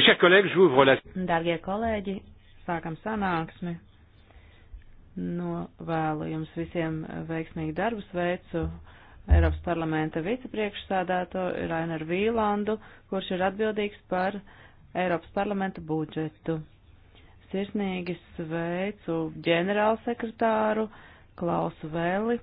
Darbie kolēģi, sākam sanāksmi. Novēlu nu, jums visiem veiksmīgu darbu sveicu Eiropas parlamenta vicepriekšsādātoju Rainer Vīlandu, kurš ir atbildīgs par Eiropas parlamenta budžetu. Sirsnīgi sveicu ģenerālsekretāru Klausu Vēli.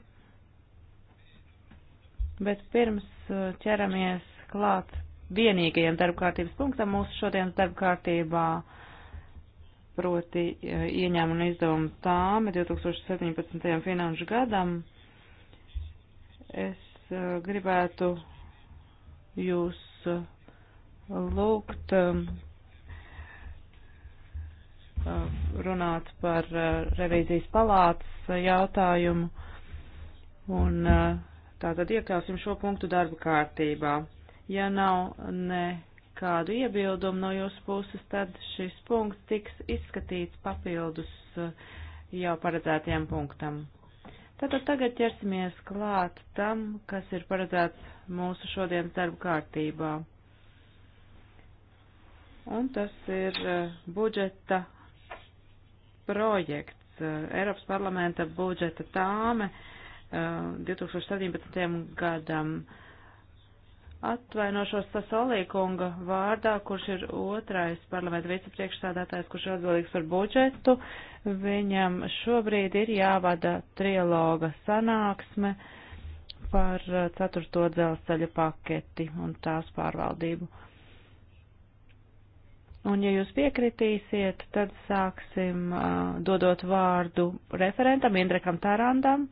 Bet pirms uh, ķeramies klāt vienīgajam darbkārtības punktam mūsu šodienas darbkārtībā, proti e, ieņēmumu un izdevumu tāme 2017. finanšu gadam. Es e, gribētu jūs e, lūgt runāt par revīzijas palātas jautājumu un tātad iekļausim šo punktu darba kārtībā. Ja nav nekādu iebildumu no jūsu puses, tad šis punkts tiks izskatīts papildus eh, jau paredzētajam punktam. Tātad tagad ķersimies klāt tam, kas ir paredzēts mūsu šodienas darba kārtībā. Un tas ir eh, budžeta projekts eh, Eiropas parlamenta budžeta tāme 2017. gadam. Atvainošos Sasolīkunga vārdā, kurš ir otrais parlamenta vicepriekšsādātājs, kurš ir atbildīgs par budžetu. Viņam šobrīd ir jāvada trialoga sanāksme par uh, ceturto dzelzceļa paketi un tās pārvaldību. Un, ja jūs piekritīsiet, tad sāksim uh, dodot vārdu referentam Indrekam Tarandam,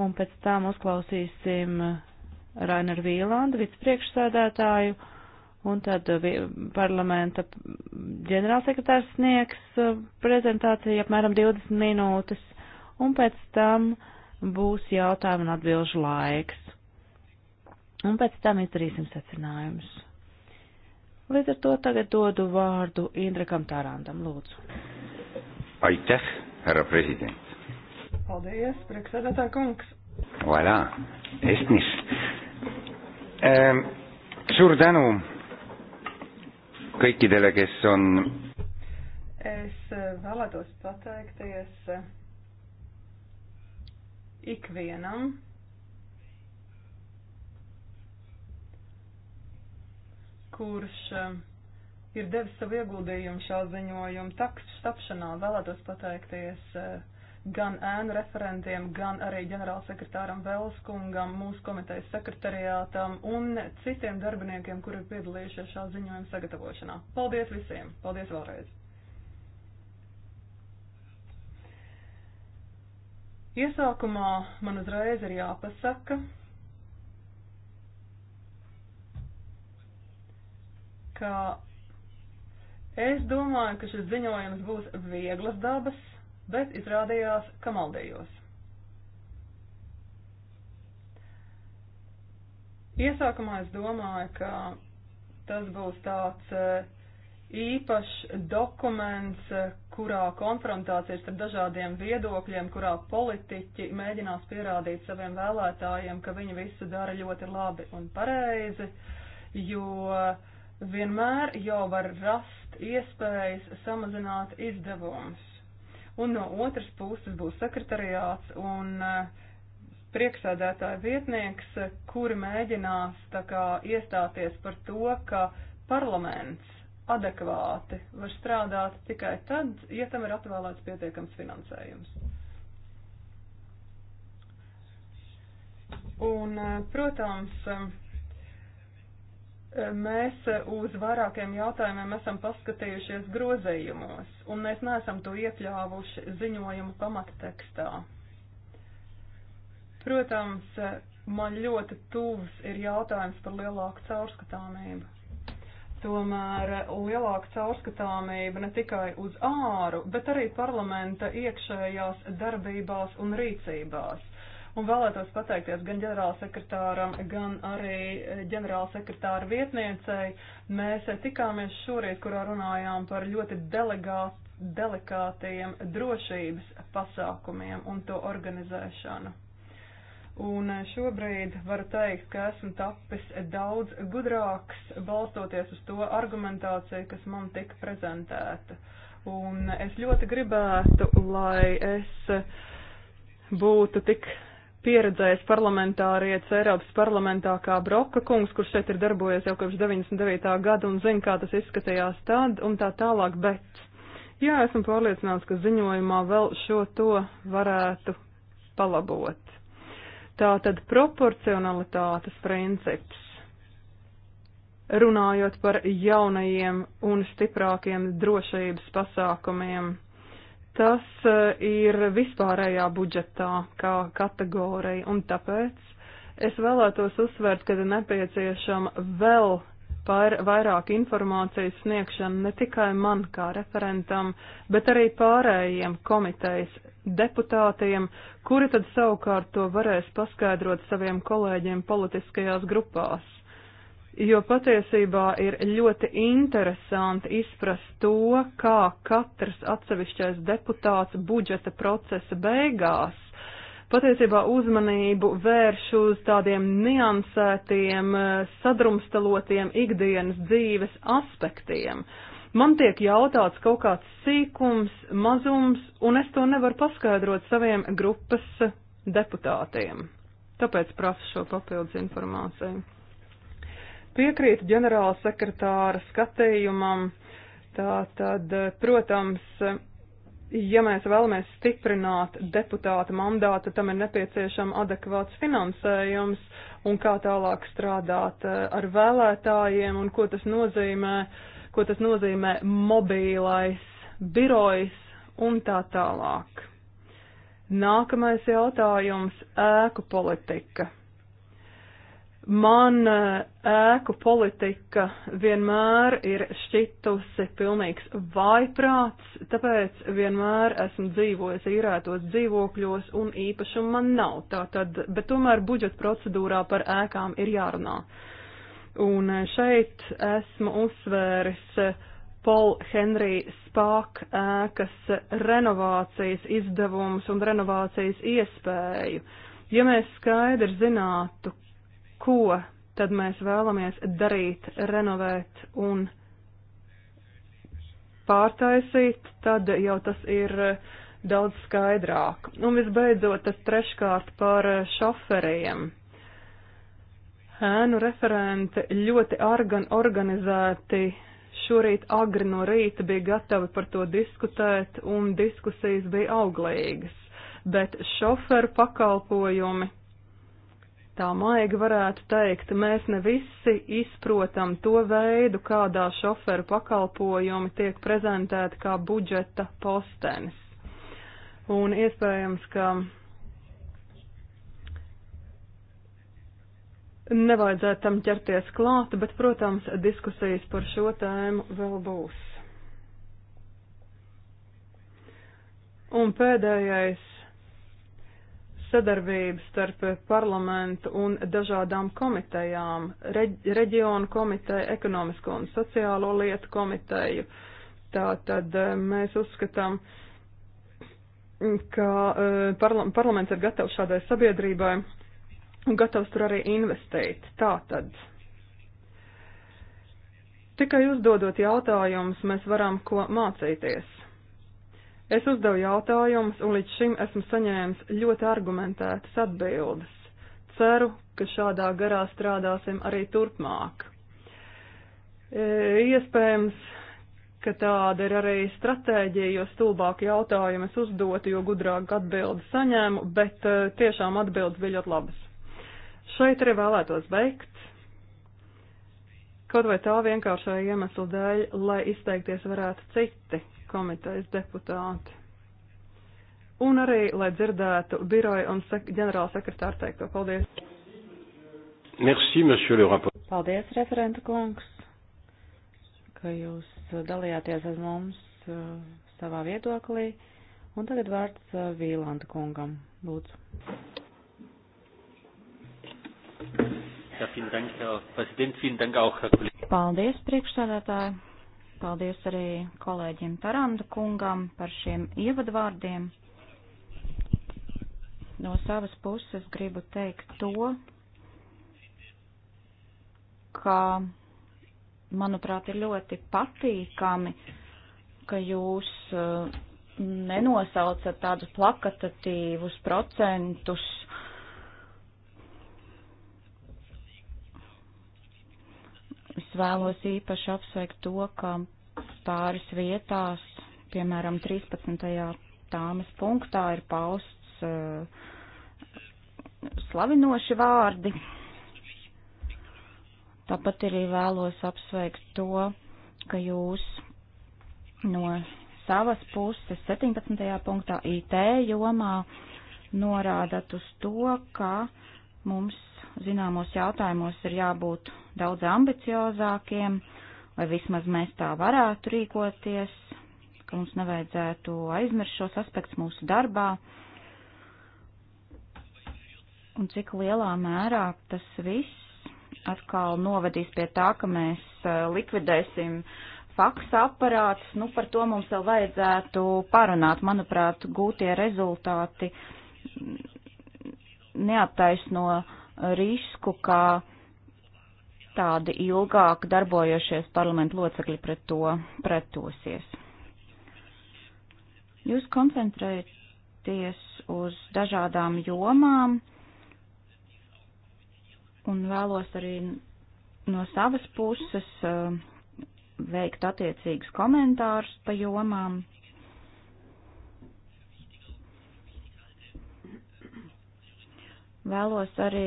un pēc tam uzklausīsim uh, Rainer Vīlandu, vicepriekšsēdētāju, un tad uh, parlamenta ģenerālsekretārs sniegs uh, prezentāciju apmēram 20 minūtes, un pēc tam būs jautājumu un atbilžu laiks. Un pēc tam izdarīsim secinājumus. Līdz ar to tagad dodu vārdu Indrekam Tārandam, lūdzu. Aitäh, herra prezident. Paldies, priekšsēdētā kungs. Voilà, es nis. Ehm, suur tänu kõikidele, kes on. es eh, vēlētos pateikties eh, ikvienam. kurš eh, ir devis savu ieguldījumu šā ziņojuma tapšanā, vēlētos pateikties uh, gan ēnu referentiem, gan arī ģenerālsekretāram Velskungam, mūsu komitejas sekretariātam un citiem darbiniekiem, kuri ir piedalījušies šā ziņojuma sagatavošanā. Paldies visiem! Paldies vēlreiz! Iesākumā man uzreiz ir jāpasaka, ka es domāju, ka šis ziņojums būs vieglas dabas bet izrādījās, ka maldējos. Iesākumā es domāju, ka tas būs tāds e, īpašs dokuments, e, kurā konfrontācijas ar dažādiem viedokļiem, kurā politiķi mēģinās pierādīt saviem vēlētājiem, ka viņi visu dara ļoti labi un pareizi, jo vienmēr jau var rast iespējas samazināt izdevumus un no otras puses būs sekretariāts un eh, priekšsēdētāja vietnieks, eh, kuri mēģinās tā kā iestāties par to, ka parlaments adekvāti var strādāt tikai tad, ja tam ir atvēlēts pietiekams finansējums. Un, eh, protams, Mēs eh, uz vairākiem jautājumiem esam paskatījušies grozējumos, un mēs neesam to iekļāvuši ziņojuma pamattekstā. Protams, man ļoti tuvs ir jautājums par lielāku caurskatāmību. Tomēr lielāka caurskatāmība ne tikai uz āru, bet arī parlamenta iekšējās darbībās un rīcībās un vēlētos pateikties gan ģenerālsekretāram, gan arī eh, ģenerālsekretāra vietniecei. Mēs eh, tikāmies šorīt, kurā runājām par ļoti delegātu delikātiem drošības pasākumiem un to organizēšanu. Un eh, šobrīd varu teikt, ka esmu tapis daudz gudrāks, balstoties uz to argumentāciju, kas man tika prezentēta. Un es ļoti gribētu, lai es būtu tik pieredzējis parlamentārietis Eiropas parlamentā kā Broka kungs, kurš šeit ir darbojies jau kopš 99. gada un zina, kā tas izskatījās tad un tā tālāk, bet jā, esmu pārliecināts, ka ziņojumā vēl šo to varētu palabot. Tātad proporcionalitātes princips. Runājot par jaunajiem un stiprākiem drošības pasākumiem Tas eh, ir vispārējā budžetā kā kategorija, un tāpēc es vēlētos uzsvērt, ka ir nepieciešama vēl par vairāk informācijas sniegšanu ne tikai man kā referentam, bet arī pārējiem komitejas deputātiem, kuri tad savukārt to varēs paskaidrot saviem kolēģiem politiskajās grupās jo patiesībā ir ļoti interesanti izprast to, kā katrs atsevišķais deputāts budžeta procesa beigās patiesībā uzmanību vērš uz tādiem niansētiem, sadrumstalotiem ikdienas dzīves aspektiem. Man tiek jautāts kaut kāds sīkums, mazums, un es to nevaru paskaidrot saviem grupas deputātiem. Tāpēc prasu šo papildus informāciju. Piekrītu ģenerāla sekretāra skatījumam. Tā tad, protams, ja mēs vēlamies stiprināt deputāta mandātu, tam ir nepieciešama adekvāts finansējums un kā tālāk strādāt eh, ar vēlētājiem un ko tas nozīmē, ko tas nozīmē mobīlais birojs un tā tālāk. Nākamais jautājums - ēku politika. Man eh, ēku politika vienmēr ir šķitusi pilnīgs vaiprāts, tāpēc vienmēr esmu dzīvojis īrētos dzīvokļos un īpašumu man nav. Tātad, bet tomēr budžeta procedūrā par ēkām ir jārunā. Un eh, šeit esmu uzsvēris eh, Paul Henry Spāk ēkas renovācijas izdevumus un renovācijas iespēju. Ja mēs skaidri zinātu, ko tad mēs vēlamies darīt, renovēt un pārtaisīt, tad jau tas ir eh, daudz skaidrāk. Un visbeidzot, tas treškārt par eh, šoferiem. Ēnu referenti ļoti argan organizēti šorīt agri no rīta bija gatavi par to diskutēt, un diskusijas bija auglīgas, bet šoferu pakalpojumi tā maigi varētu teikt, mēs ne visi izprotam to veidu, kādā šoferu pakalpojumi tiek prezentēti kā budžeta postenis. Un iespējams, ka nevajadzētu tam ķerties klāt, bet, protams, diskusijas par šo tēmu vēl būs. Un pēdējais sadarbību starp parlamentu un dažādām komitejām, reģionu komiteju, ekonomisko un sociālo lietu komiteju. Tā tad eh, mēs uzskatām, ka eh, parla parlaments ir gatavs šādai sabiedrībai un gatavs tur arī investēt. Tā tad. Tikai uzdodot jautājumus, mēs varam ko mācīties. Es uzdevu jautājumus, un līdz šim esmu saņēmis ļoti argumentētas atbildes. Ceru, ka šādā garā strādāsim arī turpmāk. E, iespējams, ka tāda ir arī stratēģija, jo stulbāk jautājumu es uzdotu, jo gudrāk atbildi saņēmu, bet e, tiešām atbildes bija ļoti labas. Šeit arī vēlētos beigt. Kaut vai tā vienkāršā iemesla dēļ, lai izteikties varētu citi, komitejas deputāti. Un arī, lai dzirdētu biroja un sek ģenerāla sekretāra teikto. Paldies! Merci, monsieur le rapport. Paldies, referenta kungs, ka jūs uh, dalījāties ar mums uh, savā viedoklī. Un tagad vārds uh, Vīlanda kungam. Lūdzu. Paldies, priekšsādātāji. Paldies arī kolēģim Taranda kungam par šiem ievadvārdiem. No savas puses gribu teikt to, ka, manuprāt, ir ļoti patīkami, ka jūs uh, nenosaucat tādus plakatatīvus procentus uh, Es vēlos īpaši apsveikt to, ka pāris vietās, piemēram, 13. tāmas punktā ir pausts uh, slavinoši vārdi. Tāpat arī vēlos apsveikt to, ka jūs no savas puses 17. punktā IT jomā norādat uz to, ka mums zināmos jautājumos ir jābūt daudz ambiciozākiem, vai vismaz mēs tā varētu rīkoties, ka mums nevajadzētu aizmirst šos aspektus mūsu darbā, un cik lielā mērā tas viss atkal novedīs pie tā, ka mēs eh, likvidēsim faksa aparātus, nu par to mums vēl vajadzētu parunāt, manuprāt, gūtie rezultāti neattaisno risku, ka tādi ilgāk darbojošies parlamentu locekļi pret to pretosies. Jūs koncentrēties uz dažādām jomām un vēlos arī no savas puses eh, veikt attiecīgus komentārus pa jomām. Vēlos arī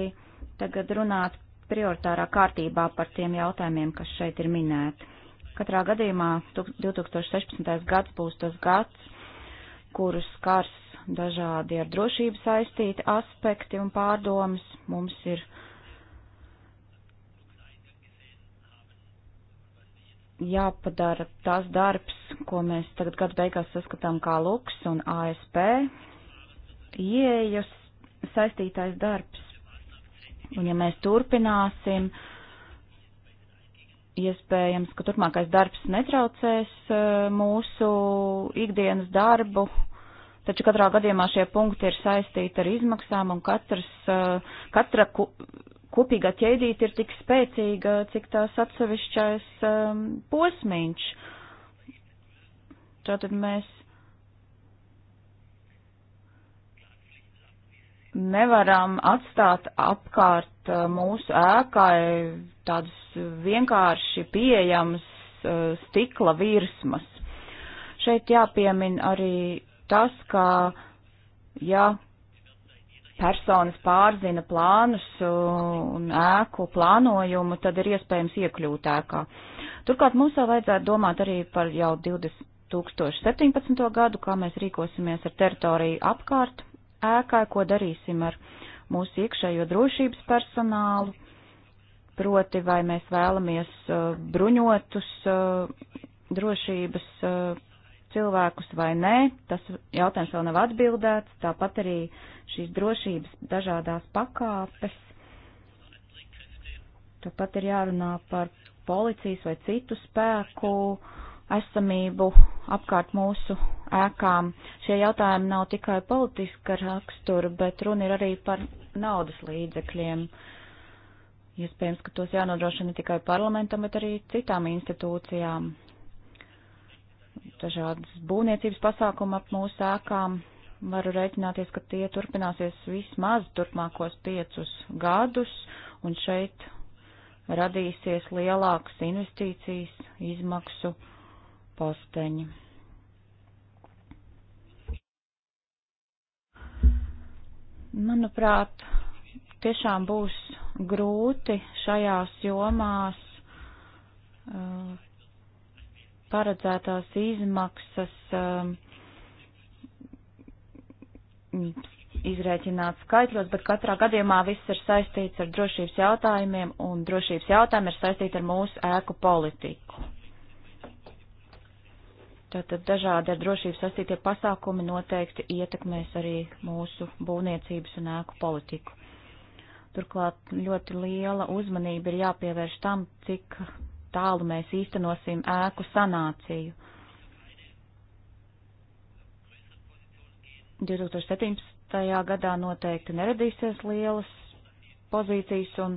tagad runāt prioritārā kārtībā par tiem jautājumiem, kas šeit ir minēti. Katrā gadījumā 2016. gads būs tas gads, kurus skars dažādi ar drošību saistīti aspekti un pārdomas. Mums ir jāpadara tas darbs, ko mēs tagad gadu beigās saskatām kā luks un ASP, ieejas saistītais darbs. Un ja mēs turpināsim, iespējams, ka turpmākais darbs netraucēs e, mūsu ikdienas darbu, taču katrā gadījumā šie punkti ir saistīti ar izmaksām un katrs, e, katra ku, kopīgā ķēdīte ir tik spēcīga, cik tās atsevišķais um, posmiņš. Tātad mēs nevaram atstāt apkārt uh, mūsu ēkai tādus vienkārši pieejamas uh, stikla virsmas. Šeit jāpiemin arī tas, ka, ja personas pārzina plānus uh, un ēku plānojumu, tad ir iespējams iekļūt ēkā. Turklāt mums vēl vajadzētu domāt arī par jau 2017. gadu, kā mēs rīkosimies ar teritoriju apkārt ēkai, ko darīsim ar mūsu iekšējo drošības personālu, proti vai mēs vēlamies uh, bruņotus uh, drošības uh, cilvēkus vai nē, tas jautājums vēl nav atbildēts, tāpat arī šīs drošības dažādās pakāpes. Tāpat ir jārunā par policijas vai citu spēku esamību apkārt mūsu ēkām. Šie jautājumi nav tikai politiska rakstura, bet runa ir arī par naudas līdzekļiem. Iespējams, ka tos jānodrošina ne tikai parlamentam, bet arī citām institūcijām. Dažādas būvniecības pasākumi ap mūsu ēkām varu rēķināties, ka tie turpināsies vismaz turpmākos piecus gadus, un šeit radīsies lielākas investīcijas, izmaksu posteņi. Manuprāt, tiešām būs grūti šajās jomās uh, paredzētās izmaksas uh, izrēķināt skaitļos, bet katrā gadījumā viss ir saistīts ar drošības jautājumiem, un drošības jautājumi ir saistīti ar mūsu ēku politiku. Tātad dažādi ar drošību sastītie pasākumi noteikti ietekmēs arī mūsu būvniecības un ēku politiku. Turklāt ļoti liela uzmanība ir jāpievērš tam, cik tālu mēs īstenosim ēku sanāciju. 2017. gadā noteikti neradīsies lielas pozīcijas un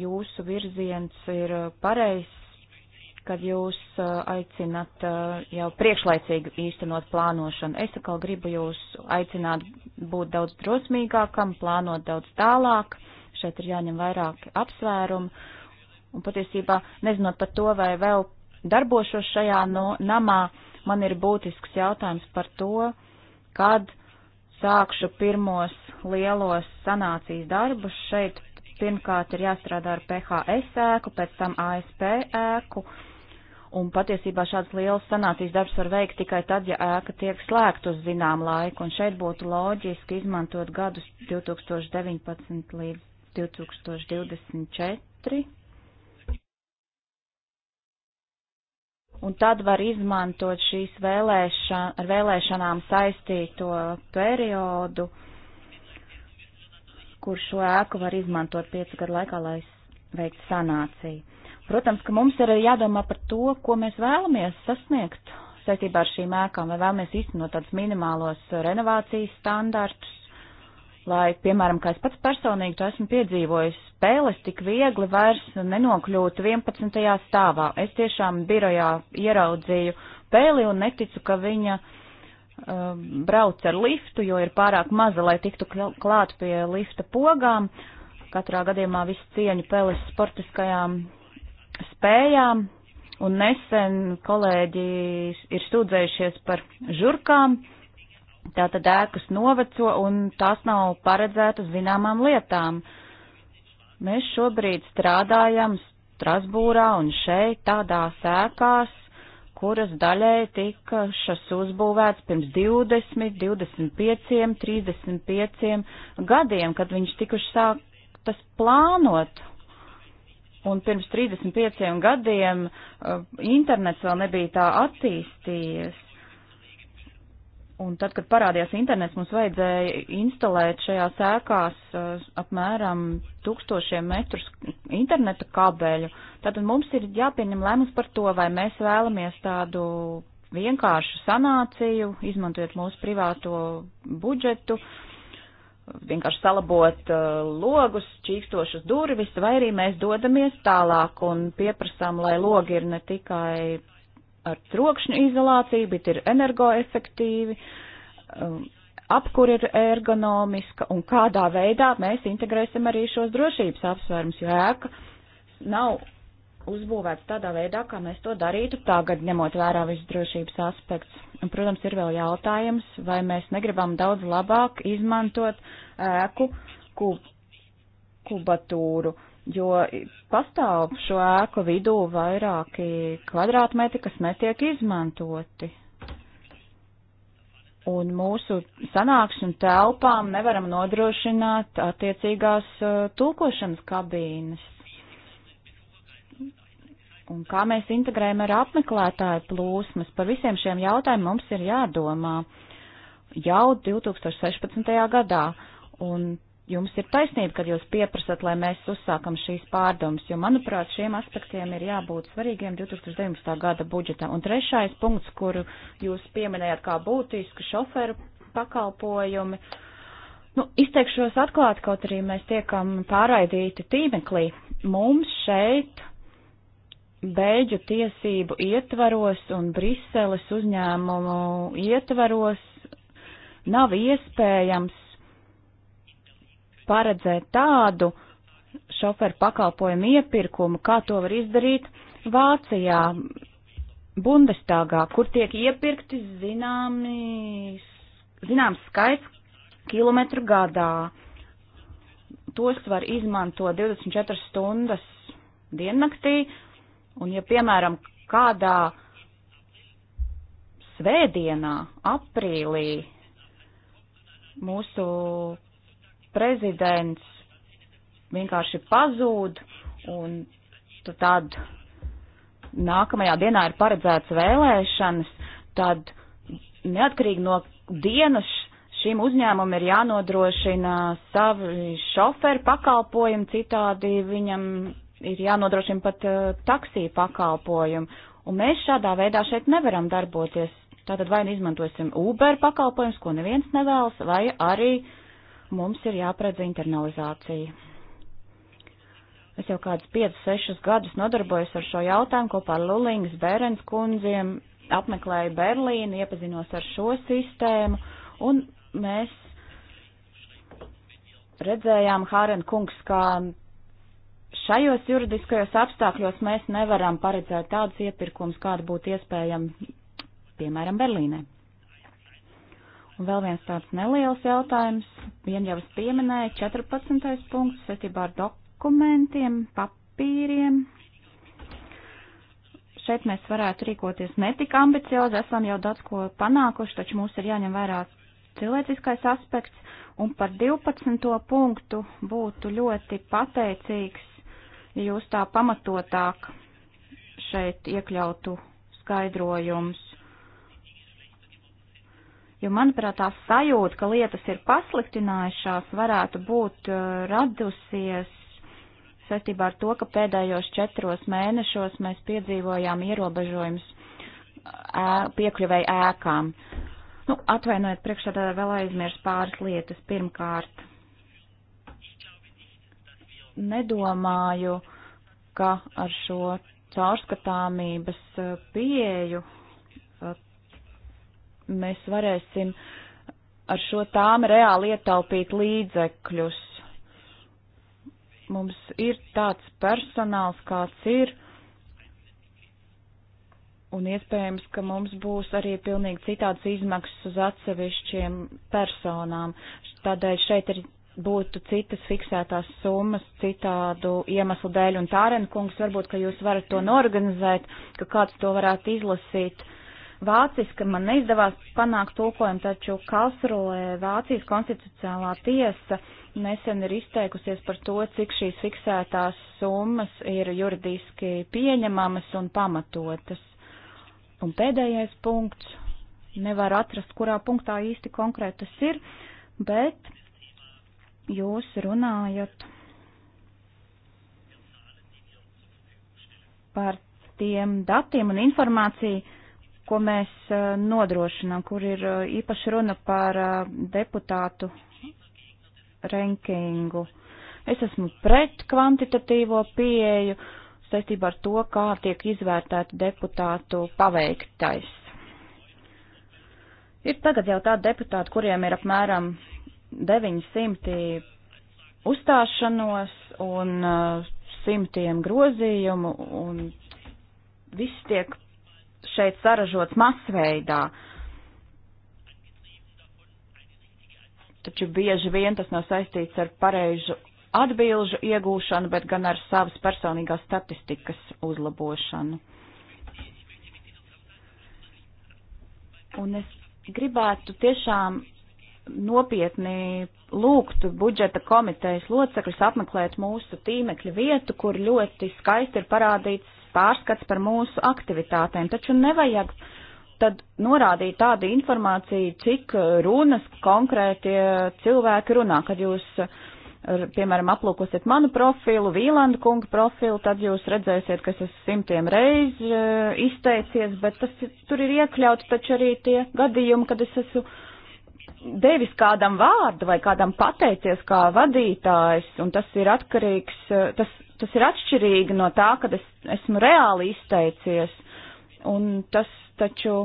jūsu virziens ir pareizs kad jūs aicinat jau priekšlaicīgi īstenot plānošanu. Es atkal gribu jūs aicināt būt daudz drosmīgākam, plānot daudz tālāk. Šeit ir jāņem vairāki apsvērumi. Un patiesībā, nezinot par to, vai vēl darbošos šajā no, namā, man ir būtisks jautājums par to, kad sākšu pirmos lielos sanācijas darbus šeit. Pirmkārt ir jāstrādā ar PHS ēku, pēc tam ASP ēku, Un patiesībā šāds liels sanācijas darbs var veikt tikai tad, ja ēka tiek slēgta uz zinām laiku, un šeit būtu loģiski izmantot gadus 2019 līdz 2024. Un tad var izmantot šīs vēlēšana, ar vēlēšanām saistīto periodu, kur šo ēku var izmantot piecu gadu laikā, lai veiktu sanāciju. Protams, ka mums ir jādomā par to, ko mēs vēlamies sasniegt saistībā ar šīm ēkām, vai vēlamies īstenot tādus minimālos renovācijas standartus, lai, piemēram, kā es pats personīgi to esmu piedzīvojis, spēles tik viegli vairs nenokļūtu 11. stāvā. Es tiešām birojā ieraudzīju pēli un neticu, ka viņa uh, brauc ar liftu, jo ir pārāk maza, lai tiktu klāt pie lifta pogām. Katrā gadījumā visu cieņu peles sportiskajām spējām, un nesen kolēģi ir sūdzējušies par žurkām, tātad ēkas noveco, un tās nav paredzētas zināmām lietām. Mēs šobrīd strādājam Strasbūrā un šeit tādās ēkās, kuras daļai tika šas uzbūvēts pirms 20, 25, 35 gadiem, kad viņš tikuši sāktas plānot Un pirms 35 gadiem uh, internets vēl nebija tā attīstījies. Un tad, kad parādījās internets, mums vajadzēja instalēt šajā sēkās uh, apmēram tūkstošiem metrus interneta kabeļu. Tātad mums ir jāpieņem lēmums par to, vai mēs vēlamies tādu vienkāršu sanāciju, izmantojot mūsu privāto budžetu, uh, vienkārši salabot uh, logus, čīkstošas durvis, vai arī mēs dodamies tālāk un pieprasām, lai logi ir ne tikai ar trokšņu izolāciju, bet ir energoefektīvi, um, apkur ir ergonomiska un kādā veidā mēs integrēsim arī šos drošības apsvērums, jo ēka nav uzbūvēts tādā veidā, kā mēs to darītu tagad, ņemot vērā visus drošības aspektus. Un, protams, ir vēl jautājums, vai mēs negribam daudz labāk izmantot ēku kub, kubatūru, jo pastāv šo ēku vidū vairāki kvadrātmetri, kas netiek izmantoti. Un mūsu sanākšanu telpām nevaram nodrošināt attiecīgās tulkošanas kabīnes un kā mēs integrējam ar apmeklētāju plūsmas. Par visiem šiem jautājumiem mums ir jādomā jau 2016. gadā. Un jums ir taisnība, kad jūs pieprasat, lai mēs uzsākam šīs pārdomas, jo, manuprāt, šiem aspektiem ir jābūt svarīgiem 2019. gada budžetā. Un trešais punkts, kuru jūs pieminējāt kā būtisku šoferu pakalpojumi. Nu, izteikšos atklāti, kaut arī mēs tiekam pārraidīti tīmeklī. Mums šeit bēģu tiesību ietvaros un Briseles uzņēmumu ietvaros nav iespējams paredzēt tādu šoferu pakalpojumu iepirkumu, kā to var izdarīt Vācijā, Bundestāgā, kur tiek iepirkti zināmi, zināms skaits kilometru gadā. Tos var izmantot 24 stundas diennaktī, Un ja, piemēram, kādā svētdienā, aprīlī, mūsu prezidents vienkārši pazūd, un tad nākamajā dienā ir paredzēts vēlēšanas, tad neatkarīgi no dienas šīm uzņēmumam ir jānodrošina savi šoferu pakalpojumi, citādi viņam ir jānodrošina pat uh, taksī pakalpojumu, un mēs šādā veidā šeit nevaram darboties. Tātad vai nu izmantosim Uber pakalpojums, ko neviens nevēlas, vai arī mums ir jāpredz internalizācija. Es jau kādus 5-6 gadus nodarbojos ar šo jautājumu kopā ar Lulīngas Bērens kundziem, apmeklēju Berlīnu, iepazinos ar šo sistēmu, un mēs redzējām Hāren kungs, kā Šajos juridiskajos apstākļos mēs nevaram paredzēt tādus iepirkumus, kāda būtu iespējama, piemēram, Berlīnē. Un vēl viens tāds neliels jautājums, vien jau es pieminēju, 14. punkts saistībā ar dokumentiem, papīriem. Šeit mēs varētu rīkoties netik ambiciozi, esam jau daudz ko panākuši, taču mums ir jāņem vērā cilvēciskais aspekts, un par 12. punktu būtu ļoti pateicīgs ja jūs tā pamatotāk šeit iekļautu skaidrojums. Jo, manuprāt, tā sajūta, ka lietas ir pasliktinājušās, varētu būt uh, radusies saistībā ar to, ka pēdējos četros mēnešos mēs piedzīvojām ierobežojumus piekļuvēju ēkām. Nu, atvainojiet, priekšādā vēl aizmirst pāris lietas. Pirmkārt, nedomāju, ka ar šo caurskatāmības eh, pieeju eh, mēs varēsim ar šo tām reāli ietaupīt līdzekļus. Mums ir tāds personāls, kāds ir, un iespējams, ka mums būs arī pilnīgi citāds izmaksas uz atsevišķiem personām. Tādēļ šeit ir būtu citas fiksētās summas citādu iemeslu dēļ, un Tārenkungs, varbūt, ka jūs varat to norganizēt, ka kāds to varētu izlasīt. Vāciska man neizdevās panākt tulkojumu, taču Kalsrolē Vācijas konstitucionālā tiesa nesen ir izteikusies par to, cik šīs fiksētās summas ir juridiski pieņemamas un pamatotas. Un pēdējais punkts, nevar atrast, kurā punktā īsti konkrēti tas ir, bet jūs runājat par tiem datiem un informāciju, ko mēs eh, nodrošinām, kur ir eh, īpaši runa par eh, deputātu rankingu. Es esmu pret kvantitatīvo pieeju saistībā ar to, kā tiek izvērtēta deputātu paveiktais. Ir tagad jau tādi deputāti, kuriem ir apmēram 900 uzstāšanos un uh, simtiem grozījumu, un viss tiek šeit saražots masveidā. Taču bieži vien tas nav saistīts ar pareizu atbilžu iegūšanu, bet gan ar savas personīgās statistikas uzlabošanu. Un es gribētu tiešām nopietni lūgtu budžeta komitejas locekļus apmeklēt mūsu tīmekļa vietu, kur ļoti skaisti ir parādīts pārskats par mūsu aktivitātēm, taču nevajag tad norādīt tādu informāciju, cik runas konkrēti cilvēki runā, kad jūs piemēram, aplūkosiet manu profilu, Vīlanda kunga profilu, tad jūs redzēsiet, ka es simtiem reizi eh, izteicies, bet tas, tur ir iekļauts taču arī tie gadījumi, kad es esmu devis kādam vārdu vai kādam pateicies kā vadītājs, un tas ir atkarīgs, eh, tas, tas ir atšķirīgi no tā, kad es esmu reāli izteicies, un tas taču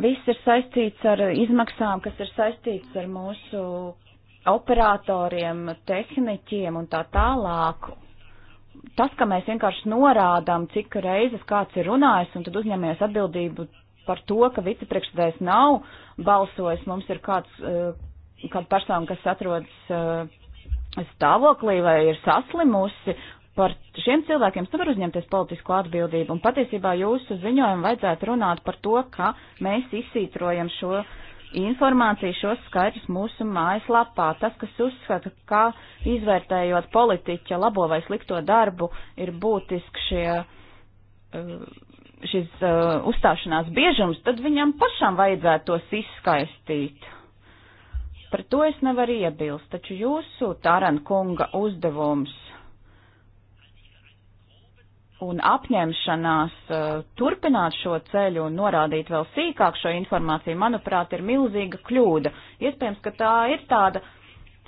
viss ir saistīts ar izmaksām, kas ir saistīts ar mūsu operatoriem, tehniķiem un tā tālāk. Tas, ka mēs vienkārši norādām, cik reizes kāds ir runājis, un tad uzņemamies atbildību par to, ka vicepriekšsēdājs nav balsojis. Mums ir kāds, eh, kāda persona, kas atrodas eh, stāvoklī vai ir saslimusi. Par šiem cilvēkiem es nevaru uzņemties politisko atbildību. Un patiesībā jūsu ziņojumu vajadzētu runāt par to, ka mēs izsītrojam šo informāciju, šos skaidrus mūsu mājaslapā. Tas, kas uzskata, ka izvērtējot politiķa labo vai slikto darbu, ir būtiski šie. Uh, šis uh, uzstāšanās biežums, tad viņam pašam vajadzētu tos izskaistīt. Par to es nevaru iebilst, taču jūsu Tāran kunga uzdevums un apņemšanās uh, turpināt šo ceļu un norādīt vēl sīkāk šo informāciju, manuprāt, ir milzīga kļūda. Iespējams, ka tā ir tāda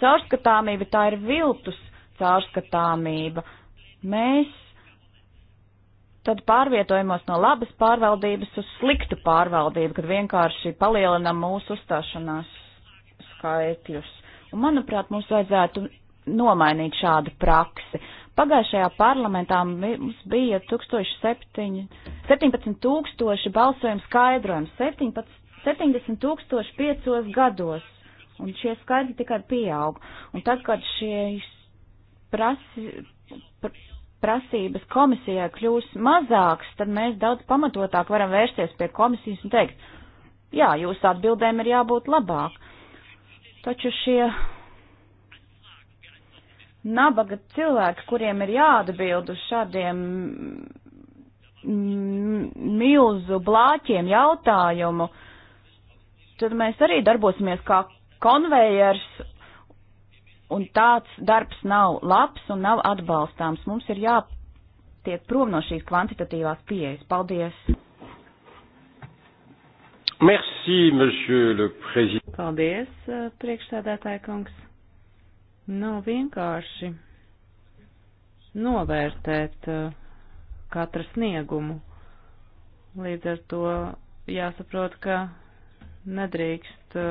caurskatāmība, tā ir viltus caurskatāmība. Mēs tad pārvietojamos no labas pārvaldības uz sliktu pārvaldību, kad vienkārši palielinam mūsu uzstāšanās skaitļus. Un, manuprāt, mums vajadzētu nomainīt šādu praksi. Pagājušajā parlamentā mums bija 17 tūkstoši balsojumu skaidrojumu, 17, 70 tūkstoši piecos gados, un šie skaidri tikai pieauga. Un tad, kad šie prasi, pr prasības komisijai kļūs mazāks, tad mēs daudz pamatotāk varam vērsties pie komisijas un teikt, jā, jūsu atbildēm ir jābūt labāk. Taču šie nabaga cilvēki, kuriem ir jāatbild uz šādiem milzu blāķiem jautājumu, tad mēs arī darbosimies kā konvejers Un tāds darbs nav labs un nav atbalstāms. Mums ir jātiek prom no šīs kvantitatīvās pieejas. Paldies! Merci, monsieur le président. Paldies, eh, priekšsēdētāja kungs. Nav vienkārši novērtēt eh, katru sniegumu. Līdz ar to jāsaprot, ka nedrīkst eh,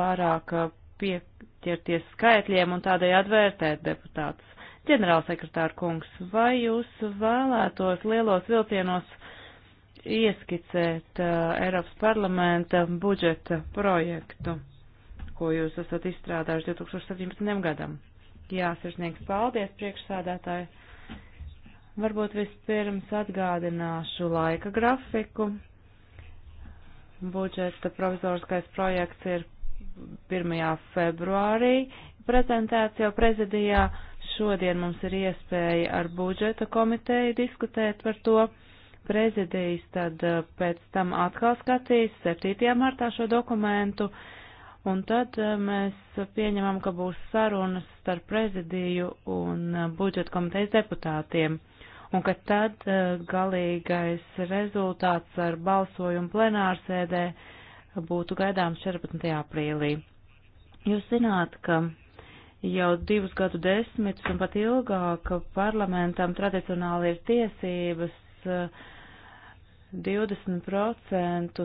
pārāk pieķerties skaitļiem un tādai atvērtēt deputātus. Ģenerālsekretāra kungs, vai jūs vēlētos lielos vilcienos ieskicēt uh, Eiropas parlamenta budžeta projektu, ko jūs esat izstrādājuši 2017. gadam? Jā, sirsnīgs paldies, priekšsādātāji. Varbūt vispirms atgādināšu laika grafiku. Budžeta provizoriskais projekts ir 1. februārī prezentēts jau prezidijā. Šodien mums ir iespēja ar budžeta komiteju diskutēt par to. Prezidijs tad eh, pēc tam atkal skatīs 7. martā šo dokumentu, un tad eh, mēs pieņemam, ka būs sarunas starp prezidiju un eh, budžeta komitejas deputātiem, un ka tad galīgais rezultāts ar balsojumu plenārsēdē būtu gaidāms 14. aprīlī. Jūs zināt, ka jau divus gadu desmitus un pat ilgāk parlamentam tradicionāli ir tiesības 20% eh, eh,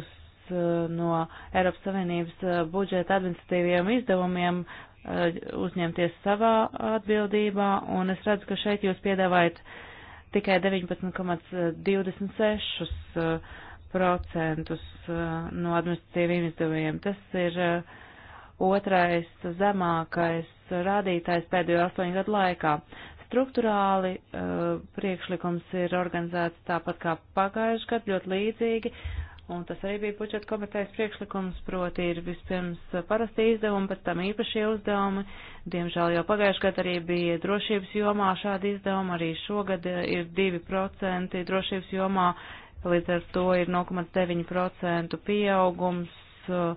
no Eiropas Savienības eh, budžeta administratīviem izdevumiem uzņemties savā atbildībā, un es redzu, ka šeit jūs piedāvājat tikai 19,26 procentus uh, no administratīviem izdevumiem. Tas ir uh, otrais zemākais rādītājs pēdējo astoņu gadu laikā. Struktūrāli uh, priekšlikums ir organizēts tāpat kā pagājuši gadu, ļoti līdzīgi, un tas arī bija budžeta komitejas priekšlikums, proti ir vispirms parasti izdevumi, pēc tam īpašie uzdevumi. Diemžēl jau pagājušajā gadā arī bija drošības jomā šādi izdevumi, arī šogad ir 2% drošības jomā līdz ar to ir 0,9% pieaugums, uh,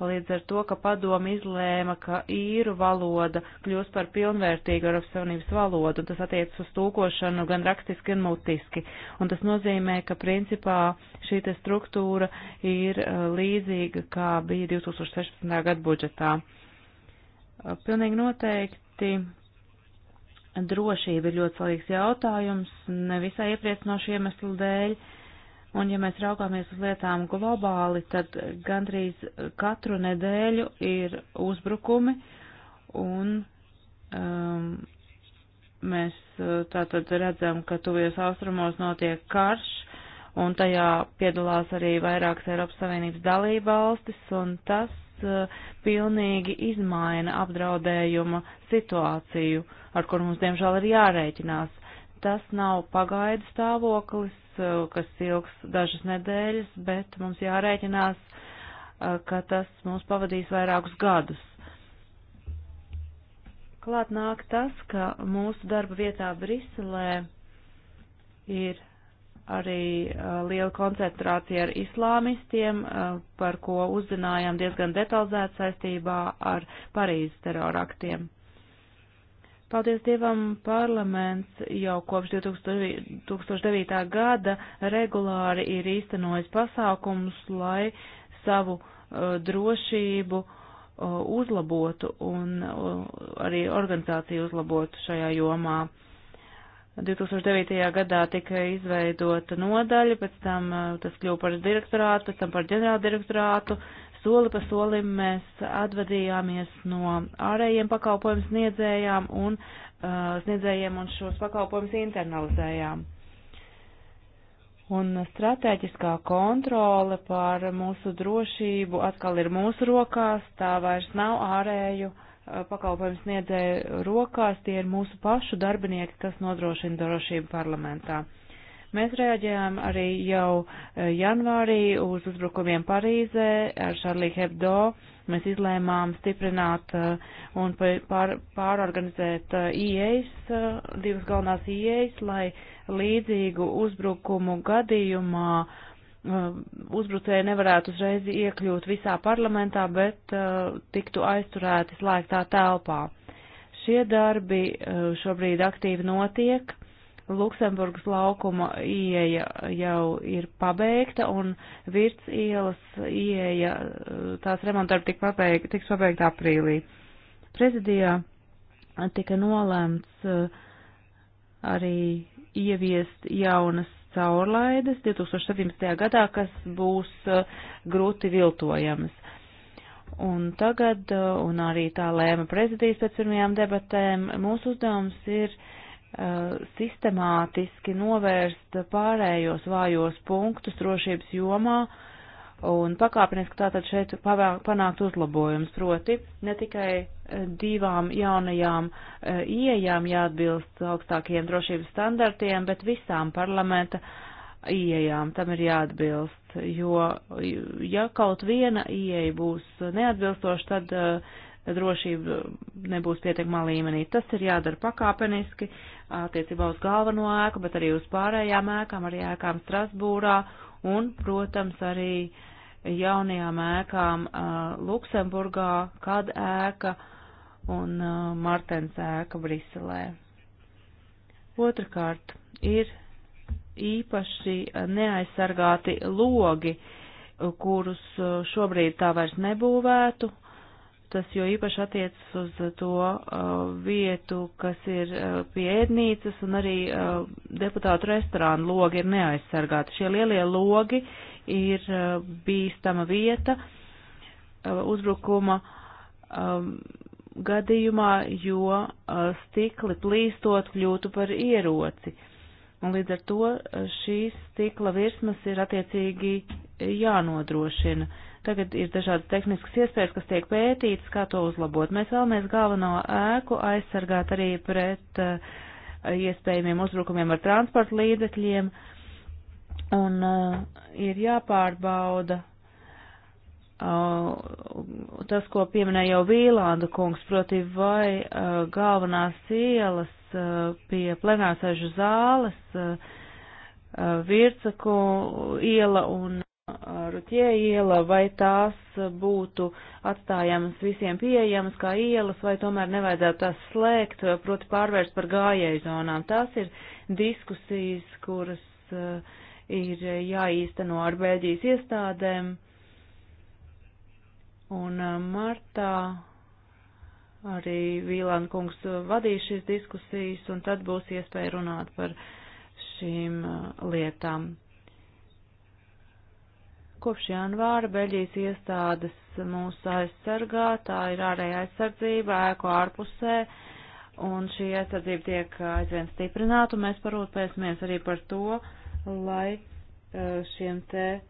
līdz ar to, ka padomi izlēma, ka īru valoda kļūs par pilnvērtīgu Eiropas Savienības valodu, un tas attiecas uz tūkošanu gan rakstiski, gan mutiski. Un tas nozīmē, ka principā šī struktūra ir uh, līdzīga, kā bija 2016. gada budžetā. Uh, pilnīgi noteikti drošība ir ļoti svarīgs jautājums, nevisai iepriecinošu iemeslu dēļ. Uh, Un ja mēs raugāmies uz lietām globāli, tad gandrīz katru nedēļu ir uzbrukumi un um, mēs uh, tātad redzam, ka tuvies austrumos notiek karš un tajā piedalās arī vairākas Eiropas Savienības dalība valstis un tas uh, pilnīgi izmaina apdraudējuma situāciju, ar kur mums diemžēl ir jārēķinās Tas nav pagaidu stāvoklis, eh, kas ilgs dažas nedēļas, bet mums jārēķinās, eh, ka tas mums pavadīs vairākus gadus. Klāt nāk tas, ka mūsu darba vietā Briselē ir arī uh, liela koncentrācija ar islāmistiem, uh, par ko uzzinājām diezgan detalizēt saistībā ar Parīzes teroraktiem. Paldies Dievam, parlaments jau kopš 2009. gada regulāri ir īstenojis pasākumus, lai savu uh, drošību uh, uzlabotu un uh, arī organizāciju uzlabotu šajā jomā. 2009. gadā tika izveidota nodaļa, pēc tam uh, tas kļuva par direktorātu, pēc tam par ģenerāldirektorātu, Soli pa solim mēs atvadījāmies no ārējiem pakalpojumu sniedzējām un uh, sniedzējiem un šos pakalpojumus internalizējām. Un strateģiskā kontrole pār mūsu drošību atkal ir mūsu rokās, tā vairs nav ārēju uh, pakalpojumu sniedzēju rokās, tie ir mūsu pašu darbinieki, kas nodrošina drošību parlamentā. Mēs reaģējām arī jau eh, janvārī uz uzbrukumiem Parīzē ar Charlie Hebdo. Mēs izlēmām stiprināt eh, un pār, pārorganizēt IEIS, eh, e divas galvenās IEIS, lai līdzīgu uzbrukumu gadījumā uzbrucēji nevarētu uzreiz iekļūt visā parlamentā, bet tiktu aizturēti slēgtā telpā. Šie darbi šobrīd aktīvi notiek Luksemburgas laukuma ieeja jau ir pabeigta un virts ielas ieeja, tās remontdarbi tik pabeig, tiks pabeigta aprīlī. Prezidijā tika nolēmts eh, arī ieviest jaunas caurlaides 2017. gadā, kas būs eh, grūti viltojamas. Un tagad, eh, un arī tā lēma prezidijas pēc pirmajām debatēm, mūsu uzdevums ir uh, Uh, sistemātiski novērst pārējos vājos punktus drošības jomā un pakāpeniski tātad šeit panākt uzlabojums. Proti, ne tikai uh, divām jaunajām uh, ieejām jāatbilst augstākajiem drošības standartiem, bet visām parlamenta ieejām tam ir jāatbilst, jo ja kaut viena ieeja būs neatbilstoša, tad uh, drošība nebūs pietiekamā līmenī. Tas ir jādara pakāpeniski attiecībā uz galveno ēku, bet arī uz pārējām ēkām, arī ēkām Strasbūrā un, protams, arī jaunajām ēkām uh, Luksemburgā, kad ēka un uh, Martens ēka Briselē. Otrakārt ir īpaši neaizsargāti logi, kurus šobrīd tā vairs nebūvētu, uh, Tas jo īpaši attiecas uz to uh, vietu, kas ir uh, pie ēdnīcas, un arī uh, deputātu restorānu logi ir neaizsargāti. Šie lielie logi ir uh, bīstama vieta uh, uzbrukuma um, gadījumā, jo uh, stikli plīstot kļūtu par ieroci. Un līdz ar to uh, šīs stikla virsmas ir attiecīgi uh, jānodrošina. Uh, Tagad ir dažādas tehniskas iespējas, kas tiek pētītas, kā to uzlabot. Mēs vēlamies galveno ēku aizsargāt arī pret uh, iespējamiem uzbrukumiem ar transporta līdzekļiem, un uh, ir jāpārbauda uh, tas, ko pieminēja jau Vīlānda kungs, proti vai uh, galvenās ielas uh, pie plenāsēžu zāles, uh, uh, Vircaku iela un Rutie iela, vai tās būtu atstājamas visiem pieejamas kā ielas, vai tomēr nevajadzētu tās slēgt, proti pārvērst par gājēju zonām. Tās ir diskusijas, kuras eh, ir jāīsteno ar Bēļģijas iestādēm. Un eh, martā arī Vīlāna kungs vadīs šīs diskusijas, un tad būs iespēja runāt par šīm eh, lietām. Kopš janvāra Beļģijas iestādes mūs aizsargā, tā ir ārēja aizsardzība, ēku ārpusē, un šī aizsardzība tiek aizvien stiprināta, un mēs parūpēsimies arī par to, lai e, šiem te e,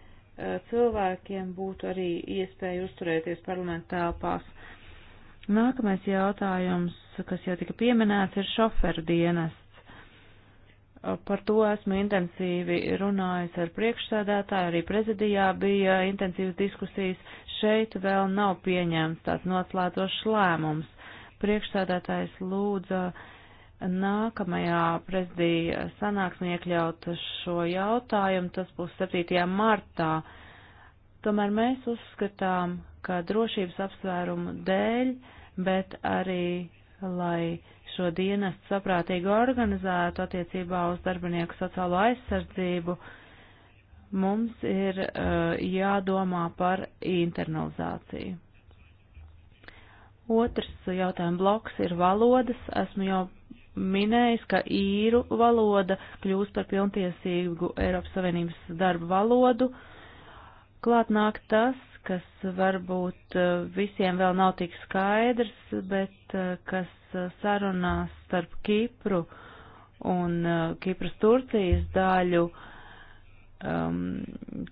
cilvēkiem būtu arī iespēja uzturēties parlamentu telpās. Nākamais jautājums, kas jau tika pieminēts, ir šoferu dienas Eh, par to esmu intensīvi runājis ar priekšsēdētāju, arī prezidijā bija intensīvas diskusijas. Šeit vēl nav pieņemts tāds noslēdzošs lēmums. Priekšsēdētājs lūdza nākamajā prezidija sanāksmē iekļaut šo jautājumu, tas būs 7. martā. Tomēr mēs uzskatām, ka drošības apsvērumu dēļ, bet arī, lai šo dienestu saprātīgi organizētu attiecībā uz darbinieku sociālo aizsardzību, mums ir uh, jādomā par internalizāciju. Otrs jautājuma bloks ir valodas. Esmu jau minējis, ka īru valoda kļūs par pilntiesīgu Eiropas Savienības darbu valodu. Klāt nāk tas, kas varbūt eh, visiem vēl nav tik skaidrs, bet eh, kas eh, sarunās starp Kipru un Kipras Turcijas daļu, um,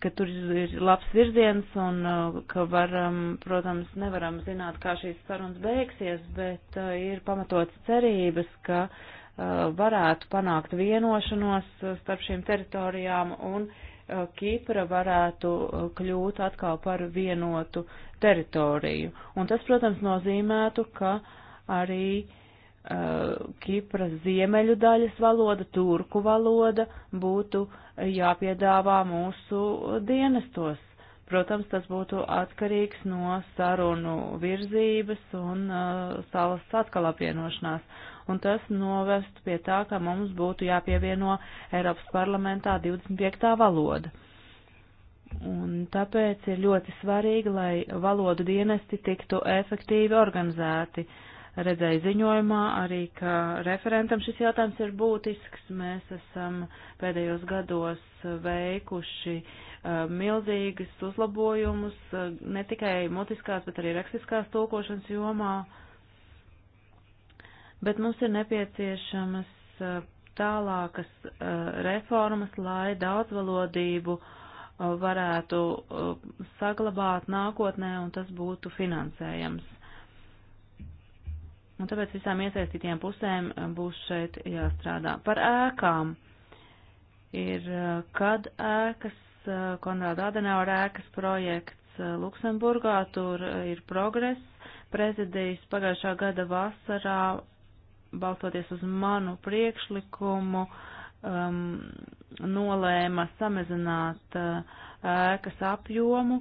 ka tur ir labs virziens un ka varam, protams, nevaram zināt, kā šīs sarunas beigsies, bet uh, ir pamatots cerības, ka uh, varētu panākt vienošanos starp šīm teritorijām un uh, Uh, Kīpra varētu uh, kļūt atkal par vienotu teritoriju. Un tas, protams, nozīmētu, ka arī uh, Kipras ziemeļu daļas valoda, turku valoda būtu jāpiedāvā mūsu dienestos. Protams, tas būtu atkarīgs no sarunu virzības un uh, salas atkal apvienošanās un tas novest pie tā, ka mums būtu jāpievieno Eiropas parlamentā 25. valoda. Un tāpēc ir ļoti svarīgi, lai valodu dienesti tiktu efektīvi organizēti. Redzēju ziņojumā arī, ka referentam šis jautājums ir būtisks. Mēs esam pēdējos gados veikuši uh, milzīgas uzlabojumus uh, ne tikai mutiskās, bet arī rakstiskās tulkošanas jomā. Uh, bet mums ir nepieciešamas eh, tālākas eh, reformas, lai daudzvalodību eh, varētu saglabāt nākotnē un tas būtu finansējams. Un tāpēc visām iesaistītiem pusēm būs šeit jāstrādā. Par ēkām ir, kad ēkas, Konrāda Adenauera ēkas projekts Luksemburgā, tur ir progress. Prezidijas pagājušā gada vasarā balstoties uz manu priekšlikumu, um, nolēma samazināt uh, ēkas apjomu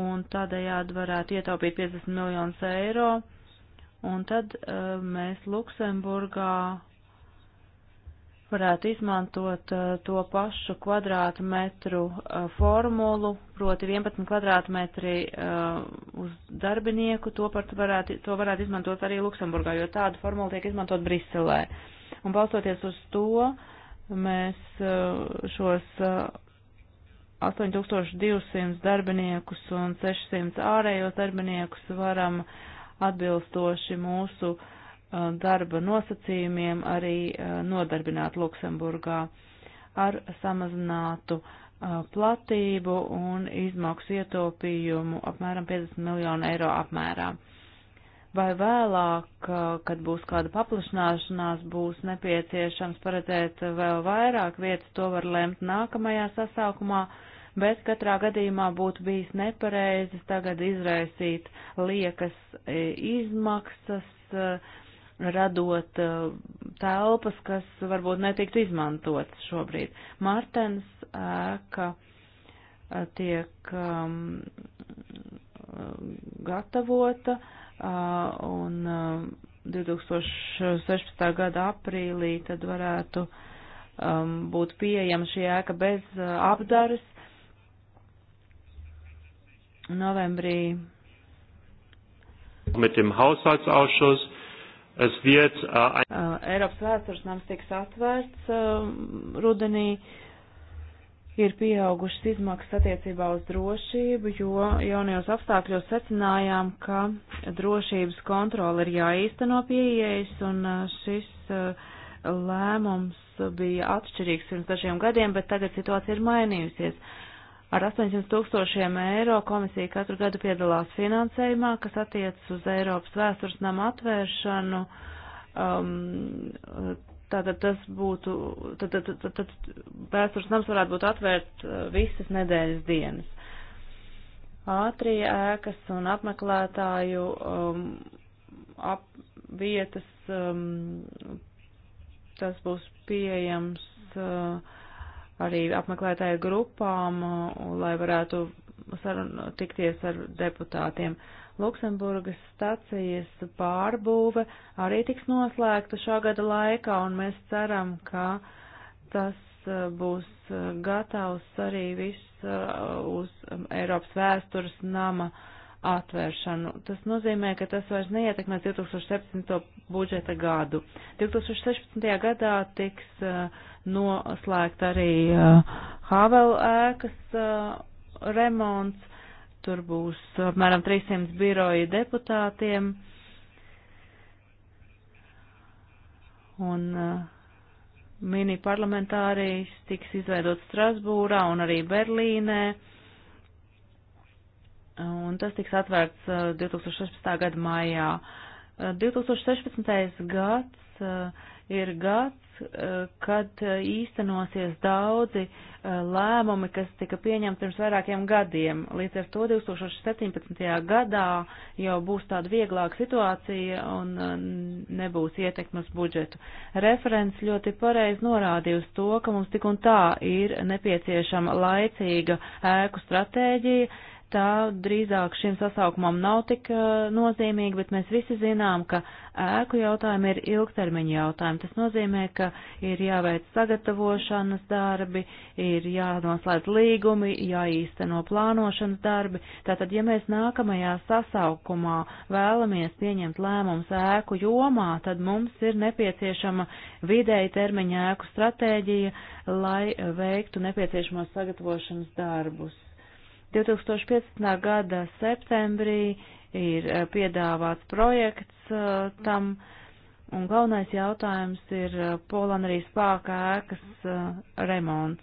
un tādējādi varētu ietaupīt 50 miljonus eiro. Un tad uh, mēs Luksemburgā varētu izmantot uh, to pašu kvadrātmetru uh, formulu, proti 11 kvadrātmetri uh, uz darbinieku, to, varētu, to varētu izmantot arī Luksemburgā, jo tādu formulu tiek izmantot Briselē. Un balstoties uz to, mēs šos 8200 darbiniekus un 600 ārējos darbiniekus varam atbilstoši mūsu uh, Uh, darba nosacījumiem arī uh, nodarbināt Luksemburgā ar samazinātu uh, platību un izmaksu ietaupījumu apmēram 50 miljonu eiro apmērā. Vai vēlāk, kad būs kāda paplašanāšanās, būs nepieciešams paredzēt vēl vairāk vietas, to var lemt nākamajā sasaukumā, bet katrā gadījumā būtu bijis nepareizi tagad izraisīt liekas e, izmaksas, uh, radot eh, telpas, kas varbūt netiktu izmantotas šobrīd. Martens ēka eh, tiek um, gatavota uh, un uh, 2016. gada aprīlī tad varētu um, būt pieejama šī ēka bez uh, apdaras. Novembrī. Mit dem Haushaltsausschuss Es wird, uh, uh, Eiropas vēstures nams tiks atvērts uh, rudenī. Ir pieaugušas izmaksas attiecībā uz drošību, jo jaunajos apstākļos secinājām, ka drošības kontroli ir jāīsteno pieejas, un uh, šis uh, lēmums bija atšķirīgs pirms dažiem gadiem, bet tagad situācija ir mainījusies. Uh, Ar 800 tūkstošiem eiro komisija katru gadu piedalās finansējumā, kas attiecas uz Eiropas vēstures namu atvēršanu. Um, tātad tas būtu, tad, tad, tad, tad vēstures nams varētu būt atvērt uh, visas nedēļas dienas. Ātrie ēkas un apmeklētāju um, ap, vietas, um, tas būs pieejams. Uh, arī apmeklētāju grupām, uh, lai varētu sarun, tikties ar deputātiem. Luksemburgas stacijas pārbūve arī tiks noslēgta šā gada laikā, un mēs ceram, ka tas uh, būs uh, gatavs arī viss uz um, Eiropas vēstures nama atvēršanu. Tas nozīmē, ka tas vairs neietekmēs 2017. budžeta gadu. 2016. gadā tiks uh, noslēgt arī uh, Havela ēkas uh, remonts. Tur būs apmēram 300 biroji deputātiem. Un uh, mini parlamentārijas tiks izveidot Strasbūrā un arī Berlīnē. Un tas tiks atvērts 2016. Uh, gada maijā. 2016. Uh, gads uh, ir gads, kad eh, īstenosies daudzi eh, lēmumi, kas tika pieņemti pirms vairākiem gadiem. Līdz ar to 2017. gadā jau būs tāda vieglāka situācija un eh, nebūs ietekmes budžetu. Referents ļoti pareizi norādīja uz to, ka mums tik un tā ir nepieciešama laicīga ēku stratēģija, tā drīzāk šim sasaukumam nav tik uh, nozīmīga, bet mēs visi zinām, ka ēku jautājumi ir ilgtermiņa jautājumi. Tas nozīmē, ka ir jāveic sagatavošanas darbi, ir jānoslēdz līgumi, jāīsteno plānošanas darbi. Tātad, ja mēs nākamajā sasaukumā vēlamies pieņemt lēmumus ēku jomā, tad mums ir nepieciešama vidēji termiņa ēku stratēģija, lai veiktu nepieciešamos sagatavošanas darbus. 2015. gada septembrī ir eh, piedāvāts projekts eh, tam, un galvenais jautājums ir eh, Polonarijas pāka ēkas remonts.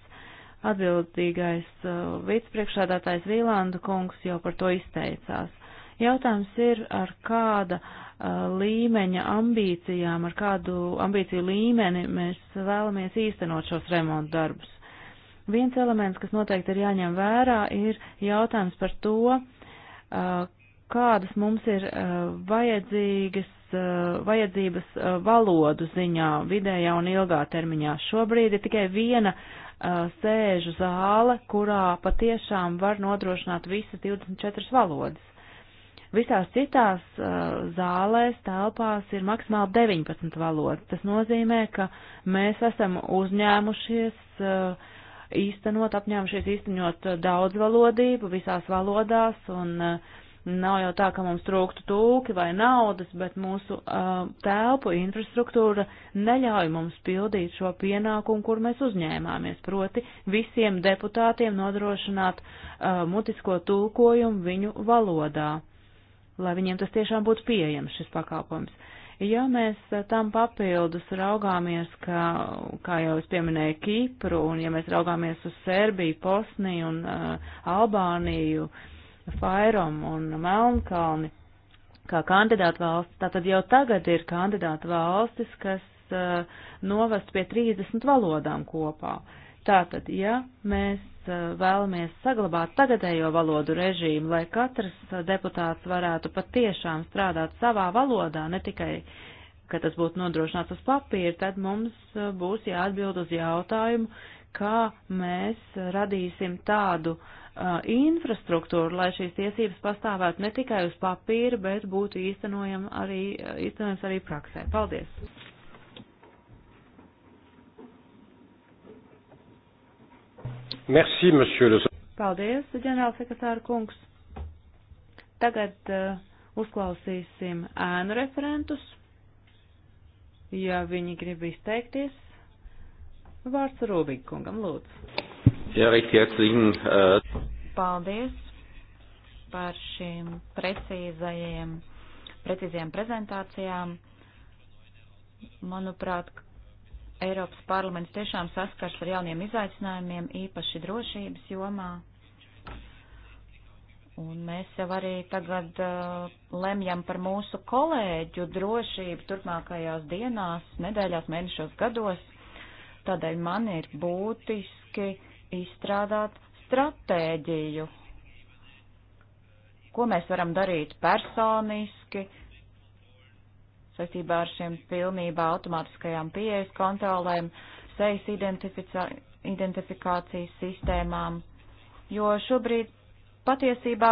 Atbildīgais vicepriekšādātājs Vīlanda kungs jau par to izteicās. Jautājums ir, ar kāda līmeņa ambīcijām, ar kādu ambīciju līmeni mēs vēlamies īstenot šos remontu darbus. Viens elements, kas noteikti ir jāņem vērā, ir jautājums par to, kādas mums ir vajadzīgas, vajadzības valodu ziņā vidējā un ilgā termiņā. Šobrīd ir tikai viena sēžu zāle, kurā patiešām var nodrošināt visas 24 valodas. Visās citās uh, zālēs, telpās ir maksimāli 19 valodas. Tas nozīmē, ka mēs esam uzņēmušies uh, īstenot, apņēmušies īstenot eh, daudzvalodību visās valodās, un eh, nav jau tā, ka mums trūktu tūki vai naudas, bet mūsu uh, telpu infrastruktūra neļauj mums pildīt šo pienākumu, kur mēs uzņēmāmies, proti visiem deputātiem nodrošināt uh, mutisko tulkojumu viņu valodā, lai viņiem tas tiešām būtu pieejams šis pakalpojums. Ja mēs tam papildus raugāmies, ka, kā jau es pieminēju, Kipru, un ja mēs raugāmies uz Serbiju, Bosniju un uh, Albāniju, Fairom un Melnkalni, kā kandidātu valsts, tātad jau tagad ir kandidātu valstis, kas uh, novest pie 30 valodām kopā. Tātad, ja mēs Eh, vēlamies saglabāt tagadējo valodu režīmu, lai katrs eh, deputāts varētu patiešām strādāt savā valodā, ne tikai, ka tas būtu nodrošināts uz papīra, tad mums eh, būs jāatbild uz jautājumu, kā mēs radīsim tādu uh, infrastruktūru, lai šīs tiesības pastāvētu ne tikai uz papīra, bet būtu īstenojams arī, īstenojams arī praksē. Paldies! Merci, monsieur le. Paldies, ģenerālsekretāra kungs. Tagad uh, uzklausīsim ēnu referentus, ja viņi grib izteikties. Vārds Rūbīgkungam, lūdzu. Jā, rīktiecīgi. Uh... Paldies par šīm precīzajiem, precīzajām prezentācijām. Manuprāt, Eiropas parlaments tiešām saskars ar jauniem izaicinājumiem, īpaši drošības jomā. Un mēs jau arī tagad uh, lemjam par mūsu kolēģu drošību turpmākajās dienās, nedēļās, mēnešos, gados. Tādēļ man ir būtiski izstrādāt stratēģiju, ko mēs varam darīt personiski, saistībā ar šiem pilnībā automātiskajām pieejas kontrolēm, sejas identifikācijas sistēmām, jo šobrīd patiesībā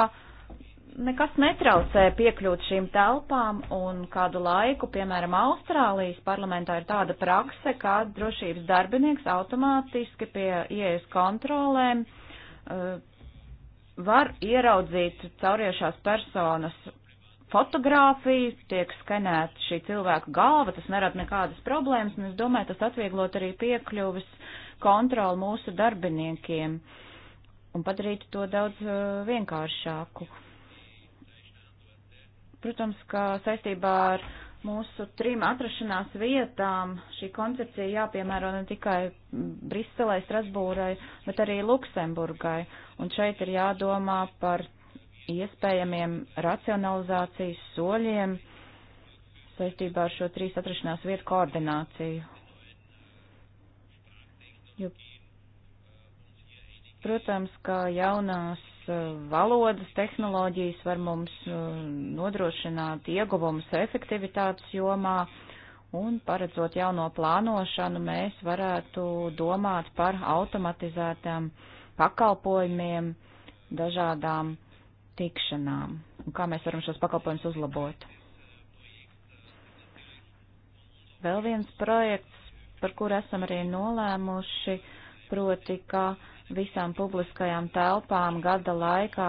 nekas netraucē piekļūt šīm telpām, un kādu laiku, piemēram, Austrālijas parlamentā ir tāda prakse, kā drošības darbinieks automātiski pie ieejas kontrolēm uh, var ieraudzīt cauriešās personas fotogrāfiju, tiek skenēta šī cilvēka galva, tas nerada nekādas problēmas, un es domāju, tas atvieglot arī piekļuvis kontroli mūsu darbiniekiem un padarītu to daudz uh, vienkāršāku. Protams, ka saistībā ar mūsu trim atrašanās vietām šī koncepcija jāpiemēro ne tikai Briselē, Strasbūrai, bet arī Luksemburgai. Un šeit ir jādomā par iespējamiem racionalizācijas soļiem saistībā ar šo trīs atrašanās vietu koordināciju. Jo, protams, ka jaunās uh, valodas tehnoloģijas var mums uh, nodrošināt ieguvumus efektivitātes jomā, un paredzot jauno plānošanu, mēs varētu domāt par automatizētām pakalpojumiem, dažādām uh, tikšanām un kā mēs varam šos pakalpojumus uzlabot. Vēl viens projekts, par kur esam arī nolēmuši, proti, ka visām publiskajām telpām gada laikā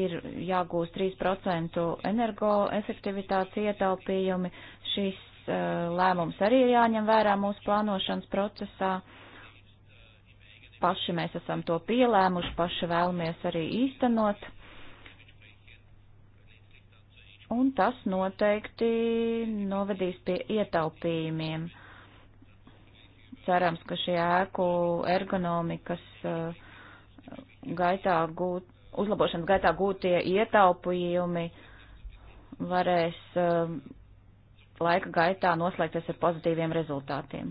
ir jāgūst 3% energoefektivitātes ietaupījumi. Šis uh, lēmums arī ir jāņem vērā mūsu plānošanas procesā. Paši mēs esam to pielēmuši, paši vēlamies arī īstenot un tas noteikti novedīs pie ietaupījumiem. Cerams, ka šī ēku ergonomikas uh, gaitā gūt, uzlabošanas gaitā gūtie ietaupījumi varēs uh, laika gaitā noslēgties ar pozitīviem rezultātiem.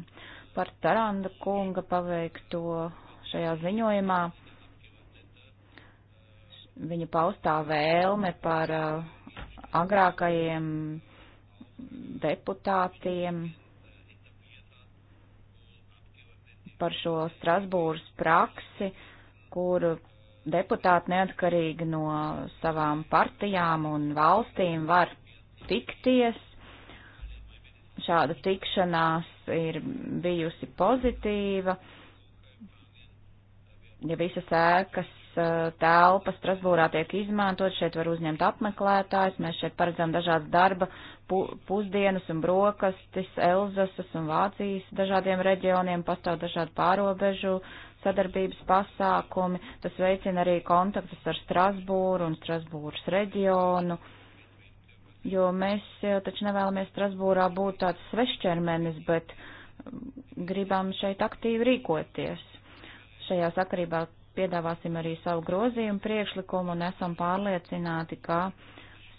Par Taranda kunga paveikto šajā ziņojumā viņa paustā vēlme par uh, agrākajiem deputātiem par šo Strasbūras praksi, kur deputāti neatkarīgi no savām partijām un valstīm var tikties. Šāda tikšanās ir bijusi pozitīva, ja visas ēkas Eh, telpa Strasbūrā tiek izmantot, šeit var uzņemt apmeklētājs, mēs šeit paredzam dažādas darba pusdienas un brokastis, Elzasas un Vācijas dažādiem reģioniem, pastāv dažādi pārobežu sadarbības pasākumi, tas veicina arī kontaktus ar Strasbūru un Strasbūras reģionu, jo mēs eh, taču nevēlamies Strasbūrā būt tāds svešķermenis, bet mm, gribam šeit aktīvi rīkoties. Šajā sakarībā piedāvāsim arī savu grozījumu priekšlikumu un esam pārliecināti, ka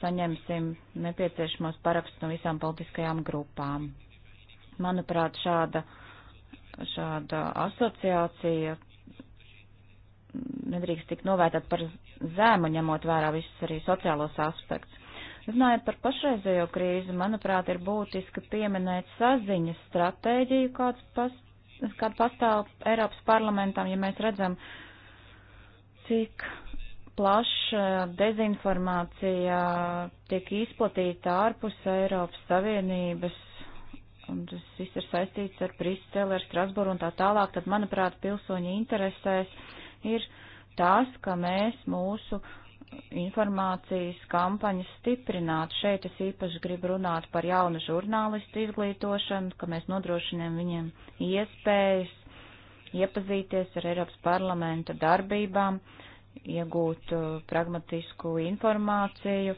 saņemsim nepieciešamos parakstus no visām politiskajām grupām. Manuprāt, šāda, šāda asociācija nedrīkst tik novērtēt par zēmu, ņemot vērā visus arī sociālos aspektus. Runājot par pašreizējo krīzi, manuprāt, ir būtiski pieminēt saziņas stratēģiju, kāds pas, kāda pastāv Eiropas parlamentam, ja mēs redzam, uh, cik plaša dezinformācija tiek izplatīta ārpus Eiropas Savienības, un tas viss ir saistīts ar Briseli, ar Strasburu un tā tālāk, tad, manuprāt, pilsoņu interesēs ir tas, ka mēs mūsu informācijas kampaņas stiprināt. Šeit es īpaši gribu runāt par jaunu žurnālistu izglītošanu, ka mēs nodrošinām viņiem iespējas iepazīties ar Eiropas parlamenta darbībām, iegūt uh, pragmatisku informāciju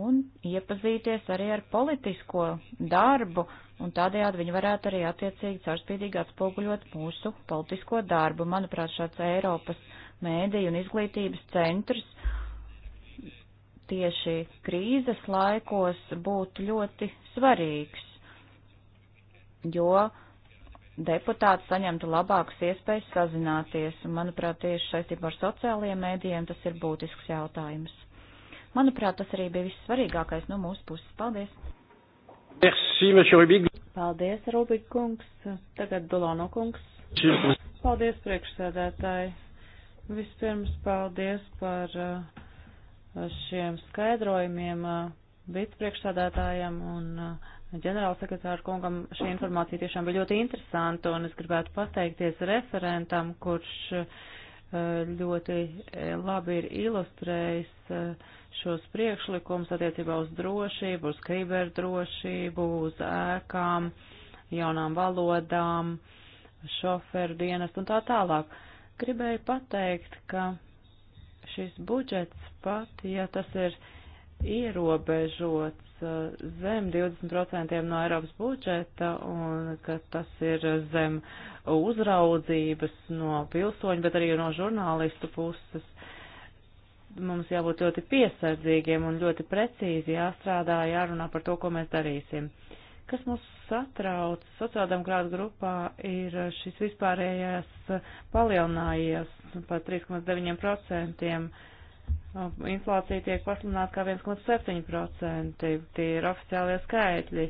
un iepazīties arī ar politisko darbu, un tādējādi viņi varētu arī attiecīgi caurspīdīgi atspoguļot mūsu politisko darbu. Manuprāt, šāds Eiropas mēdīju un izglītības centrs tieši krīzes laikos būtu ļoti svarīgs, jo uh, deputāti saņemtu labākas iespējas sazināties, un, manuprāt, tieši saistībā ar sociālajiem mēdījiem tas ir būtisks jautājums. Manuprāt, tas arī bija vissvarīgākais no mūsu puses. Paldies! Merci, Rubik. Paldies, Rubik kungs. Tagad Dulono kungs. Paldies, priekšsēdētāji. Vispirms paldies par uh, šiem skaidrojumiem uh, vicepriekšsādātājiem un uh, ģenerālsekretāra kungam šī informācija tiešām bija ļoti interesanta, un es gribētu pateikties referentam, kurš eh, ļoti eh, labi ir ilustrējis eh, šos priekšlikumus attiecībā uz drošību, uz kiberdrošību, uz ēkām, jaunām valodām, šoferu dienestu un tā tālāk. Gribēju pateikt, ka šis budžets pat, ja tas ir ierobežots, zem 20% no Eiropas budžeta un ka tas ir zem uzraudzības no pilsoņu, bet arī no žurnālistu puses. Mums jābūt ļoti piesardzīgiem un ļoti precīzi jāstrādā, jārunā par to, ko mēs darīsim. Kas mūs satrauc sociāldemokrāta grupā ir šis vispārējais palielinājies par 3,9% inflācija tiek pasludināta kā 1,7%. Tie ir oficiālie skaitļi,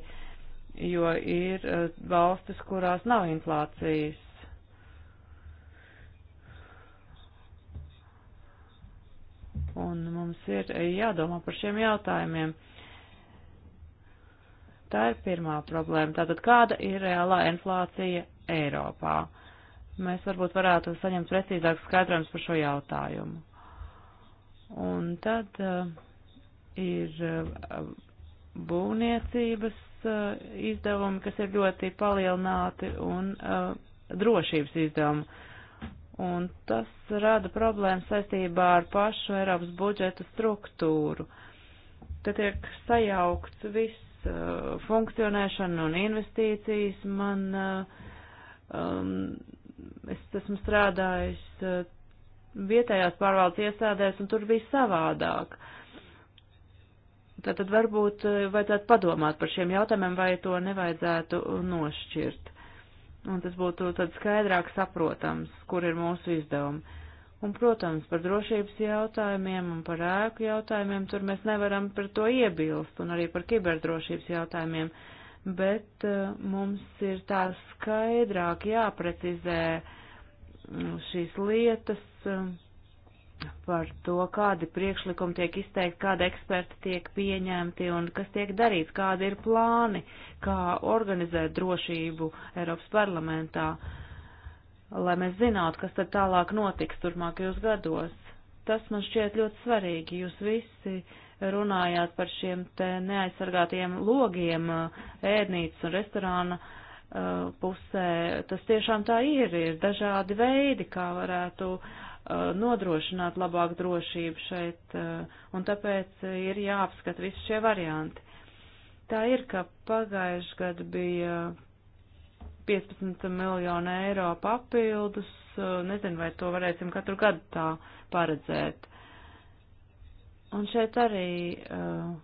jo ir e, valstis, kurās nav inflācijas. Un mums ir jādomā par šiem jautājumiem. Tā ir pirmā problēma. Tātad, kāda ir reālā inflācija Eiropā? Mēs varbūt varētu saņemt precīzākus skaidrojumus par šo jautājumu. Un tad uh, ir uh, būvniecības uh, izdevumi, kas ir ļoti palielināti, un uh, drošības izdevumi. Un tas rada problēmas saistībā ar pašu Eiropas budžeta struktūru. Te tiek sajaukts viss uh, funkcionēšana un investīcijas. Man, uh, um, es esmu strādājis uh, vietējās pārvaldes iestādēs, un tur bija savādāk. Tātad varbūt eh, vajadzētu padomāt par šiem jautājumiem, vai to nevajadzētu nošķirt. Un tas būtu tad skaidrāk saprotams, kur ir mūsu izdevumi. Un, protams, par drošības jautājumiem un par ēku jautājumiem tur mēs nevaram par to iebilst, un arī par kiberdrošības jautājumiem, bet uh, mums ir tā skaidrāk jāprecizē uh, šīs lietas par to, kādi priekšlikumi tiek izteikti, kādi eksperti tiek pieņemti un kas tiek darīts, kādi ir plāni, kā organizēt drošību Eiropas parlamentā, lai mēs zinātu, kas tad tālāk notiks turpmākajos gados. Tas man šķiet ļoti svarīgi. Jūs visi runājāt par šiem te neaizsargātiem logiem ēdnīcas un restorāna uh, Uh, pusē. Tas tiešām tā ir, ir dažādi veidi, kā varētu uh, nodrošināt labāku drošību šeit, uh, un tāpēc ir jāapskata visi šie varianti. Tā ir, ka pagājuši gadu bija 15 miljonu eiro papildus, nezinu, vai to varēsim katru gadu tā paredzēt. Un šeit arī uh,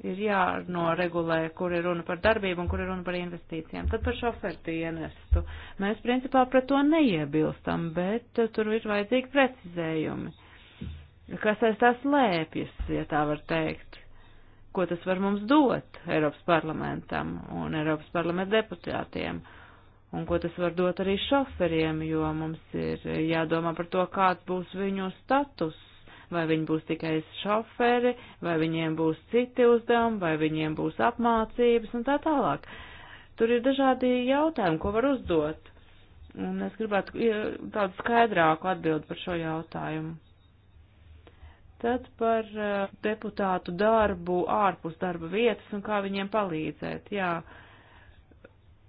ir jānoregulē, kur ir runa par darbību un kur ir runa par investīcijām. Tad par šoferu dienestu. Mēs principā pret to neiebilstam, bet uh, tur ir vajadzīgi precizējumi. Kas aiz tās lēpjas, ja tā var teikt? Ko tas var mums dot Eiropas parlamentam un Eiropas parlamenta deputātiem? Un ko tas var dot arī šoferiem, jo mums ir jādomā par to, kāds būs viņu status vai viņi būs tikai šoferi, vai viņiem būs citi uzdevumi, vai viņiem būs apmācības un tā tālāk. Tur ir dažādi jautājumi, ko var uzdot. Un es gribētu tādu skaidrāku atbildi par šo jautājumu. Tad par eh, deputātu darbu ārpus darba vietas un kā viņiem palīdzēt. Jā, uh,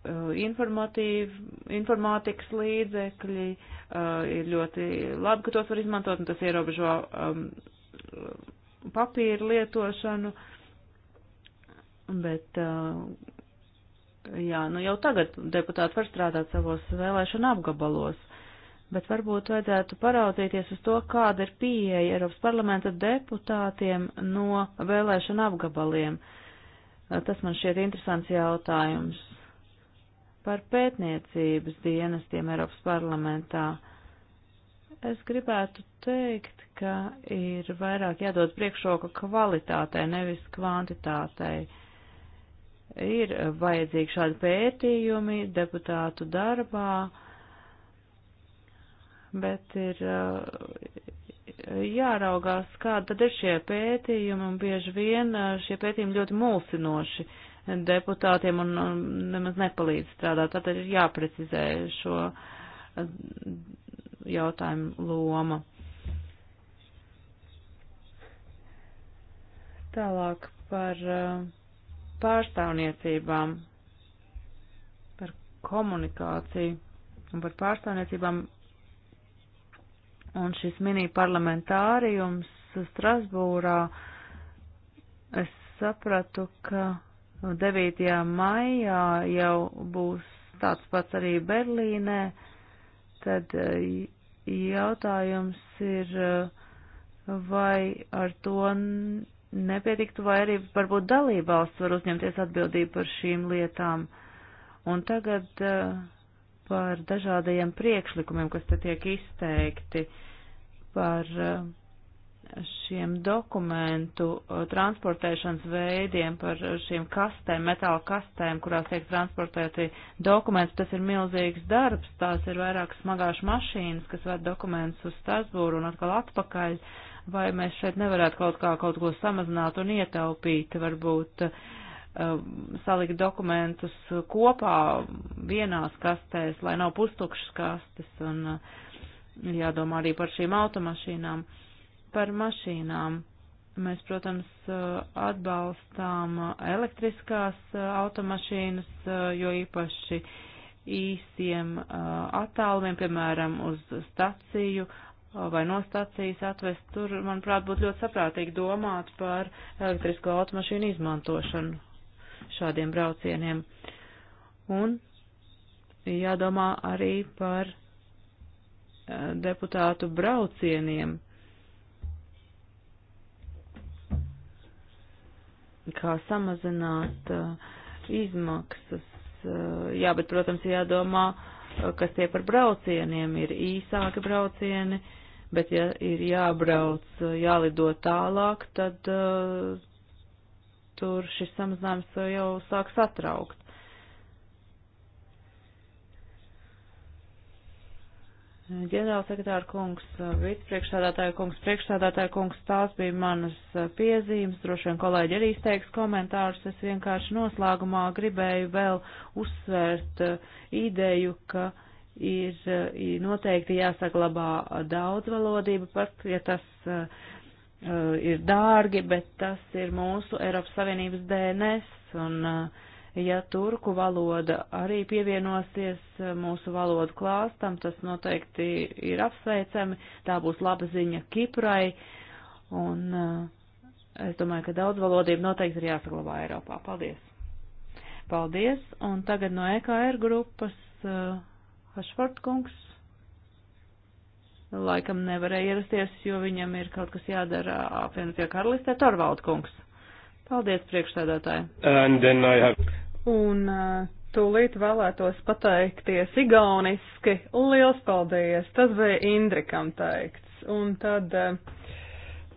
Eh, informātikas līdzekļi, eh, ir ļoti labi, ka tos var izmantot, un tas ierobežo um, papīra lietošanu, bet eh, jā, nu jau tagad deputāti var strādāt savos vēlēšana apgabalos, bet varbūt vajadzētu paraudzīties uz to, kāda ir pieeja Eiropas parlamenta deputātiem no vēlēšana apgabaliem. Tas man šķiet interesants jautājums par pētniecības dienestiem Eiropas parlamentā. Es gribētu teikt, ka ir vairāk jādod priekšroka kvalitātei, nevis kvantitātei. Ir vajadzīgi šādi pētījumi deputātu darbā, bet ir uh, jāraugās, kāda tad ir šie pētījumi, un bieži vien uh, šie pētījumi ļoti mulsinoši. Uh, deputātiem un nemaz nepalīdz strādāt. Tātad ir jāprecizē šo eh, jautājumu loma. Tālāk par eh, pārstāvniecībām, par komunikāciju un par pārstāvniecībām. Un šis mini parlamentārijums Strasbūrā, es sapratu, ka 9. maijā jau būs tāds pats arī Berlīnē, tad eh, jautājums ir, eh, vai ar to nepietiktu, vai arī varbūt dalībvalsts var uzņemties atbildību par šīm lietām. Un tagad eh, par dažādajiem priekšlikumiem, kas te tiek izteikti par uh, šiem dokumentu uh, transportēšanas veidiem, par šīm kastēm, metāla kastēm, kurās tiek transportēti dokumenti. Tas ir milzīgs darbs, tās ir vairākas smagāšu mašīnas, kas ved dokumentus uz Strasbūru un atkal atpakaļ. Vai mēs šeit nevarētu kaut kā kaut ko samazināt un ietaupīt, varbūt uh, salikt dokumentus kopā vienās kastēs, lai nav pustukšas kastes un uh, jādomā arī par šīm automašīnām. Uh, Par mašīnām. Mēs, protams, atbalstām elektriskās uh, automašīnas, uh, jo īpaši īsiem uh, attālumiem, piemēram, uz staciju vai no stacijas atvest, tur, manuprāt, būtu ļoti saprātīgi domāt par elektrisko automašīnu izmantošanu šādiem braucieniem. Un jādomā arī par deputātu braucieniem. Uh, kā samazināt uh, izmaksas. Uh, jā, bet, protams, ir jādomā, uh, kas tie par braucieniem ir īsāki braucieni, bet ja ir jābrauc, jālido tālāk, tad tur šis samazinājums jau sāk satraukt. ģenerālsekretāra kungs, eh, vicepriekšstādātāja kungs, priekšstādātāja kungs, tās bija manas eh, piezīmes, droši vien kolēģi arī izteiks komentārus, es vienkārši noslēgumā gribēju vēl uzsvērt eh, ideju, ka ir noteikti jāsaglabā daudzvalodība, pat ja tas ir dārgi, bet tas ir mūsu Eiropas Savienības DNS un uh, Ja turku valoda arī pievienosies eh, mūsu valodu klāstam, tas noteikti ir apsveicami. Tā būs laba ziņa Kiprai. Un eh, es domāju, ka daudz valodību noteikti ir jāsaglabā Eiropā. Paldies! Paldies! Un tagad no EKR grupas eh, Hašvartkungs laikam nevarēja ierasties, jo viņam ir kaut kas jādara apvienotie karalistē Torvaldkungs. Paldies, priekšsēdētāji. Have... Un eh, tūlīt vēlētos pateikties igauniski. Liels paldies! Tas bija Indrikam teikts. Un tad eh,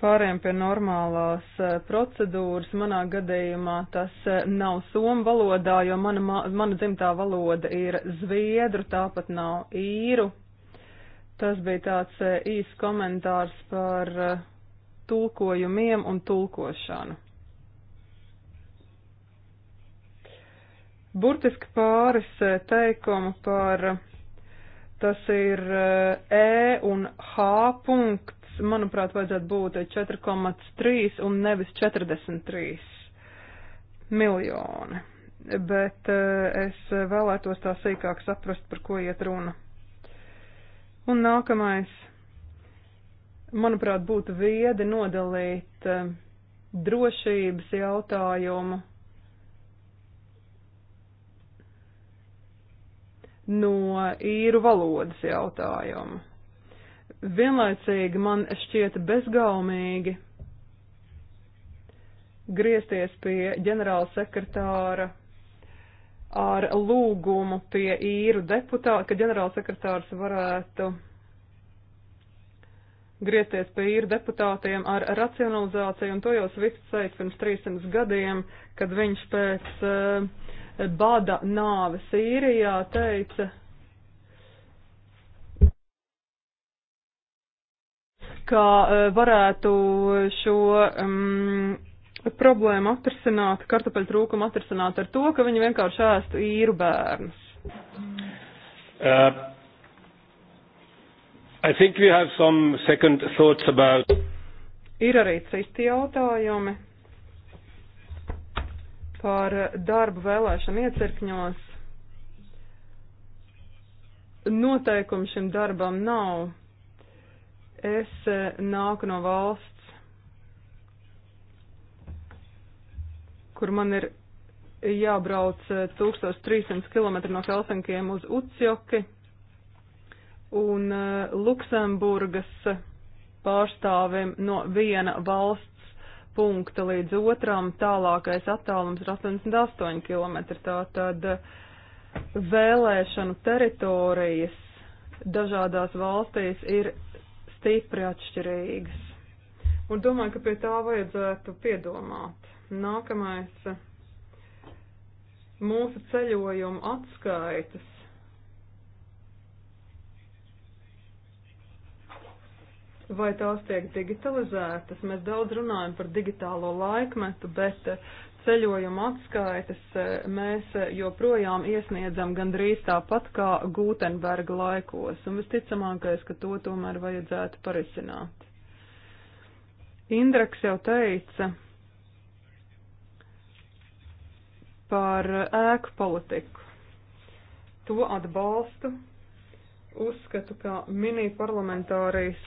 pāriem pie normālās eh, procedūras. Manā gadījumā tas nav somu valodā, jo mana, mana dzimtā valoda ir zviedru, tāpat nav īru. Tas bija tāds īs komentārs par tulkojumiem un tulkošanu. Burtiski pāris eh, teikumu par eh, tas ir eh, E un H punkts, manuprāt, vajadzētu būt 4,3 un nevis 43 miljoni. Bet es vēlētos tā sīkāk saprast, par ko iet runa. Un nākamais, manuprāt, būtu viedi nodalīt drošības jautājumu no īru valodas jautājuma. Vienlaicīgi man šķiet bezgaumīgi griezties pie ģenerāla sekretāra ar lūgumu pie īru deputāta, ka ģenerāla sekretārs varētu griezties pie īru deputātiem ar racionalizāciju, un to jau Svifts teica pirms 300 gadiem, kad viņš pēc uh, bada nāve Sīrijā teica, ka e, varētu šo um, problēmu atrisināt, kartupeļu trūkumu atrisināt ar to, ka viņi vienkārši ēstu īru bērnus. Uh, I think we have some second thoughts about. Ir arī citi jautājumi par darbu vēlēšanu iecirkņos. Noteikumu šim darbam nav. Es eh, nāku no valsts, kur man ir jābrauc 1300 eh, km no Helsinkiem uz Ucjoki un eh, Luksemburgas pārstāvim no viena valsts punkta līdz otram tālākais attālums ir 88 km. Tātad uh, vēlēšanu teritorijas dažādās valstīs ir stipri atšķirīgas. Un domāju, ka pie tā vajadzētu piedomāt. Nākamais uh, mūsu ceļojuma atskaitas vai tās tiek digitalizētas. Mēs daudz runājam par digitālo laikmetu, bet eh, ceļojuma atskaites eh, mēs eh, joprojām iesniedzam gandrīz tāpat kā Gutenberga laikos, un visticamākais, ka to tomēr vajadzētu parisināt. Indraks jau teica par ēku politiku. To atbalstu. Uzskatu, ka mini parlamentārijas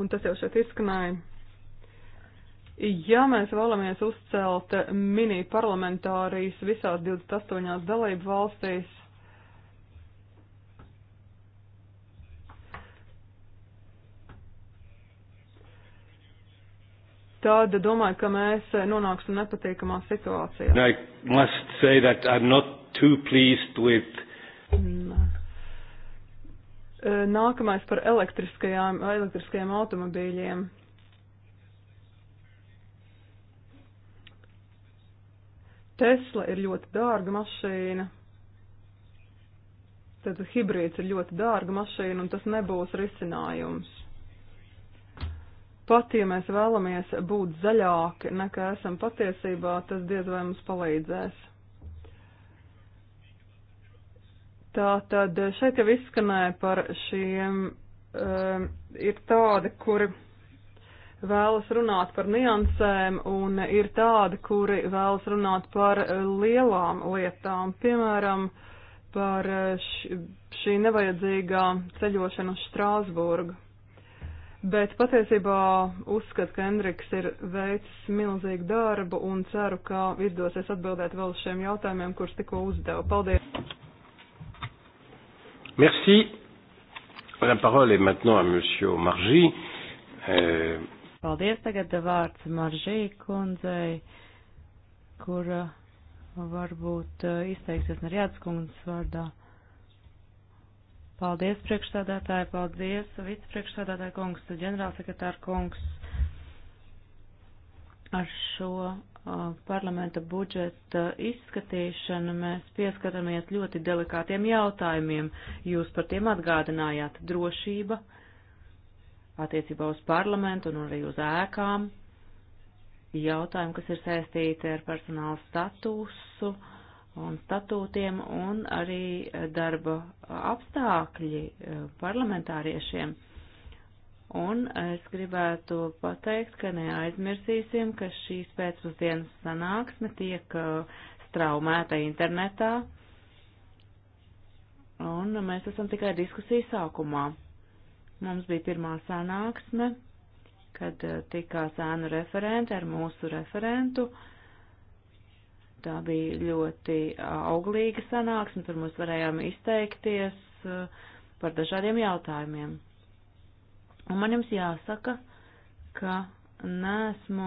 un tas jau šeit izskanēja. Ja mēs vēlamies uzcelt mini parlamentārijas visās 28 dalību valstīs, tad domāju, ka mēs nonāksim nepatīkamā situācijā. With... Mm. E, nākamais par elektriskajām, elektriskajiem automobīļiem. Tesla ir ļoti dārga mašīna. Tad hibrīds ir ļoti dārga mašīna un tas nebūs risinājums. Pat ja mēs vēlamies būt zaļāki nekā esam patiesībā, tas diez vai mums palīdzēs. Tā tad šeit jau izskanēja par šiem, um, ir tādi, kuri vēlas runāt par niansēm un ir tādi, kuri vēlas runāt par lielām lietām, piemēram, par š, šī nevajadzīgā ceļošana uz Strāsburgu. Bet patiesībā uzskatu, ka Endriks ir veicis milzīgu darbu un ceru, ka izdosies atbildēt vēl uz šiem jautājumiem, kurus tikko uzdevu. Paldies! Merci. La parole est maintenant à Monsieur Marži. Euh... Paldies, tagad vārds Maržī kundzei, kura uh, varbūt uh, izteiksies Nerjāts kundzes vārdā. Paldies, priekšstādātāji, paldies, vicepriekšstādātāji kungs, ģenerālsekretāra kungs. Ar šo parlamenta budžeta izskatīšanu mēs pieskaramies ļoti delikātiem jautājumiem. Jūs par tiem atgādinājāt drošība attiecībā uz parlamentu un arī uz ēkām, jautājumi, kas ir saistīti ar personāla statusu un statūtiem un arī darba apstākļi parlamentāriešiem. Un es gribētu pateikt, ka neaizmirsīsim, ka šīs pēcpusdienas sanāksme tiek uh, straumēta internetā. Un mēs esam tikai diskusiju sākumā. Mums bija pirmā sanāksme, kad uh, tikās ēnu referenti ar mūsu referentu. Tā bija ļoti uh, auglīga sanāksme, tur mēs varējām izteikties par dažādiem jautājumiem. Un man jums jāsaka, ka nesmu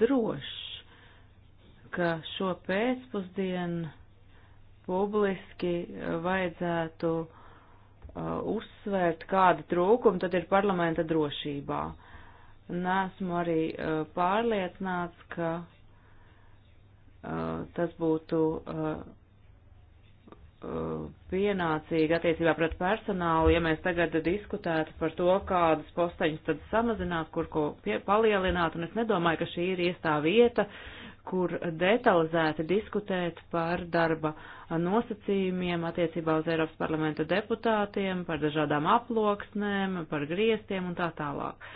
drošs, ka šo pēcpusdienu publiski vajadzētu uh, uzsvērt kādu trūkumu, tad ir parlamenta drošībā. Nesmu arī uh, pārliecināts, ka uh, tas būtu uh, Uh, pienācīgi attiecībā pret personālu, ja mēs tagad diskutētu par to, kādus posteņus tad samazināt, kur ko pie, palielināt, un es nedomāju, ka šī ir iestā vieta, kur detalizēti diskutēt par darba nosacījumiem attiecībā uz Eiropas parlamenta deputātiem, par dažādām aploksnēm, par griestiem un tā tālāk.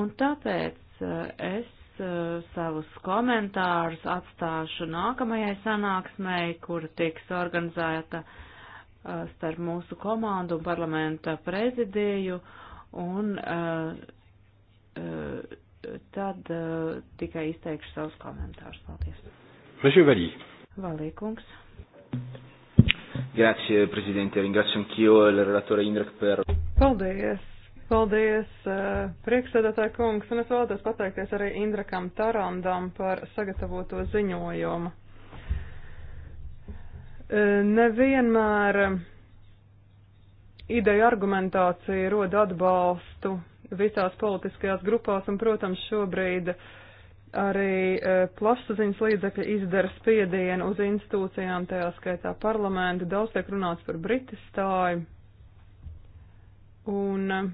Un tāpēc uh, es Eh, savus komentārus atstāšu nākamajai sanāksmei, kura tiks organizēta eh, starp mūsu komandu un parlamenta prezidiju, un eh, tad tikai izteikšu savus komentārus. Paldies. Monsieur Valī. Valī kungs. Grazie, Presidente. Ringrazio anch'io il relatore Indrek per. Paldies Paldies, eh, priekšsēdētāji kungs, un es vēlētos pateikties arī Indrakam Tarandam par sagatavoto ziņojumu. Eh, nevienmēr ideja argumentācija rod atbalstu visās politiskajās grupās, un, protams, šobrīd arī eh, plašsaziņas līdzekļi izdara spiedienu uz institūcijām, tajā skaitā parlamentu, daudz tiek runāts par Britistāju. Un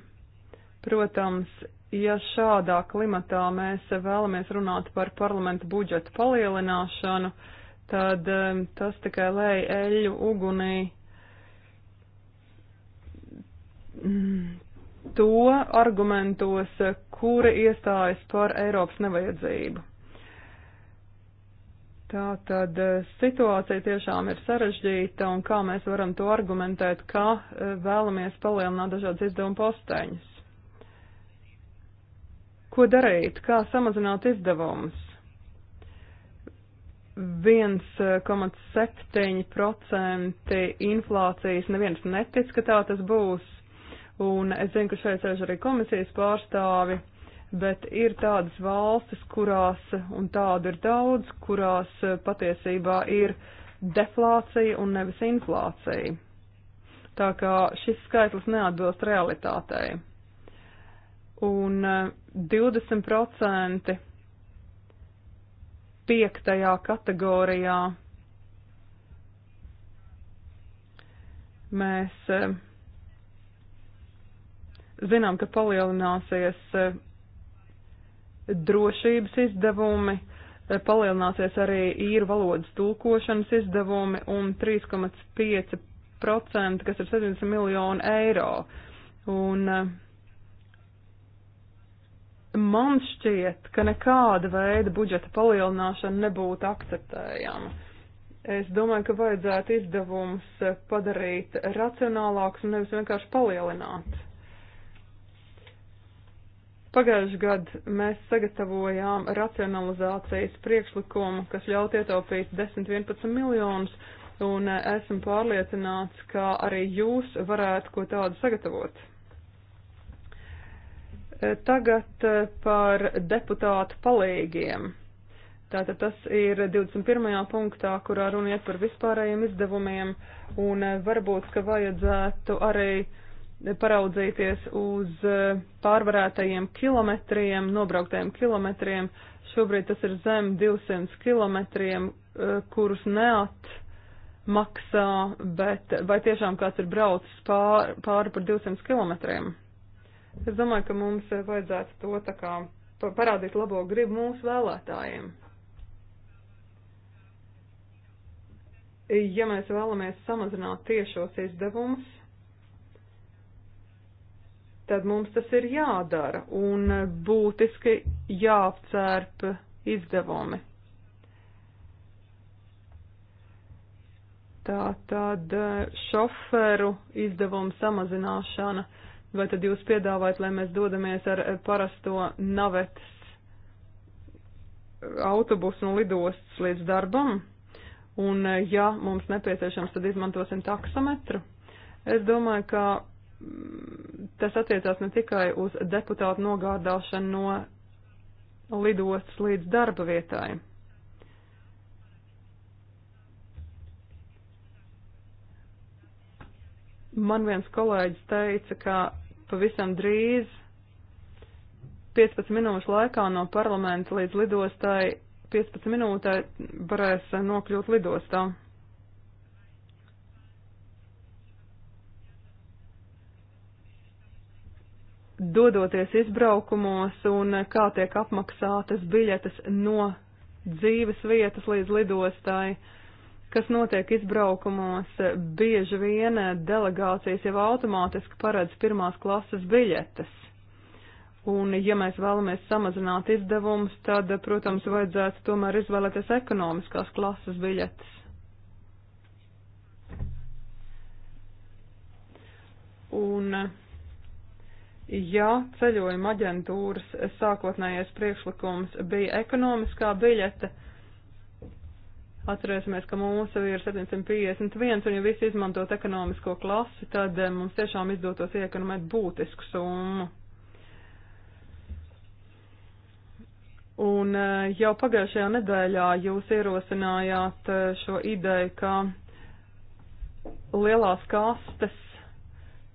Protams, ja šādā klimatā mēs vēlamies runāt par parlamentu budžetu palielināšanu, tad tas tikai lej eļu ugunī to argumentos, kuri iestājas par Eiropas nevajadzību. Tā tad eh, situācija tiešām ir sarežģīta, un kā mēs varam to argumentēt, ka eh, vēlamies palielināt dažādas izdevuma posteņas. Ko darīt? Kā samazināt izdevumus? 1,7% eh, inflācijas neviens netic, ka tā tas būs. Un es zinu, ka šeit sēž arī komisijas pārstāvi, bet ir tādas valstis, kurās, un tādu ir daudz, kurās eh, patiesībā ir deflācija un nevis inflācija. Tā kā šis skaitlis neatbilst realitātei. Un uh, 20% piektajā kategorijā mēs eh, zinām, ka palielināsies eh, drošības izdevumi, eh, palielināsies arī īru valodas tulkošanas izdevumi un 3,5%, kas ir 70 miljonu eiro. Un uh, man šķiet, ka nekāda veida budžeta palielināšana nebūtu akceptējama. Es domāju, ka vajadzētu izdevumus padarīt racionālākus un nevis vienkārši palielināt. Pagājušajā gadā mēs sagatavojām racionalizācijas priekšlikumu, kas ļaut ietaupīt 10-11 miljonus, un eh, esmu pārliecināts, ka arī jūs varētu ko tādu sagatavot. Eh, tagad eh, par deputātu palīgiem. Tātad tas ir 21. punktā, kurā runa iet par vispārējiem izdevumiem, un eh, varbūt, ka vajadzētu arī paraudzīties uz pārvarētajiem kilometriem, nobrauktajiem kilometriem. Šobrīd tas ir zem 200 kilometriem, kurus neatmaksā, bet vai tiešām kāds ir braucis pār, pāri par 200 kilometriem? Es domāju, ka mums eh, vajadzētu to tā kā parādīt labo gribu mūsu vēlētājiem. Ja mēs vēlamies samazināt tiešos izdevumus, tad mums tas ir jādara un būtiski jāapcērp izdevumi. Tā tad eh, šoferu izdevumu samazināšana Vai tad jūs piedāvājat, lai mēs dodamies ar eh, parasto navetes eh, autobusu un lidostas līdz darbam? Un, eh, ja mums nepieciešams, tad izmantosim taksometru. Es domāju, ka mm, tas attiecās ne tikai uz deputātu nogādāšanu no lidostas līdz darba vietai. Man viens kolēģis teica, ka pavisam drīz 15 minūšu laikā no parlamenta līdz lidostai 15 minūtē varēs nokļūt lidostā. dodoties izbraukumos un kā tiek apmaksātas biļetes no dzīves vietas līdz lidostai kas notiek izbraukumos, bieži vien delegācijas jau automātiski paredz pirmās klases biļetes. Un, ja mēs vēlamies samazināt izdevumus, tad, protams, vajadzētu tomēr izvēlēties ekonomiskās klases biļetes. Un, ja ceļojuma aģentūras sākotnējais priekšlikums bija ekonomiskā biļete, Atcerēsimies, ka mūsu ir 751, un ja visi izmantot ekonomisko klasi, tad eh, mums tiešām izdotos iekonomēt būtisku summu. Un eh, jau pagājušajā nedēļā jūs ierosinājāt eh, šo ideju, ka lielās kastes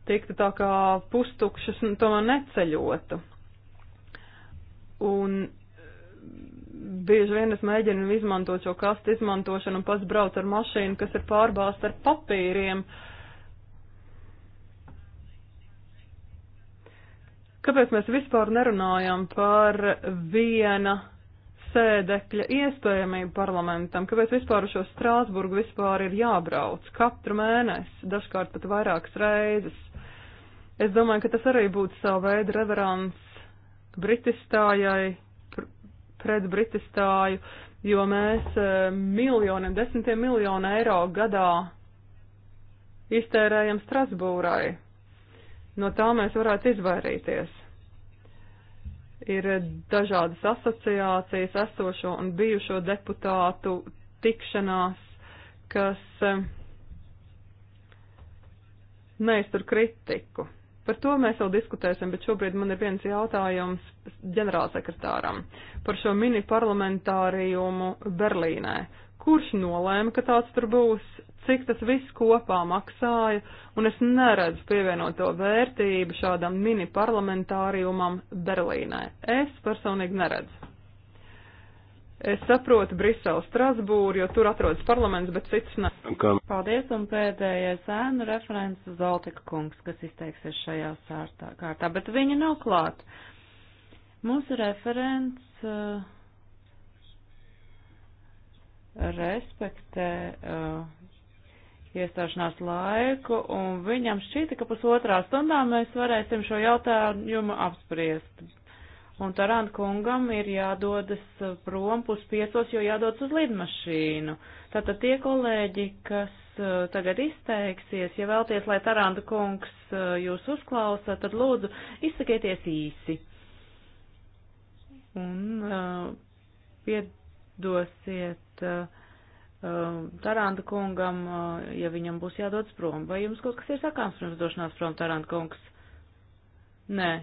tiktu tā kā pustukšas un tomēr neceļotu. Un bieži vien es mēģinu izmantot šo kastu izmantošanu un pats brauc ar mašīnu, kas ir pārbāzta ar papīriem. Kāpēc mēs vispār nerunājam par viena sēdekļa iespējamību parlamentam? Kāpēc vispār uz šo Strāsburgu vispār ir jābrauc katru mēnesi, dažkārt pat vairākas reizes? Es domāju, ka tas arī būtu savu veidu reverants Britistājai, pret Britistāju, jo mēs eh, miljoniem, desmitiem miljonu eiro gadā iztērējam Strasbūrai. No tā mēs varētu izvairīties. Ir dažādas asociācijas esošo un bijušo deputātu tikšanās, kas eh, neiztur kritiku. Par to mēs vēl diskutēsim, bet šobrīd man ir viens jautājums ģenerālsekretāram par šo mini parlamentārijumu Berlīnē. Kurš nolēma, ka tāds tur būs, cik tas viss kopā maksāja, un es neredzu pievienoto vērtību šādam mini parlamentārijumam Berlīnē. Es personīgi neredzu. Es saprotu Briselu, Strasbūru, jo tur atrodas parlaments, bet cits ne. Paldies, un pēdējais ēnu referents Zoltika kungs, kas izteiksies šajā sārtā, kārtā, bet viņa nav klāt. Mūsu referents uh, respektē uh, iestāšanās laiku, un viņam šķita, ka pusotrā stundā mēs varēsim šo jautājumu apspriest un Tarant kungam ir jādodas prom puspiecos, jo jādodas uz lidmašīnu. Tātad tie kolēģi, kas uh, tagad izteiksies, ja vēlties, lai Taranta kungs uh, jūs uzklausa, tad lūdzu izsakieties īsi. Un uh, piedosiet uh, uh Taranta kungam, uh, ja viņam būs jādodas prom. Vai jums kaut kas ir sakāms pirms došanās prom, Taranta kungs? Nē,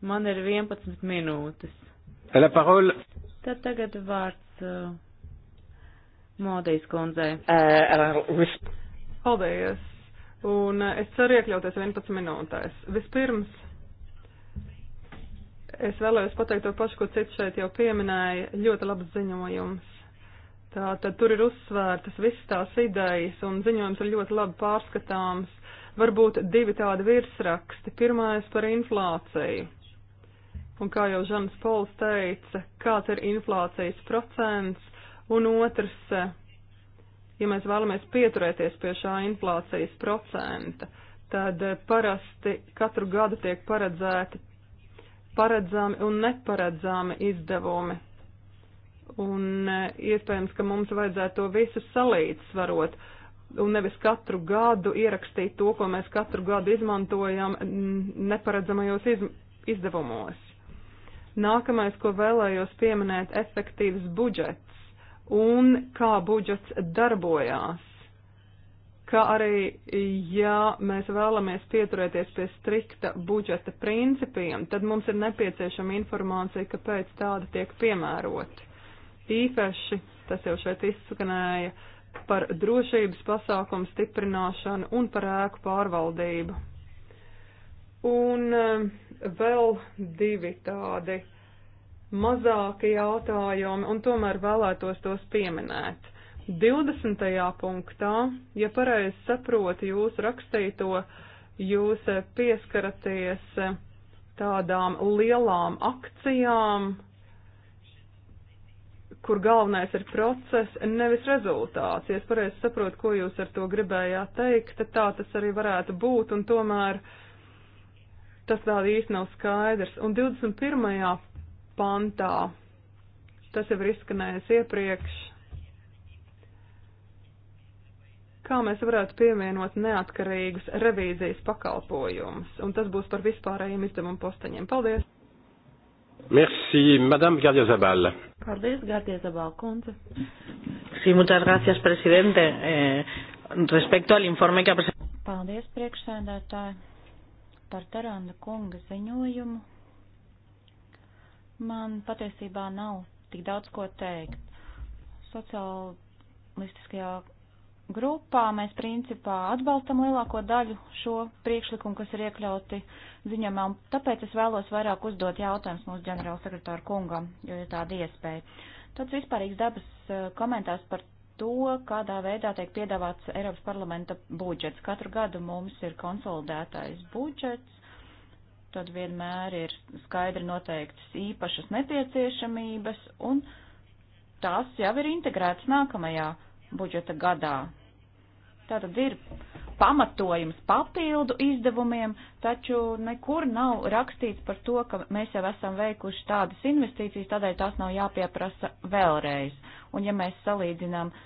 Man ir 11 minūtes. La parole. Tad tagad vārds uh, Modijas kundzei. Uh, Paldies. Un uh, es ceru iekļauties 11 minūtēs. Vispirms es vēlējos pateikt to pašu, ko cits šeit jau pieminēja. Ļoti labs ziņojums. Tā tad tur ir uzsvērtas visas tās idejas un ziņojums ir ļoti labi pārskatāms. Varbūt divi tādi virsraksti. Pirmais par inflāciju un kā jau Žanas Pols teica, kāds ir inflācijas procents, un otrs, ja mēs vēlamies pieturēties pie šā inflācijas procenta, tad parasti katru gadu tiek paredzēti paredzami un neparedzami izdevumi. Un e, iespējams, ka mums vajadzētu to visu salīdzsvarot un nevis katru gadu ierakstīt to, ko mēs katru gadu izmantojam neparedzamajos iz, izdevumos. Nākamais, ko vēlējos pieminēt, efektīvs budžets un kā budžets darbojās. Kā arī, ja mēs vēlamies pieturēties pie strikta budžeta principiem, tad mums ir nepieciešama informācija, kāpēc tāda tiek piemēroti. Īpaši, tas jau šeit izskanēja, par drošības pasākumu stiprināšanu un par ēku pārvaldību. Un uh, vēl divi tādi mazāki jautājumi, un tomēr vēlētos tos pieminēt. 20. punktā, ja pareizi saprotu jūsu rakstīto, jūs pieskaraties tādām lielām akcijām, kur galvenais ir process, nevis rezultāts. Ja es pareizi saprotu, ko jūs ar to gribējāt teikt, tad tā tas arī varētu būt, un tomēr uh, tas vēl īsti nav skaidrs. Un 21. pantā, tas jau ir izskanējis iepriekš, kā mēs varētu pievienot neatkarīgus revīzijas pakalpojumus, un tas būs par vispārējiem izdevumu postaņiem. Paldies! Merci, Madame Gardiazabal. Paldies, Gardiazabal, kundze. Sí, muchas gracias, presidente. Eh, respecto al informe que ha presentado. Paldies, priekšsēdētāji par Taranda kunga ziņojumu. Man patiesībā nav tik daudz ko teikt. Socialistiskajā grupā mēs principā atbalstam lielāko daļu šo priekšlikumu, kas ir iekļauti ziņamā, un tāpēc es vēlos vairāk uzdot jautājumus mūsu ģenerāla sekretāra kungam, jo ir tāda iespēja. Tāds vispārīgs dabas eh, komentārs par to, kādā veidā tiek piedāvāts Eiropas parlamenta budžets. Katru gadu mums ir konsolidētais budžets, tad vienmēr ir skaidri noteiktas īpašas nepieciešamības, un tās jau ir integrētas nākamajā budžeta gadā. Tātad ir pamatojums papildu izdevumiem, taču nekur nav rakstīts par to, ka mēs jau esam veikuši tādas investīcijas, tādēļ tās nav jāpieprasa vēlreiz. Un ja mēs salīdzinām uh,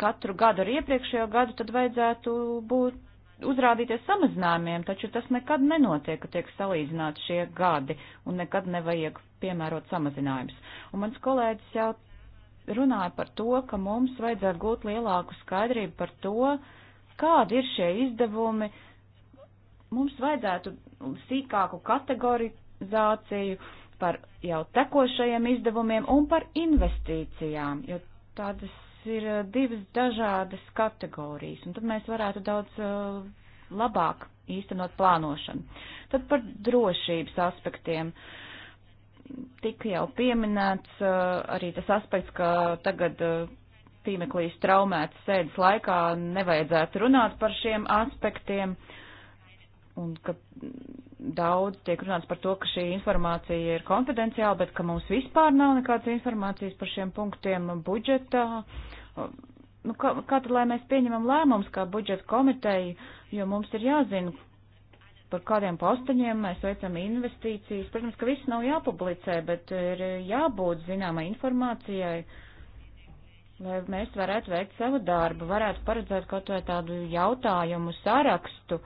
katru gadu ar iepriekšējo gadu, tad vajadzētu būt uzrādīties samazinājumiem, taču tas nekad nenotiek, ka tiek salīdzināti šie gadi un nekad nevajag piemērot samazinājumus. Un mans kolēģis jau runāja par to, ka mums vajadzētu gūt lielāku skaidrību par to, kādi ir šie izdevumi. Mums vajadzētu sīkāku kategorizāciju par jau tekošajiem izdevumiem un par investīcijām, jo tādas ir eh, divas dažādas kategorijas, un tad mēs varētu daudz eh, labāk īstenot plānošanu. Tad par drošības aspektiem. Tika jau pieminēts eh, arī tas aspekts, ka tagad tīmeklīs traumētas sēdes laikā nevajadzētu runāt par šiem aspektiem, un ka daudz tiek runāts par to, ka šī informācija ir konfidenciāla, bet ka mums vispār nav nekādas informācijas par šiem punktiem budžetā. Nu, kā, kā tad, lai mēs pieņemam lēmums kā budžeta komiteja, jo mums ir jāzina, par kādiem postaņiem mēs veicam investīcijas. Protams, ka viss nav jāpublicē, bet ir jābūt zināmai informācijai, lai mēs varētu veikt savu darbu, varētu paredzēt kaut vai tādu jautājumu sarakstu,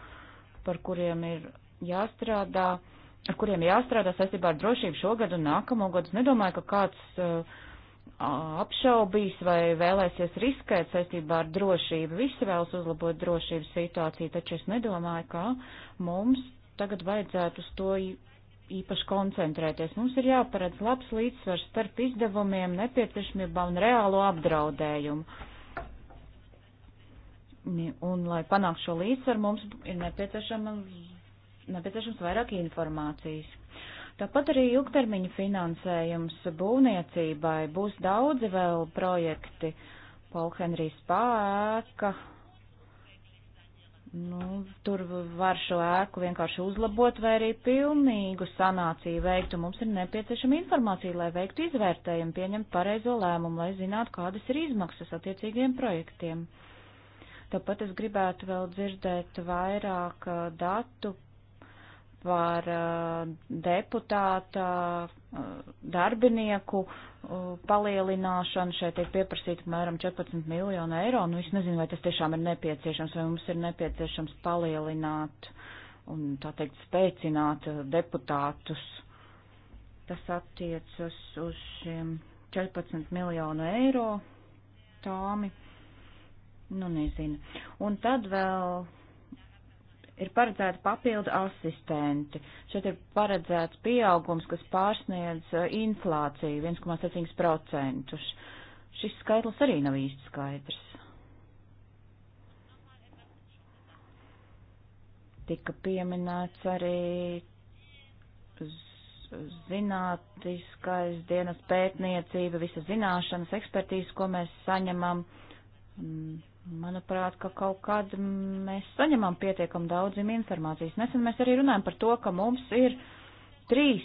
par kuriem ir jāstrādā, ar kuriem jāstrādā saistībā ar drošību šogad un nākamo gadu. Es nedomāju, ka kāds uh, apšaubīs vai vēlēsies riskēt saistībā ar drošību. Visi vēlas uzlabot drošības situāciju, taču es nedomāju, ka mums tagad vajadzētu uz to īpaši koncentrēties. Mums ir jāparedz labs līdzsvars starp izdevumiem, nepieciešamībām un reālo apdraudējumu. Un, lai panāktu šo līdzsvaru, mums ir nepieciešama nepieciešams vairāk informācijas. Tāpat arī ilgtermiņa finansējums būvniecībai būs daudzi vēl projekti. Polhenrijs pēka. Nu, tur var šo ēku vienkārši uzlabot vai arī pilnīgu sanāciju veikt, un mums ir nepieciešama informācija, lai veiktu izvērtējumu, pieņemt pareizo lēmumu, lai zinātu, kādas ir izmaksas attiecīgiem projektiem. Tāpat es gribētu vēl dzirdēt vairāk uh, datu par eh, deputāta eh, darbinieku eh, palielināšanu. Šeit tiek pieprasīta apmēram 14 miljonu eiro. Nu, es nezinu, vai tas tiešām ir nepieciešams, vai mums ir nepieciešams palielināt un, tā teikt, spēcināt deputātus. Tas attiecas uz šiem 14 miljonu eiro tāmi. Nu, nezinu. Un tad vēl ir paredzēti papildu asistenti. Šeit ir paredzēts pieaugums, kas pārsniedz uh, inflāciju 1,7%. Šis skaitlis arī nav īsti skaidrs. Tika pieminēts arī zinātniskais dienas pētniecība, visa zināšanas, ekspertīze, ko mēs saņemam. Mm Manuprāt, ka kaut kad mēs saņemam pietiekam daudzim informācijas. Nesen mēs arī runājam par to, ka mums ir trīs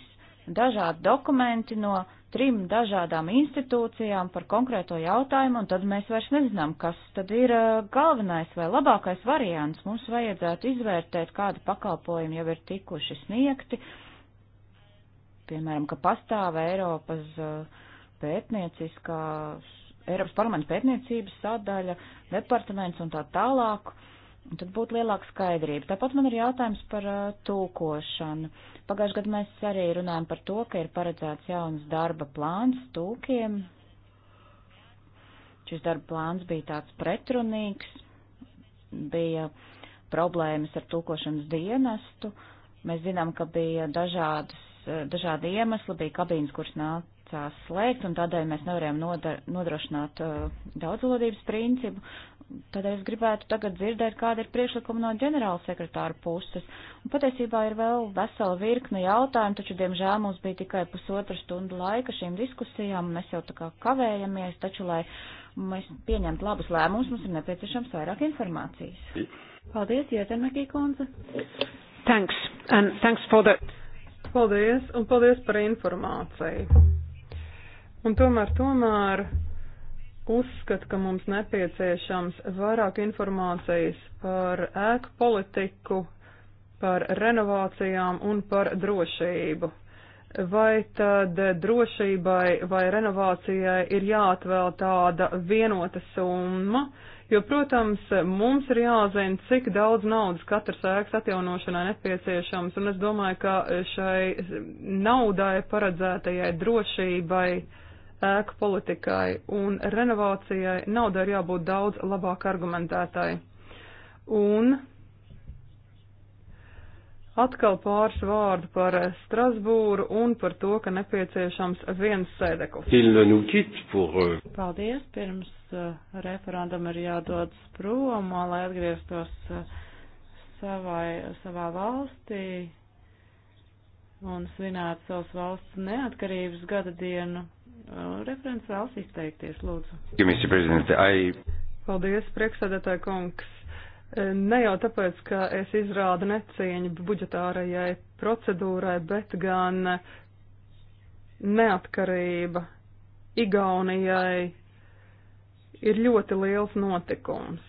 dažādi dokumenti no trim dažādām institūcijām par konkrēto jautājumu, un tad mēs vairs nezinām, kas tad ir uh, galvenais vai labākais variants. Mums vajadzētu izvērtēt, kādi pakalpojumi jau ir tikuši sniegti, piemēram, ka pastāv Eiropas uh, pētnieciskās Eiropas parlamenta pētniecības sadaļa, departaments un tā tālāk. Un tad būtu lielāka skaidrība. Tāpat man ir jautājums par uh, tūkošanu. Pagājušajā gadā mēs arī runājam par to, ka ir paredzēts jauns darba plāns tūkiem. Šis darba plāns bija tāds pretrunīgs, bija problēmas ar tūkošanas dienestu. Mēs zinām, ka bija dažādas, dažādi iemesli, bija kabīnes, kuras nāk, nācās slēgt, un tādēļ mēs nevarējām nodar, nodrošināt uh, daudzvalodības principu. Tādēļ es gribētu tagad dzirdēt, kāda ir priekšlikuma no ģenerāla sekretāra puses. Un patiesībā ir vēl vesela virkne jautājumu, taču, diemžēl, mums bija tikai pusotra stunda laika šīm diskusijām, un mēs jau tā kā kavējamies, taču, lai mēs pieņemtu labus lēmumus, mums ir nepieciešams vairāk informācijas. Paldies, Jētenmekī kundze! Thanks, and thanks for that. Paldies, un paldies par informāciju. Un tomēr, tomēr uzskata, ka mums nepieciešams vairāk informācijas par ēku politiku, par renovācijām un par drošību. Vai tad drošībai vai renovācijai ir jāatvēl tāda vienota summa? Jo, protams, mums ir jāzina, cik daudz naudas katrs ēkas atjaunošanai nepieciešams, un es domāju, ka šai naudai paredzētajai drošībai uh, ēku politikai un renovācijai nauda ir jābūt daudz labāk argumentētai. Un atkal pāris vārdu par Strasbūru un par to, ka nepieciešams viens sēdeklis. Euh, Paldies, pirms uh, referendum ir jādodas prom, lai atgrieztos uh, savai, savā valstī un svinētu savas valsts neatkarības gada dienu. Uh, referents vēlas izteikties, lūdzu. I... Paldies, priekšsēdētāja kungs. Eh, ne jau tāpēc, ka es izrādu necieņu budžetārajai procedūrai, bet gan neatkarība Igaunijai ir ļoti liels notikums.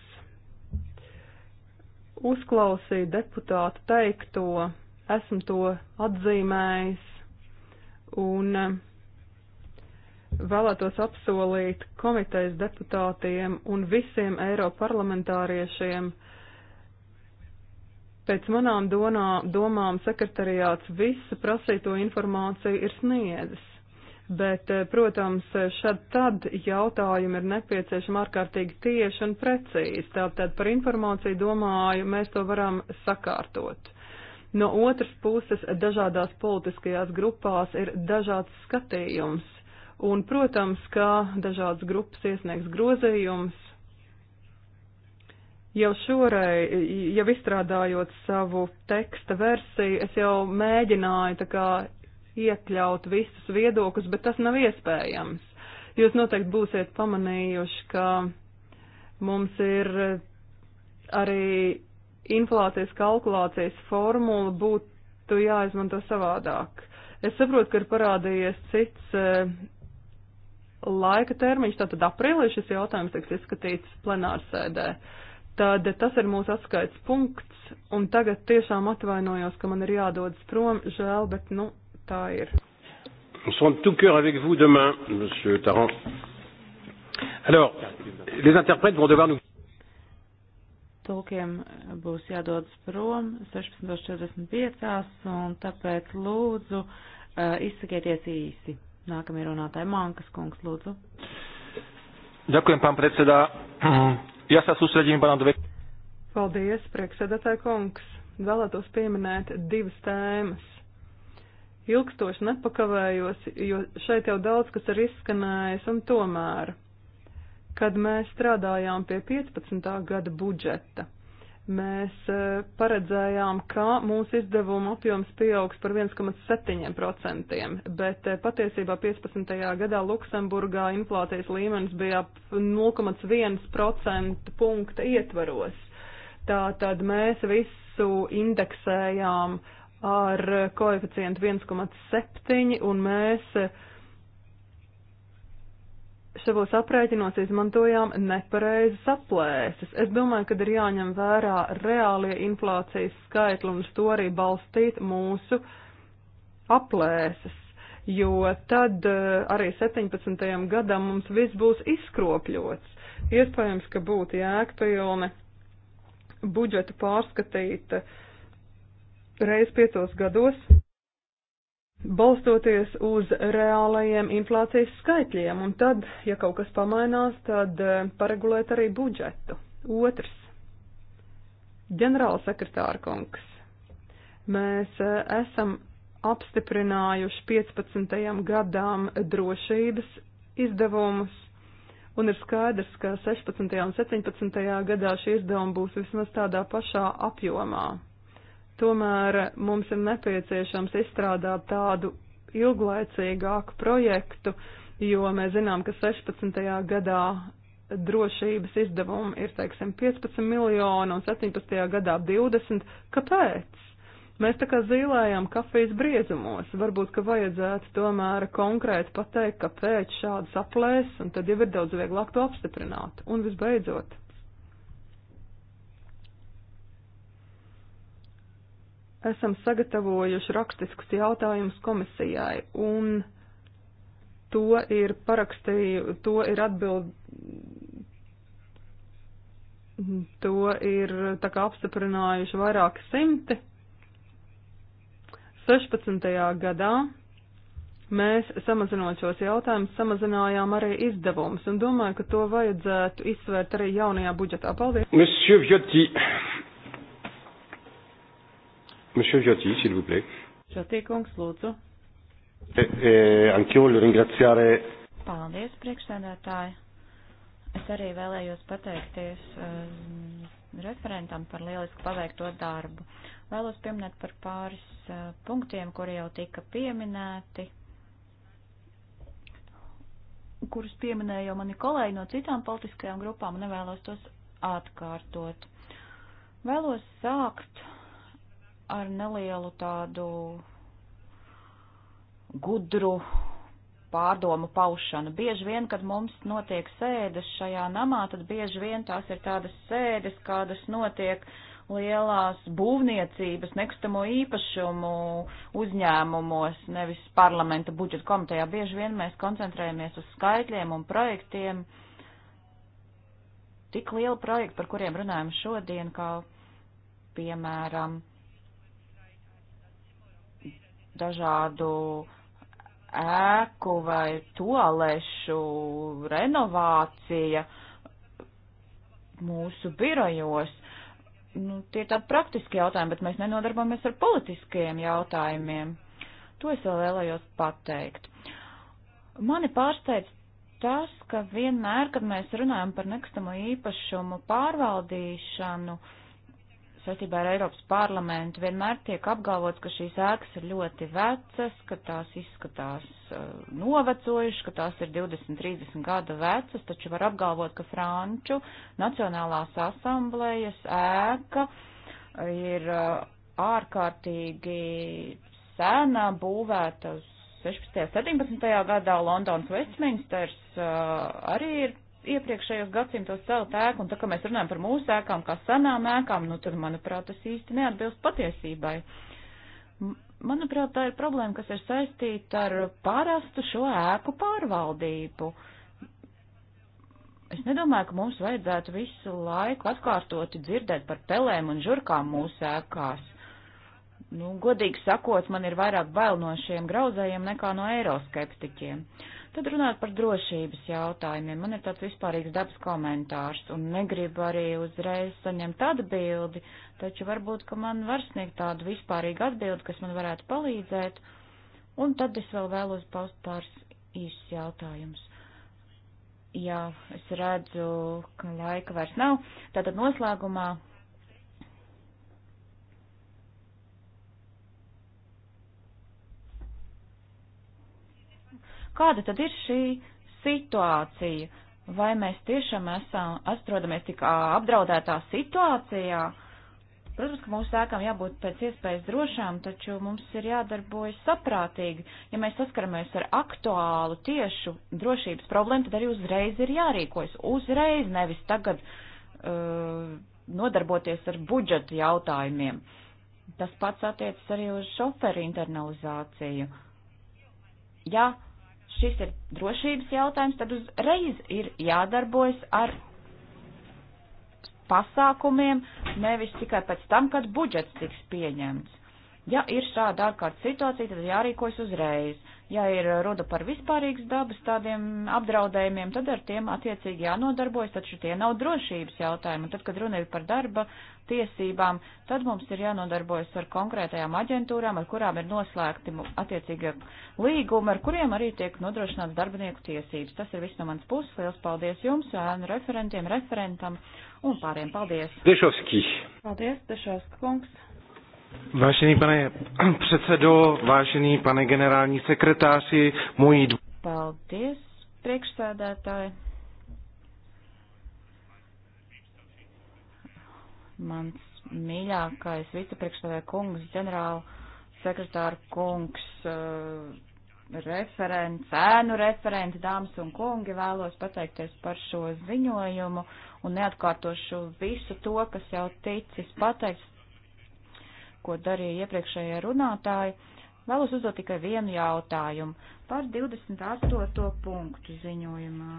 Uzklausīju deputātu teikto, esmu to atzīmējis un uh, vēlētos apsolīt komitejas deputātiem un visiem eiroparlamentāriešiem. Pēc manām donā, domām sekretariāts visu prasīto informāciju ir sniedzis, bet, eh, protams, šad tad jautājumi ir nepieciešami ārkārtīgi tieši un precīzi, tātad par informāciju domāju, mēs to varam sakārtot. No otras puses, dažādās politiskajās grupās ir dažāds skatījums Un, protams, kā dažādas grupas iesniegs grozījums, jau šoreiz, jau izstrādājot savu teksta versiju, es jau mēģināju tā kā iekļaut visus viedokļus, bet tas nav iespējams. Jūs noteikti būsiet pamanījuši, ka mums ir arī inflācijas kalkulācijas formula būtu jāizmanto savādāk. Es saprotu, ka ir parādījies cits eh, laika termiņš, tātad aprīlī šis jautājums tiks izskatīts plenārsēdē. Tad tas ir mūsu atskaits punkts, un tagad tiešām atvainojos, ka man ir jādodas prom, žēl, bet nu tā ir. Nous serons de tout cœur avec vous demain, Monsieur Tarrant. Alors, les interprètes vont devoir nous. Tūkiem būs jādodas prom 16.45, un tāpēc lūdzu uh, izsakieties īsi. Nākamie runātāji Mankas kungs, lūdzu. Ďakujem, pán predsedā. Ja sa sústredím pána dve. Paldies, priekšsēdētāji kungs. Vēlētos pieminēt divas tēmas ilgstoši nepakavējos, jo šeit jau daudz kas ir izskanējis, un tomēr, kad mēs strādājām pie 15. gada budžeta, mēs eh, paredzējām, ka mūsu izdevuma apjoms pieaugs par 1,7%, bet eh, patiesībā 15. gadā Luksemburgā inflācijas līmenis bija ap 0,1% punkta ietvaros. Tātad mēs visu indeksējām ar koeficientu 1,7 un mēs šavos aprēķinos izmantojām nepareizas aplēses. Es domāju, ka ir jāņem vērā reālie inflācijas skaitli un uz to arī balstīt mūsu aplēses, jo tad eh, arī 17. gadam mums viss būs izkropļots. Iespējams, ka būtu jēgpilni budžetu pārskatīt eh, reiz piecos gados balstoties uz reālajiem inflācijas skaitļiem, un tad, ja kaut kas pamainās, tad eh, paregulēt arī budžetu. Otrs. Ģenerālsekretāra kungs. Mēs eh, esam apstiprinājuši 15. gadām drošības izdevumus, un ir skaidrs, ka 16. un 17. gadā šie izdevumi būs vismaz tādā pašā apjomā. Tomēr mums ir nepieciešams izstrādāt tādu ilglaicīgāku projektu, jo mēs zinām, ka 16. gadā drošības izdevumi ir, teiksim, 15 miljoni un 17. gadā 20. Kāpēc? Mēs tā kā zīlējam kafijas briezumos, varbūt, ka vajadzētu tomēr konkrēti pateikt, kāpēc šādas aplēs, un tad jau ir daudz vieglāk to apstiprināt. Un visbeidzot, esam sagatavojuši rakstiskus jautājumus komisijai, un to ir parakstīju, to ir atbild, to ir tā kā apstiprinājuši vairāki simti. 16. gadā mēs samazinot šos jautājumus, samazinājām arī izdevumus, un domāju, ka to vajadzētu izsvērt arī jaunajā budžetā. Paldies! Monsieur Giotti, s'il vous plaît. Giotti, kungs, lūdzu. E, e, Anch'io voglio ringraziare. Paldies, priekšsēdētāji. Es arī vēlējos pateikties um, referentam par lielisku paveikto darbu. Vēlos pieminēt par pāris uh, punktiem, kuri jau tika pieminēti, kurus pieminēja jau mani kolēģi no citām politiskajām grupām, un nevēlos tos atkārtot. Vēlos sākt ar nelielu tādu gudru pārdomu paušanu. Bieži vien, kad mums notiek sēdes šajā namā, tad bieži vien tās ir tādas sēdes, kādas notiek lielās būvniecības, nekustamo īpašumu uzņēmumos, nevis parlamenta budžeta komitejā. Bieži vien mēs koncentrējamies uz skaitļiem un projektiem. Tik liela projekta, par kuriem runājam šodien, kā piemēram dažādu ēku vai toalešu renovācija mūsu birojos. Nu, tie ir tādi praktiski jautājumi, bet mēs nenodarbojamies ar politiskajiem jautājumiem. To es vēl vēlējos pateikt. Mani pārsteidz tas, ka vienmēr, kad mēs runājam par nekustamo īpašumu pārvaldīšanu, uh, saistībā ar Eiropas parlamentu vienmēr tiek apgalvots, ka šīs ēkas ir ļoti vecas, ka tās izskatās eh, novecojušas, ka tās ir 20, 30 gadu vecas, taču var apgalvot, ka Franču Nacionālās asamblējas ēka ir eh, ārkārtīgi sena, būvēta uz 16. 17. gadā Londons Westminsters eh, arī ir iepriekšējos gadsimtos celt ēku, un tā kā mēs runājam par mūsu ēkām, kā senām ēkām, nu tad, manuprāt, tas īsti neatbilst patiesībai. Manuprāt, tā ir problēma, kas ir saistīta ar parastu šo ēku pārvaldību. Es nedomāju, ka mums vajadzētu visu laiku atkārtoti dzirdēt par pelēm un žurkām mūsu ēkās. Nu, godīgi sakot, man ir vairāk bail no šiem grauzējiem nekā no eiroskeptiķiem. Uh, Tad runāt par drošības jautājumiem. Man ir tāds vispārīgs dabas komentārs un negribu arī uzreiz saņemt atbildi, taču varbūt, ka man var sniegt tādu vispārīgu atbildi, kas man varētu palīdzēt. Un tad es vēl vēlos paust pāris īsts jautājums. Jā, es redzu, ka laika vairs nav. Tātad noslēgumā Kāda tad ir šī situācija? Vai mēs tiešām esam, atrodamies tik apdraudētā situācijā? Protams, ka mūsu ēkām jābūt pēc iespējas drošām, taču mums ir jādarbojas saprātīgi. Ja mēs saskaramies ar aktuālu tiešu drošības problēmu, tad arī uzreiz ir jārīkojas. Uzreiz, nevis tagad uh, nodarboties ar budžetu jautājumiem. Tas pats attiecas arī uz šoferu internalizāciju. Ja šis ir drošības jautājums, tad uzreiz ir jādarbojas ar pasākumiem, nevis tikai pēc tam, kad budžets tiks pieņemts. Ja ir šāda ārkārtas situācija, tad jārīkojas uzreiz. Ja ir runa par vispārīgas dabas tādiem apdraudējumiem, tad ar tiem attiecīgi jānodarbojas, taču tie nav drošības jautājumi. Un tad, kad runa ir par darba tiesībām, tad mums ir jānodarbojas ar konkrētajām aģentūrām, ar kurām ir noslēgti attiecīgi līgumi, ar kuriem arī tiek nodrošināts darbinieku tiesības. Tas ir viss no manas puses. Liels paldies jums, ēnu referentiem, referentam un pāriem. Paldies! Dešovski! Paldies, Dešovski kungs! Vážený pane předsedo, vážený pane generální sekretāri, moji. Paldies, priekšsēdētāji. Mans mīļākais vicepriekšsēdētāja kungs, ģenerāla sekretāra kungs, eh, referents, ēnu referenti, dāmas un kungi, vēlos pateikties par šo ziņojumu un neatkārtošu visu to, kas jau ticis pateikts ko darīja iepriekšējie runātāji, vēlos uzdot tikai vienu jautājumu par 28. punktu ziņojumā.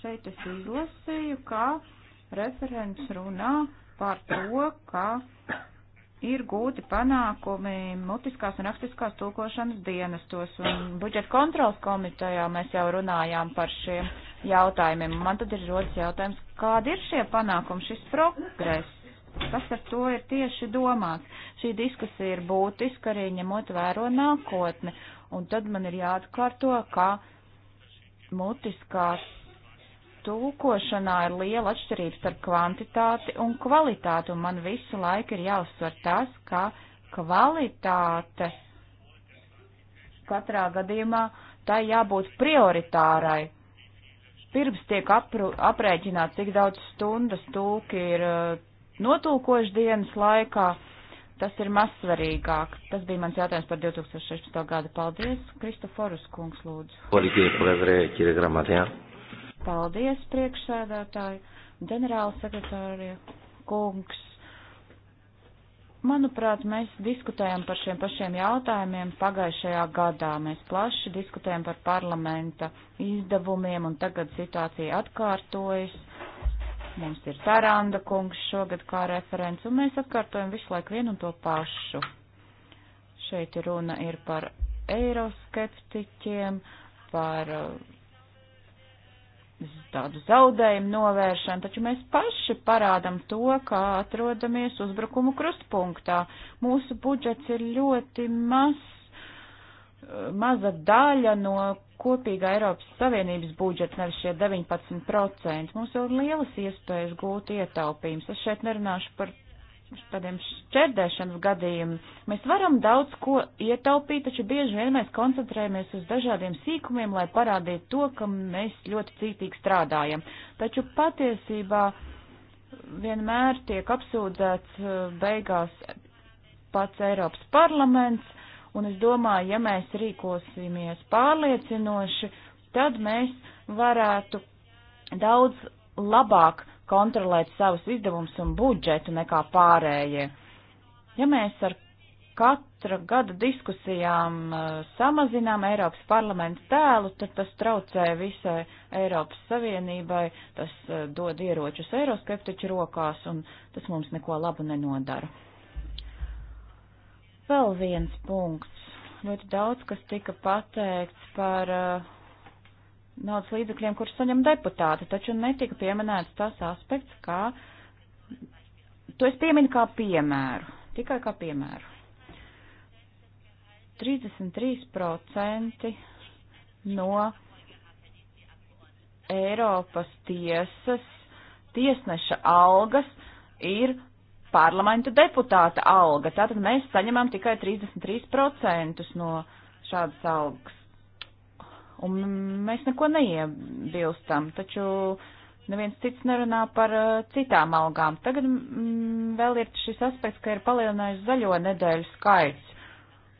Šeit es izlasīju, ka referents runā par to, ka ir gūti panākumi mutiskās un rakstiskās tulkošanas dienestos. Un budžeta kontrols komitejā mēs jau runājām par šiem jautājumiem. Man tad ir rodas jautājums, kādi ir šie panākumi, šis progress? kas ar to ir tieši domāts. Šī diskusija ir būtiska arī ņemot vēro nākotni, un tad man ir jāatkārto, ka mutiskā tūkošanā ir liela atšķirība starp kvantitāti un kvalitāti, un man visu laiku ir jāuzsver tas, ka kvalitāte katrā gadījumā tai jābūt prioritārai pirms tiek apru, aprēķināts, cik daudz stundas tūki ir notūkošu dienas laikā. Tas ir mazsvarīgāk. Tas bija mans jautājums par 2016. gadu. Paldies, Kristoforus kungs, lūdzu. Paldies, priekšsēdētāji, ģenerāla sekretārija kungs. Manuprāt, mēs diskutējam par šiem pašiem jautājumiem pagājušajā gadā. Mēs plaši diskutējam par parlamenta izdevumiem, un tagad situācija atkārtojas mums ir Taranda kungs šogad kā referents, un mēs atkārtojam visu laiku vienu un to pašu. Šeit runa ir par eiroskeptiķiem, par eh, tādu zaudējumu novēršanu, taču mēs paši parādam to, kā atrodamies uzbrukumu krustpunktā. Mūsu budžets ir ļoti mazs eh, maza daļa no kopīgā Eiropas Savienības budžeta, nevis šie 19%. Mums jau ir lielas iespējas gūt ietaupījumus. Es šeit nerunāšu par tādiem šķērdēšanas gadījumiem. Mēs varam daudz ko ietaupīt, taču bieži vien mēs koncentrējamies uz dažādiem sīkumiem, lai parādītu to, ka mēs ļoti cītīgi strādājam. Taču patiesībā vienmēr tiek apsūdzēts eh, beigās pats Eiropas parlaments Un es domāju, ja mēs rīkosimies pārliecinoši, tad mēs varētu daudz labāk kontrolēt savus izdevumus un budžetu nekā pārējie. Ja mēs ar katra gada diskusijām uh, samazinām Eiropas parlamentu tēlu, tad tas traucē visai Eiropas Savienībai, tas uh, dod ieročus eiroskeptiķu rokās un tas mums neko labu nenodara. Vēl viens punkts. Ļoti daudz, kas tika pateikts par uh, naudas līdzekļiem, kurus saņem deputāti, taču netika pieminēts tas aspekts, kā to es pieminu kā piemēru, tikai kā piemēru. 33% no Eiropas tiesas tiesneša algas ir parlamenta deputāta alga. Tātad mēs saņemam tikai 33% no šādas algas. Un mēs neko neiebilstam, taču neviens cits nerunā par uh, citām algām. Tagad mm, vēl ir šis aspekts, ka ir palielinājis zaļo nedēļu skaits.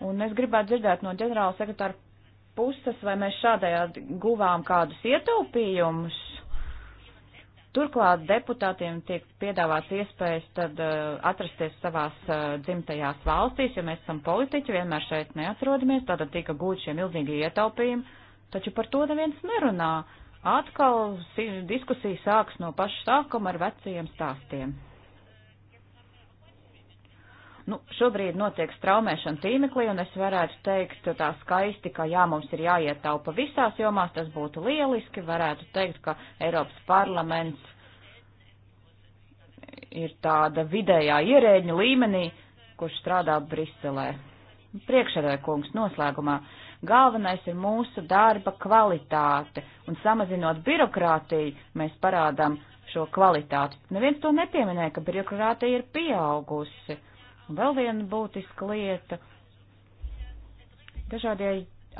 Un es gribētu dzirdēt no ģenerāla sekretāra puses, vai mēs šādējādi guvām kādus ietaupījumus Turklāt deputātiem tiek piedāvāts iespējas tad uh, atrasties savās uh, dzimtajās valstīs, jo mēs esam politiķi, vienmēr šeit neatrodamies, tātad tika gūt šiem ilgīgi ietaupījumi, taču par to neviens nerunā. Atkal diskusija sāks no paša sākuma ar vecajiem stāstiem. Nu, šobrīd notiek straumēšana tīmeklī, un es varētu teikt tā skaisti, ka jā, mums ir jāietaupa visās jomās, tas būtu lieliski, varētu teikt, ka Eiropas parlaments ir tāda vidējā ierēģņa līmenī, kurš strādā Briselē. Priekšēdē kungs noslēgumā. Galvenais ir mūsu darba kvalitāte, un samazinot birokrātiju, mēs parādām šo kvalitāti. Neviens to nepieminē, ka birokrātija ir pieaugusi Un vēl viena būtiska lieta. Dažādie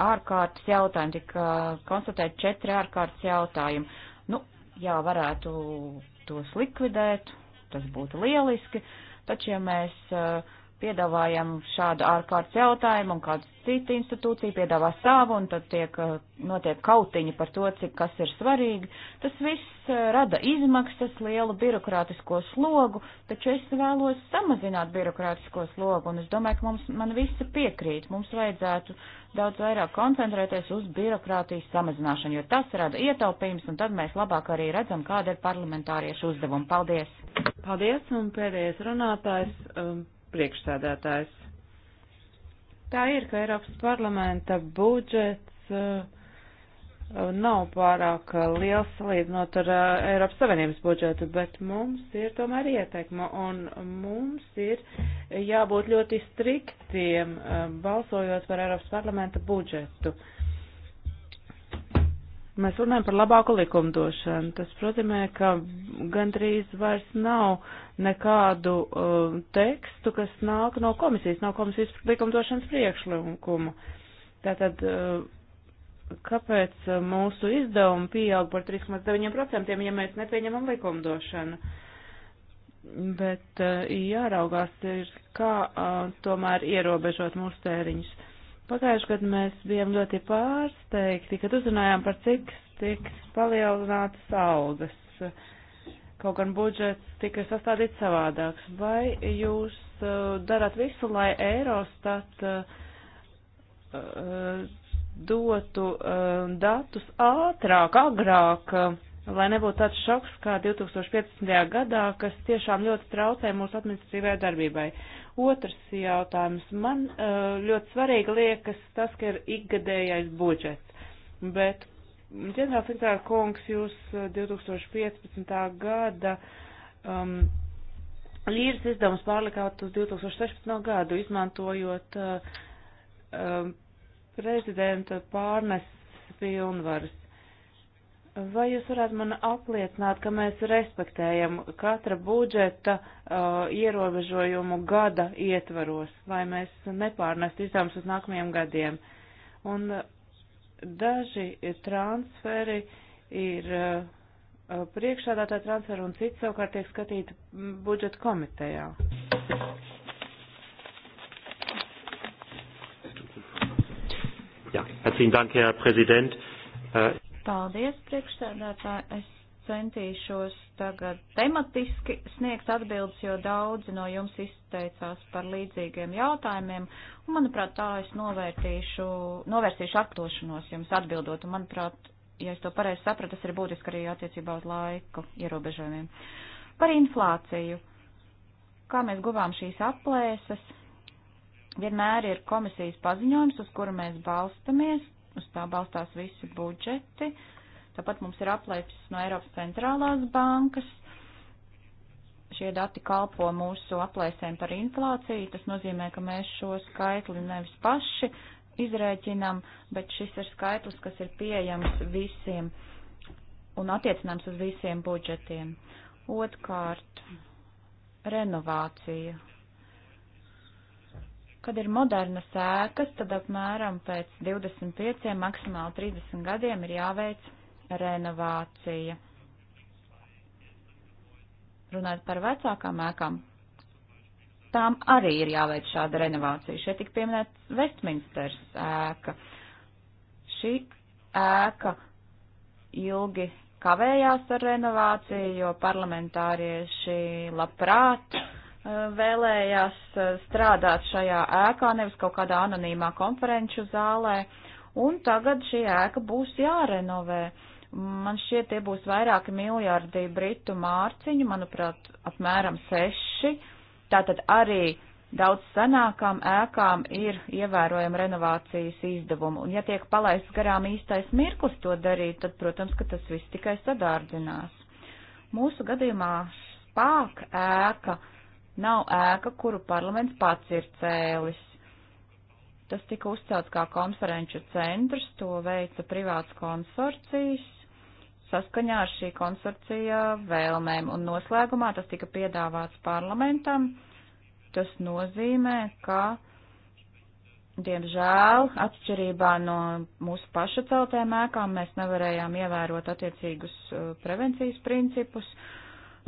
ārkārtas jautājumi, tika konstatēti četri ārkārtas jautājumi. Nu, jā, varētu tos likvidēt, tas būtu lieliski, taču ja mēs uh, piedāvājam šādu ārkārtas jautājumu un kāda cita institūcija piedāvā savu un tad tiek uh, notiek kautiņi par to, cik kas ir svarīgi. Tas viss uh, rada izmaksas, lielu birokrātisko slogu, taču es vēlos samazināt birokrātisko slogu un es domāju, ka mums, man visi piekrīt, mums vajadzētu daudz vairāk koncentrēties uz birokrātijas samazināšanu, jo tas rada ietaupījums un tad mēs labāk arī redzam, kāda ir parlamentāriešu uzdevuma. Paldies! Paldies un pēdējais runātājs. Um priekšsēdētājs. Tā ir, ka Eiropas parlamenta budžets uh, nav pārāk uh, liels salīdzinot ar uh, Eiropas Savienības budžetu, bet mums ir tomēr ietekma un mums ir jābūt ļoti striktiem uh, balsojot par Eiropas parlamenta budžetu. Uh, Mēs runājam par labāku likumdošanu. Tas nozīmē, ka gandrīz vairs nav nekādu uh, tekstu, kas nāk no komisijas, no komisijas likumdošanas priekšlikuma. Tātad, uh, kāpēc uh, mūsu izdevumi pieaug par 3,9%, ja mēs nepieņemam likumdošanu? Uh, bet jāraugās ir, kā a, uh, tomēr ierobežot mūsu tēriņus. Pagājuši gadu mēs bijām ļoti pārsteigti, kad uzrunājām par cik tiks palielinātas algas. Kaut gan budžets tika sastādīts savādāks. Vai jūs uh, darat visu, lai Eirostat uh, uh, dotu uh, datus ātrāk, agrāk? Uh, lai nebūtu tāds šoks kā 2015. gadā, kas tiešām ļoti traucē mūsu administratīvajai darbībai. Otrs jautājums. Man ļoti svarīgi liekas tas, ka ir ikgadējais budžets, bet ģenerālsekretāra kungs jūs 2015. gada um, līras izdevums pārlikāt uz 2016. gadu, izmantojot um, prezidenta pārnes pilnvaras Vai jūs varētu man apliecināt, ka mēs respektējam katra budžeta uh, ierobežojumu gada ietvaros, vai mēs nepārnest izdevumus uz nākamajiem gadiem? Un uh, daži transferi ir uh, priekšādātāja transferi un citi savukārt tiek skatīti budžeta komitejā. Ja, herzlichen Dank, Herr Präsident. Uh, Paldies, priekšsēdētāji. Es centīšos tagad tematiski sniegt atbildes, jo daudzi no jums izteicās par līdzīgiem jautājumiem. Un, manuprāt, tā es novērtīšu, novērsīšu atdošanos jums atbildot. Un, manuprāt, ja es to pareizi sapratu, tas ir būtiski arī attiecībā uz laiku ierobežojumiem. Par inflāciju. Kā mēs guvām šīs aplēses? Vienmēr ir komisijas paziņojums, uz kuru mēs balstamies, uz tā balstās visi budžeti. Tāpat mums ir aplēpes no Eiropas centrālās bankas. Šie dati kalpo mūsu aplēsēm par inflāciju. Tas nozīmē, ka mēs šo skaitli nevis paši izrēķinam, bet šis ir skaitlis, kas ir pieejams visiem un attiecināms uz visiem budžetiem. Otkārt, renovācija Kad ir modernas ēkas, tad apmēram pēc 25, maksimāli 30 gadiem ir jāveic renovācija. Runājot par vecākām ēkām, tām arī ir jāveic šāda renovācija. Šeit tik pieminēts Westminsters ēka. Šī ēka ilgi kavējās ar renovāciju, jo parlamentārieši labprāt vēlējās eh, strādāt šajā ēkā, nevis kaut kādā anonīmā konferenču zālē, un tagad šī ēka būs jārenovē. Man šķiet, tie būs vairāki miljardi britu mārciņu, manuprāt, apmēram seši. Tātad arī daudz senākām ēkām ir ievērojama renovācijas izdevuma, un ja tiek palaists garām īstais mirklis to darīt, tad, protams, ka tas viss tikai sadārdzinās. Mūsu gadījumā spāk ēka nav ēka, kuru parlaments pats ir cēlis. Tas tika uzcelts kā konferenču centrs, to veica privāts konsorcijs saskaņā ar šī konsorcija vēlmēm, un noslēgumā tas tika piedāvāts parlamentam. Tas nozīmē, ka, diemžēl, atšķirībā no mūsu paša celtēm ēkām, mēs nevarējām ievērot attiecīgus uh, prevencijas principus, uh,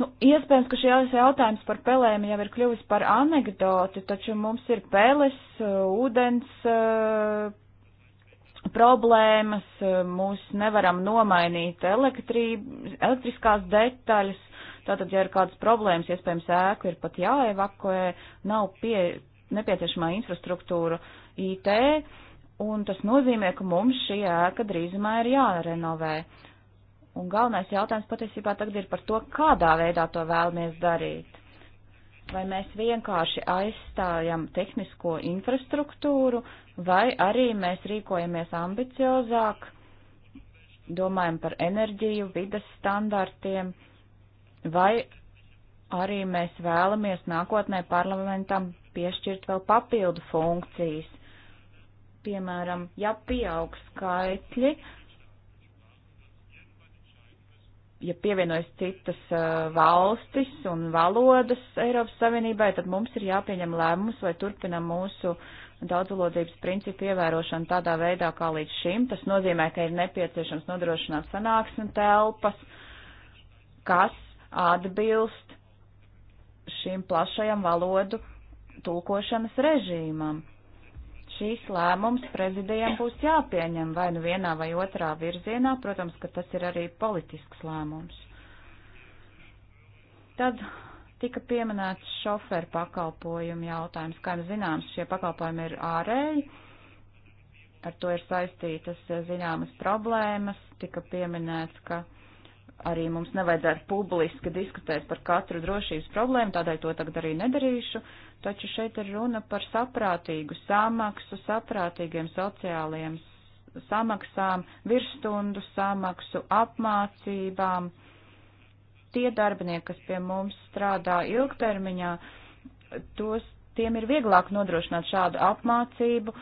Nu, iespējams, ka šis jautājums par pelēm jau ir kļuvis par anegdoti, taču mums ir peles, uh, ūdens uh, problēmas, uh, mūs nevaram nomainīt elektrī, elektriskās detaļas, tātad, ja ir kādas problēmas, iespējams, ēku ir pat jāevakuē, nav pie, nepieciešamā infrastruktūra IT, un tas nozīmē, ka mums šī ēka drīzumā ir jārenovē. Uh, Un galvenais jautājums patiesībā tagad ir par to, kādā veidā to vēlamies darīt. Vai mēs vienkārši aizstājam tehnisko infrastruktūru, vai arī mēs rīkojamies ambiciozāk, domājam par enerģiju, vidas standartiem, vai arī mēs vēlamies nākotnē parlamentam piešķirt vēl papildu funkcijas. Piemēram, ja pieaug skaitļi, ja pievienojas citas valstis un valodas Eiropas Savienībai, tad mums ir jāpieņem lēmums, vai turpinam mūsu daudzvalodības principu ievērošanu tādā veidā, kā līdz šim. Tas nozīmē, ka ir nepieciešams nodrošināt sanāksmi telpas, kas atbilst šim plašajam valodu tulkošanas režīmam šīs lēmums prezidijām būs jāpieņem vai nu vienā vai otrā virzienā, protams, ka tas ir arī politisks lēmums. Tad tika pieminēts šoferu pakalpojumu jautājums. Kā jums zināms, šie pakalpojumi ir ārēji, ar to ir saistītas eh, zināmas problēmas, tika pieminēts, ka arī mums nevajadzētu publiski diskutēt par katru drošības problēmu, tādēļ to tagad arī nedarīšu taču šeit ir runa par saprātīgu samaksu, saprātīgiem sociālajiem samaksām, virsstundu samaksu, apmācībām. Tie darbinieki, kas pie mums strādā ilgtermiņā, tos, tiem ir vieglāk nodrošināt šādu apmācību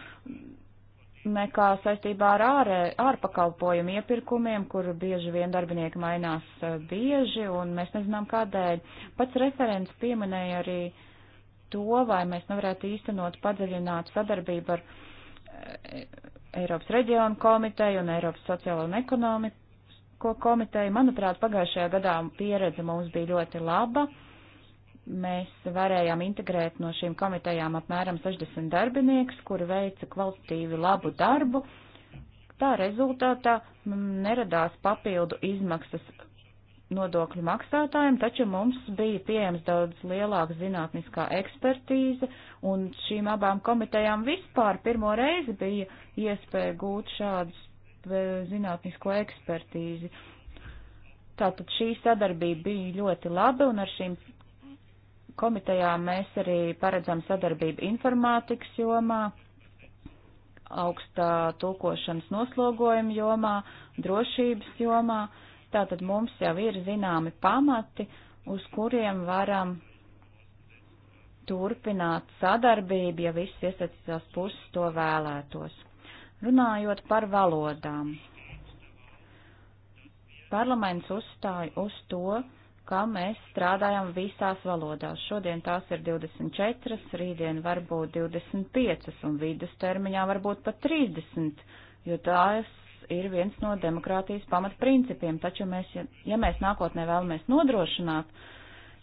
nekā saistībā ar ārē, ārpakalpojumu iepirkumiem, kur bieži vien darbinieki mainās eh, bieži, un mēs nezinām kādēļ. Pats referents pieminēja arī uh, to, vai mēs nevarētu īstenot padziļinātu sadarbību ar e, Eiropas reģionu komiteju un Eiropas sociālo un ekonomisko komiteju. Manuprāt, pagājušajā gadā pieredze mums bija ļoti laba. Mēs varējām integrēt no šīm komitejām apmēram 60 darbiniekus, kuri veica kvalitatīvi labu darbu. Tā rezultātā neradās papildu izmaksas nodokļu maksātājiem, taču mums bija pieejams daudz lielāka zinātniskā ekspertīze, un šīm abām komitejām vispār pirmo reizi bija iespēja gūt šādu zinātnisko ekspertīzi. Tātad šī sadarbība bija ļoti laba, un ar šīm komitejām mēs arī paredzam sadarbību informātikas jomā augstā tulkošanas noslogojuma jomā, drošības jomā. Uh, Tātad mums jau ir zināmi pamati, uz kuriem varam turpināt sadarbību, ja visas iesaistītās puses to vēlētos. Runājot par valodām. Parlaments uzstāja uz to, ka mēs strādājam visās valodās. Šodien tās ir 24, rītdien varbūt 25 un vidustermiņā varbūt pat 30, jo tās ir viens no demokrātijas pamatprincipiem, taču mēs, ja mēs nākotnē vēlamies nodrošināt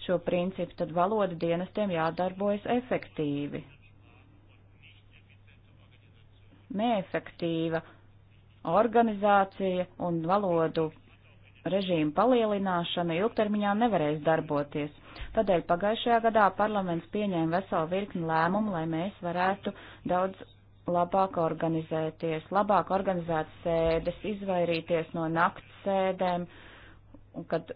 šo principu, tad valoda dienestiem jādarbojas efektīvi. Neefektīva organizācija un valodu režīmu palielināšana ilgtermiņā nevarēs darboties. Tādēļ pagājušajā gadā parlaments pieņēma veselu virkni lēmumu, lai mēs varētu daudz labāk organizēties, labāk organizēt sēdes, izvairīties no nakts sēdēm, kad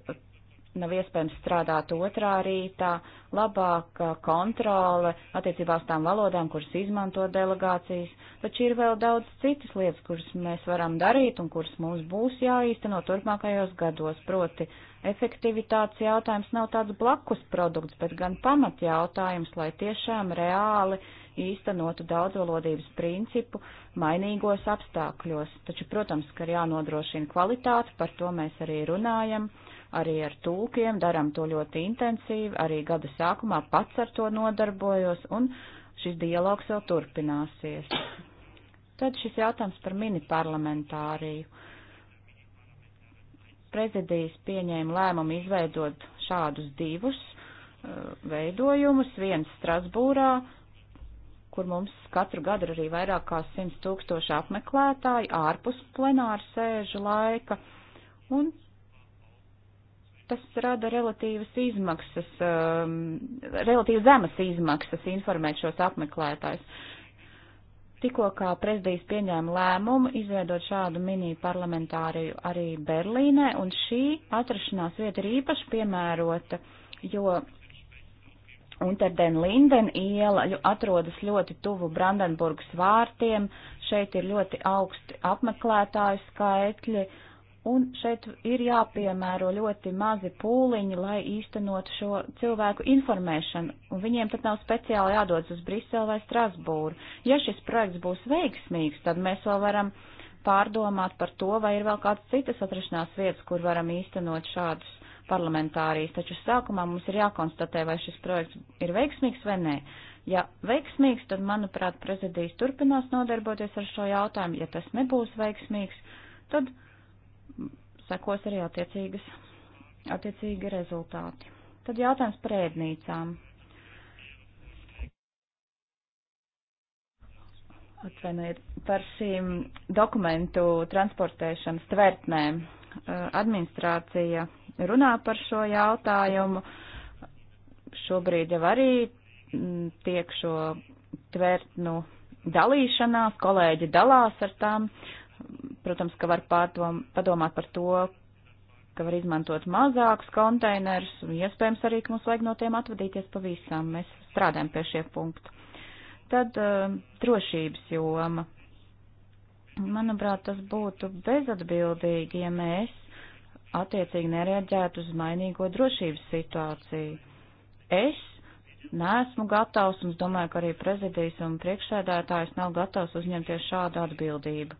nav iespējams strādāt otrā rītā, labāka uh, kontrole attiecībā uz tām valodām, kuras izmanto delegācijas, taču ir vēl daudz citas lietas, kuras mēs varam darīt un kuras mums būs jāīsteno turpmākajos gados. Proti, efektivitātes jautājums nav tāds blakus produkts, bet gan pamat jautājums, lai tiešām reāli uh, īstenotu daudzvalodības principu mainīgos apstākļos. Taču, protams, ka ir jānodrošina kvalitāte, par to mēs arī runājam, arī ar tūkiem, daram to ļoti intensīvi, arī gada sākumā pats ar to nodarbojos, un šis dialogs jau turpināsies. Tad šis jautājums par mini parlamentāriju. Prezidijas pieņēma lēmumu izveidot šādus divus uh, veidojumus, viens Strasbūrā, kur mums katru gadu arī vairāk kā 100 tūkstoši apmeklētāji ārpus plenāra sēžu laika, un tas rada relatīvas izmaksas, um, relatīvi zemas izmaksas informēt šos apmeklētājus. Tikko kā prezidijas pieņēma lēmumu izveidot šādu mini parlamentāriju arī Berlīnē, un šī atrašanās vieta ir īpaši piemērota, jo Unterden Linden iela atrodas ļoti tuvu Brandenburgas vārtiem, šeit ir ļoti augsti apmeklētāju skaitļi, un šeit ir jāpiemēro ļoti mazi pūliņi, lai īstenot šo cilvēku informēšanu, un viņiem tad nav speciāli jādodas uz Briselu vai Strasbūru. Ja šis projekts būs veiksmīgs, tad mēs vēl varam pārdomāt par to, vai ir vēl kādas citas atrašanās vietas, kur varam īstenot šādus parlamentārijas, taču sākumā mums ir jākonstatē, vai šis projekts ir veiksmīgs vai nē. Ja veiksmīgs, tad, manuprāt, prezidijas turpinās nodarboties ar šo jautājumu. Ja tas nebūs veiksmīgs, tad sekos arī attiecīgas, attiecīgi rezultāti. Tad jautājums par ēdnīcām. Atvainojiet par šīm dokumentu transportēšanas tvertnēm. Administrācija runā par šo jautājumu. Šobrīd jau arī mm, tiek šo tvertnu dalīšanās, kolēģi dalās ar tām. Protams, ka var pārdom, padomāt par to, ka var izmantot mazākus konteinerus, un iespējams arī, ka mums vajag no tiem atvadīties pavisam. Mēs strādājam pie šie punktu. Tad uh, drošības joma. Manuprāt, tas būtu bezatbildīgi, ja mēs attiecīgi nereaģētu uz mainīgo drošības situāciju. Es neesmu gatavs, un es domāju, ka arī prezidijas un priekšsēdētājs nav gatavs uzņemties šādu atbildību.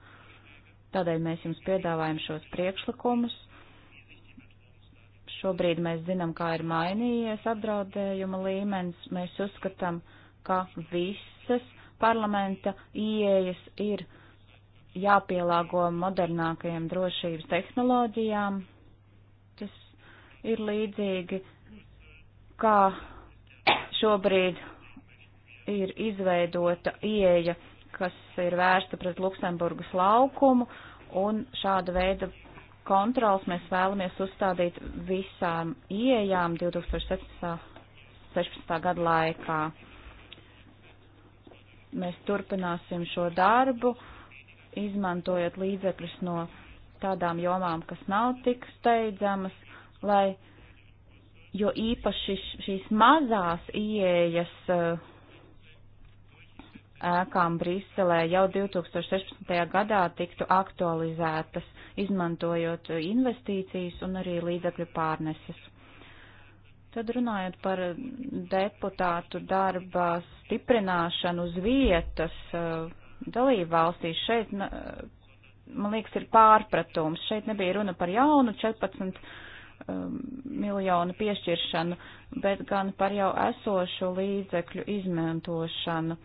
Tādēļ mēs jums piedāvājam šos priekšlikumus. Šobrīd mēs zinām, kā ir mainījies apdraudējuma līmenis. Mēs uzskatām, ka visas parlamenta ieejas ir jāpielāgo modernākajiem drošības tehnoloģijām, ir līdzīgi, kā šobrīd ir izveidota ieeja, kas ir vērsta pret Luksemburgas laukumu, un šāda veida kontrols mēs vēlamies uzstādīt visām ieejām 2016. gada laikā. Mēs turpināsim šo darbu, izmantojot līdzekļus no tādām jomām, kas nav tik steidzamas, lai jo īpaši šīs mazās ieejas eh, ēkām Briselē jau 2016. gadā tiktu aktualizētas, izmantojot investīcijas un arī līdzakļu pārneses. Tad runājot par deputātu darba stiprināšanu uz vietas eh, dalībvalstīs, šeit, eh, man liekas, ir pārpratums. Šeit nebija runa par jaunu 14 um, miljonu piešķiršanu, bet gan par jau esošu līdzekļu izmantošanu,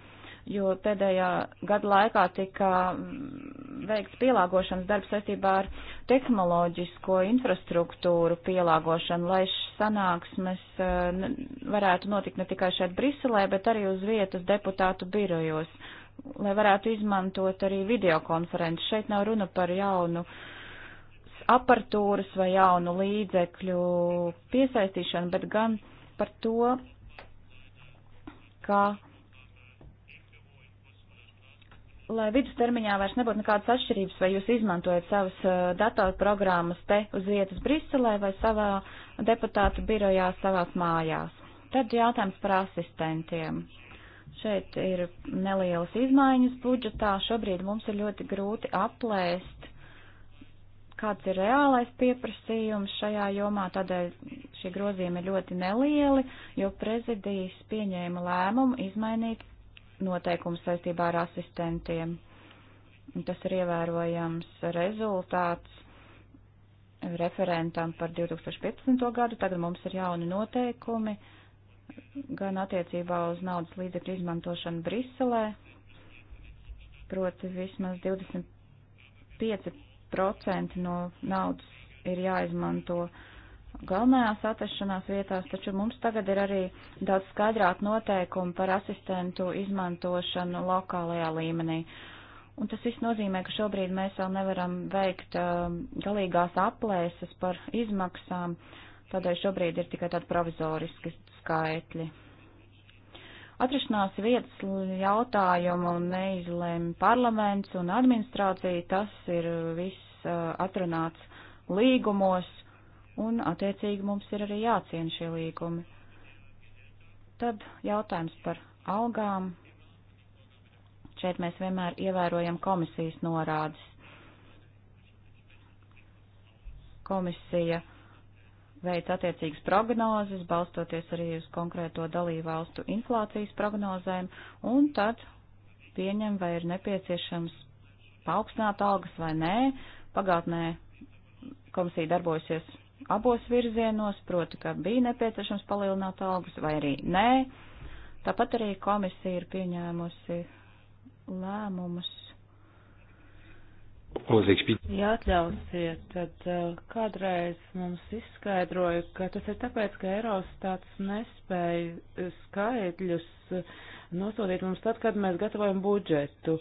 jo pēdējā gada laikā tika mm, veikts pielāgošanas darbs saistībā ar tehnoloģisko infrastruktūru pielāgošanu, lai sanāksmes uh, varētu notikt ne tikai šeit Briselē, bet arī uz vietas deputātu birojos, lai varētu izmantot arī videokonferences. Šeit nav runa par jaunu uh, aparatūras vai jaunu līdzekļu piesaistīšanu, bet gan par to, ka lai vidustermiņā vairs nebūtu nekādas atšķirības, vai jūs izmantojat savas uh, datorprogrammas te uz vietas Briselē vai savā deputātu birojā savās mājās. Tad jautājums par asistentiem. Šeit ir nelielas izmaiņas budžetā. Šobrīd mums ir ļoti grūti aplēst kāds ir reālais pieprasījums šajā jomā, tādēļ šie grozījumi ir ļoti nelieli, jo prezidijas pieņēma lēmumu izmainīt noteikumus saistībā ar asistentiem. Tas ir ievērojams rezultāts referentam par 2015. gadu. Tagad mums ir jauni noteikumi gan attiecībā uz naudas līdzekļu izmantošanu Briselē, proti vismaz 25 10% no naudas ir jāizmanto galvenajās atrašanās vietās, taču mums tagad ir arī daudz skaidrāk noteikumi par asistentu izmantošanu lokālajā līmenī. Un tas viss nozīmē, ka šobrīd mēs vēl nevaram veikt uh, galīgās aplēses par izmaksām, tādēļ šobrīd ir tikai tādi provizoriski skaitļi atrašanās vietas jautājumu neizlēma parlaments un administrācija. Tas ir viss atrunāts līgumos un attiecīgi mums ir arī jāciena šie līgumi. Tad jautājums par algām. Šeit mēs vienmēr ievērojam komisijas norādes. Komisija veic attiecīgas prognozes, balstoties arī uz konkrēto dalībvalstu inflācijas prognozēm, un tad pieņem, vai ir nepieciešams paaugstināt algas vai nē. Pagātnē komisija darbojusies abos virzienos, proti, ka bija nepieciešams palielināt algas vai arī nē. Tāpat arī komisija ir pieņēmusi lēmumus Ja atļausiet, tad uh, kādreiz mums izskaidroja, ka tas ir tāpēc, ka Eurostats nespēja skaidļus uh, nosodīt mums tad, kad mēs gatavojam budžetu.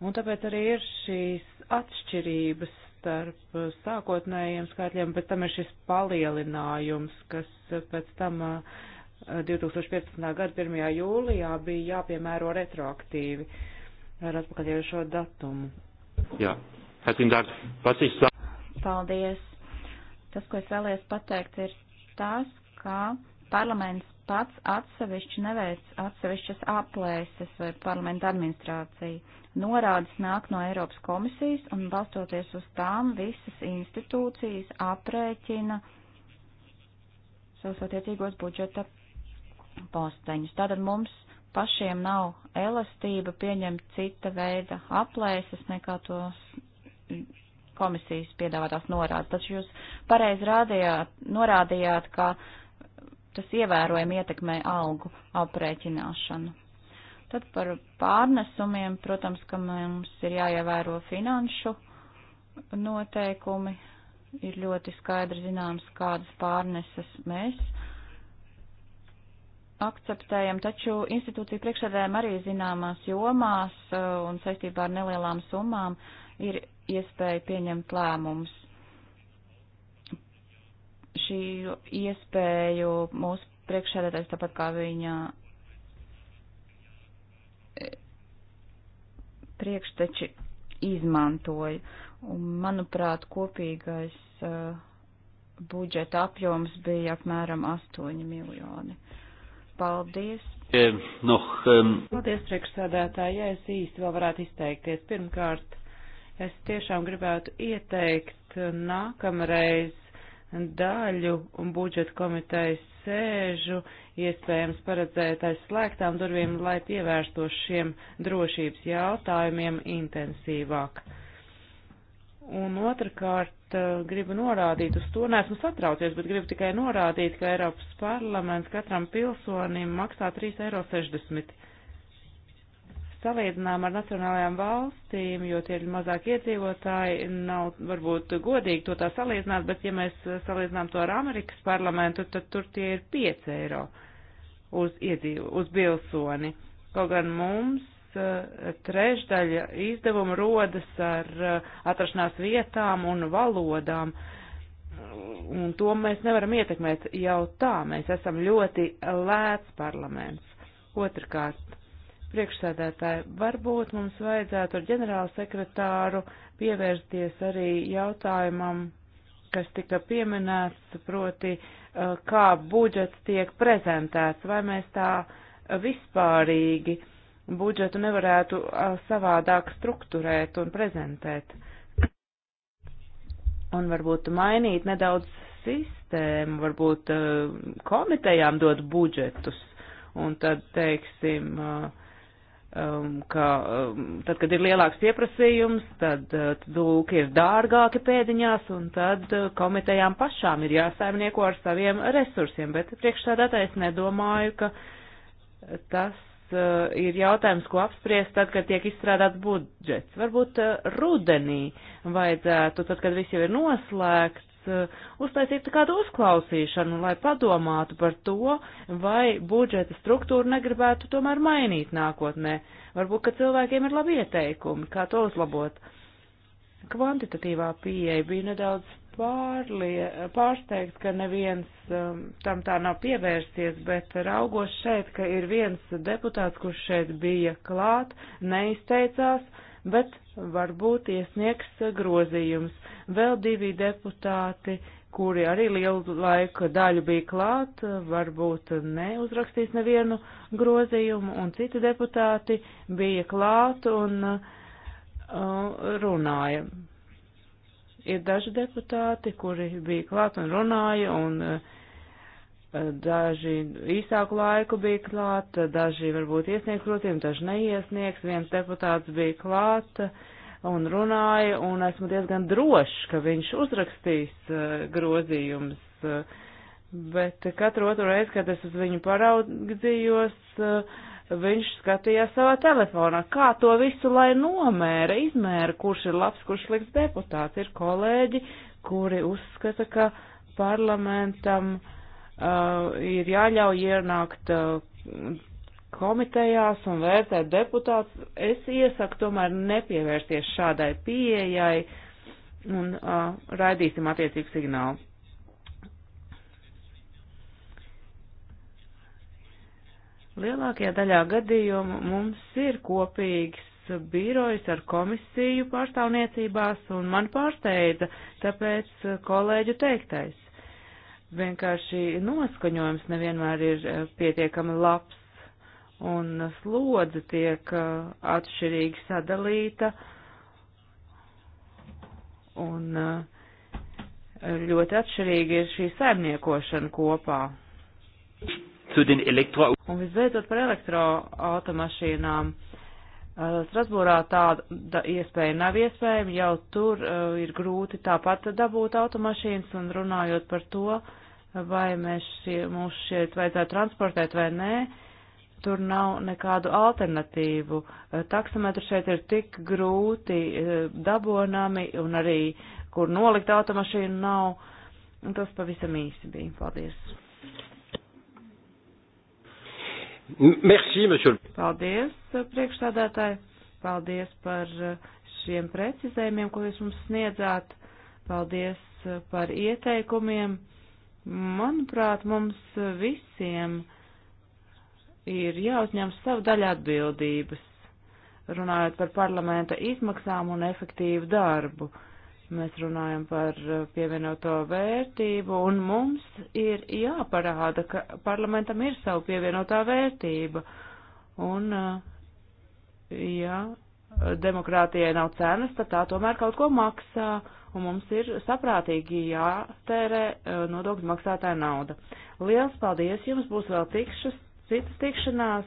Un tāpēc arī ir šīs atšķirības starp uh, sākotnējiem skaitļiem, bet tam ir šis palielinājums, kas pēc tam 2015. gada 1. jūlijā bija jāpiemēro retroaktīvi ar atpakaļējušo datumu. Jā, Herzlichen Dank. Was ich sage. Paldies. Tas, ko es vēlējos pateikt, ir tas, ka parlaments pats atsevišķi neveic atsevišķas aplēses vai parlamenta administrācija. Norādes nāk no Eiropas komisijas un balstoties uz tām visas institūcijas aprēķina savus attiecīgos budžeta posteņus. Tātad mums pašiem nav elastība pieņemt cita veida aplēses, nekā tos komisijas piedāvātās norādes. Taču jūs pareizi rādījāt, norādījāt, ka tas ievērojami ietekmē algu aprēķināšanu. Tad par pārnesumiem, protams, ka mums ir jāievēro finanšu noteikumi, ir ļoti skaidri zināms, kādas pārneses mēs akceptējam, taču institūcija priekšsēdējiem arī zināmās jomās uh, un saistībā ar nelielām summām ir iespēju pieņemt lēmumus. Šī iespēju mūsu priekšsēdētājs, tāpat kā viņa e, priekšteči izmantoja. Un, manuprāt, kopīgais uh, budžeta apjoms bija apmēram 8 miljoni. Paldies! Eh, no, um... Paldies, priekšsādātāji, ja es īsti vēl varētu izteikties. Pirmkārt, Es tiešām gribētu ieteikt nākamreiz daļu budžeta komitejas sēžu iespējams paredzēt aiz slēgtām durvīm, lai pievērstos šiem drošības jautājumiem intensīvāk. Un otrkārt, eh, gribu norādīt uz to, neesmu satraucies, bet gribu tikai norādīt, ka Eiropas parlaments katram pilsonim maksā 3,60 eiro salīdzinām ar nacionālajām valstīm, jo tie ir mazāk iedzīvotāji, nav varbūt godīgi to tā salīdzināt, bet ja mēs salīdzinām to ar Amerikas parlamentu, tad tur tie ir 5 eiro uz, iedzīvo, uz bilsoni. Kaut gan mums eh, trešdaļa izdevuma rodas ar eh, atrašanās vietām un valodām. Un to mēs nevaram ietekmēt jau tā. Mēs esam ļoti lēts parlaments. Otrkārt, Priekšsēdētāji, varbūt mums vajadzētu ar ģenerālu sekretāru pievērsties arī jautājumam, kas tika pieminēts, proti, uh, kā budžets tiek prezentēts, vai mēs tā vispārīgi budžetu nevarētu uh, savādāk strukturēt un prezentēt. Un varbūt mainīt nedaudz sistēmu, varbūt uh, komitejām dot budžetus un tad, teiksim, uh, um, ka um, tad, kad ir lielāks pieprasījums, tad uh, lūk ir dārgāki pēdiņās, un tad uh, komitejām pašām ir jāsaimnieko ar saviem resursiem, bet priekšsēdētājs nedomāju, ka tas uh, ir jautājums, ko apspriest tad, kad tiek izstrādāts budžets. Varbūt uh, rudenī vajadzētu, tad, kad viss jau ir noslēgts, Uh, uztaisītu kādu uzklausīšanu, lai padomātu par to, vai budžeta struktūru negribētu tomēr mainīt nākotnē. Varbūt, ka cilvēkiem ir labi ieteikumi, kā to uzlabot. Kvantitatīvā pieeja bija nedaudz pārlie, pārsteigts, ka neviens um, tam tā nav pievērsties, bet raugos šeit, ka ir viens deputāts, kurš šeit bija klāt, neizteicās, bet varbūt iesniegs grozījums. Vēl divi deputāti, kuri arī lielu laika daļu bija klāt, varbūt neuzrakstīs nevienu grozījumu, un citi deputāti bija klāt un uh, runāja. Ir daži deputāti, kuri bija klāt un runāja, un uh, daži īsāku laiku bija klāt, daži varbūt iesniegs grozījumu, daži neiesniegs, viens deputāts bija klāt. Uh, un runāja, un esmu diezgan drošs, ka viņš uzrakstīs eh, grozījumus, eh, bet katru otru reizi, kad es uz viņu paraudzījos, eh, viņš skatījās savā telefonā, kā to visu lai nomēra, izmēra, kurš ir labs, kurš slikts deputāts. Ir kolēģi, kuri uzskata, ka parlamentam uh, ir jāļauj ienākt uh, komitejās un vērtēt deputātus, es iesaku tomēr nepievērsties šādai pieejai un uh, raidīsim attiecīgu signālu. Lielākajā daļā gadījumu mums ir kopīgs birojs ar komisiju pārstāvniecībās, un man pārsteidza tāpēc kolēģu teiktais. Vienkārši noskaņojums nevienmēr ir e, pietiekami labs un slodze tiek uh, atšķirīgi sadalīta un uh, ļoti atšķirīgi ir šī saimniekošana kopā. Elektro... Un visbeidzot par elektroautomašīnām. Uh, Strasbūrā tāda iespēja nav iespējama, jau tur uh, ir grūti tāpat dabūt automašīnas un runājot par to, vai mēs šie, mūs šeit vajadzētu transportēt vai nē. Uh, tur nav nekādu alternatīvu. Eh, Taksometru šeit ir tik grūti eh, dabonami un arī, kur nolikt automašīnu nav. Un tas pavisam īsi bija. Paldies. Merci, monsieur. Paldies, eh, priekšstādātāji. Paldies par šiem precizējumiem, ko jūs mums sniedzāt. Paldies par ieteikumiem. Manuprāt, mums visiem ir jāuzņem savu daļu atbildības, runājot par parlamenta izmaksām un efektīvu darbu. Mēs runājam par eh, pievienoto vērtību, un mums ir jāparāda, ka parlamentam ir savu pievienotā vērtība. Un, eh, ja demokrātijai nav cenas, tad tā tomēr kaut ko maksā, un mums ir saprātīgi jātērē eh, nodokļu maksātāja nauda. Liels paldies! Jums būs vēl tikšas citas tikšanās.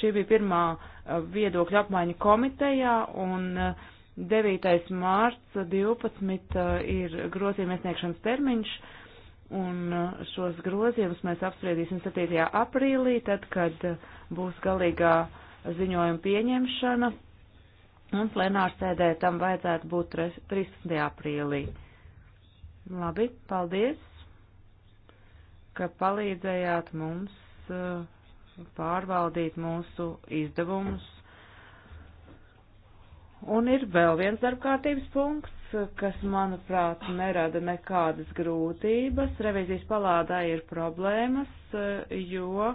Šī bija pirmā eh, viedokļa apmaiņa komitejā un 9. Eh, mārts 12 eh, ir grozījuma iesniegšanas termiņš. Un šos grozījumus mēs apspriedīsim 7. aprīlī, tad, kad būs galīgā ziņojuma pieņemšana, un plenārsēdē tam vajadzētu būt 13. aprīlī. Labi, paldies, ka palīdzējāt mums. Uh, pārvaldīt mūsu izdevumus. Un ir vēl viens darbkārtības punkts, kas, manuprāt, nerada nekādas grūtības. Revizijas palādā ir problēmas, jo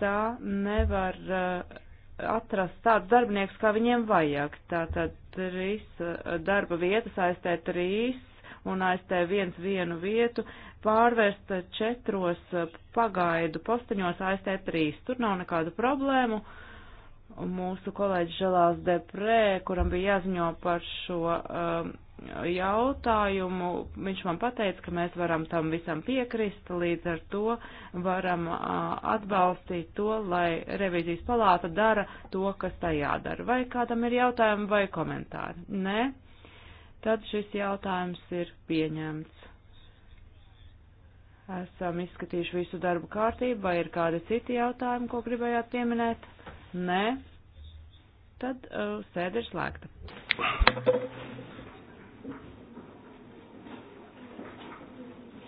tā nevar eh, atrast tāds darbinieks, kā viņiem vajag. Tātad trīs eh, darba vietas aiztē trīs un aiztē viens vienu vietu pārvērst četros eh, pagaidu postaņos AST3. Tur nav nekādu problēmu. Mūsu kolēģis Želās Deprē, kuram bija jāziņo par šo um, jautājumu, viņš man pateica, ka mēs varam tam visam piekrist, līdz ar to varam uh, atbalstīt to, lai revizijas palāta dara to, kas tā jādara. Vai kādam ir jautājumi vai komentāri? Nē? Tad šis jautājums ir pieņemts. Esam izskatījuši visu darbu kārtību, vai ir kādi citi jautājumi, ko gribējāt pieminēt? Nē. Tad uh, sēde ir slēgta.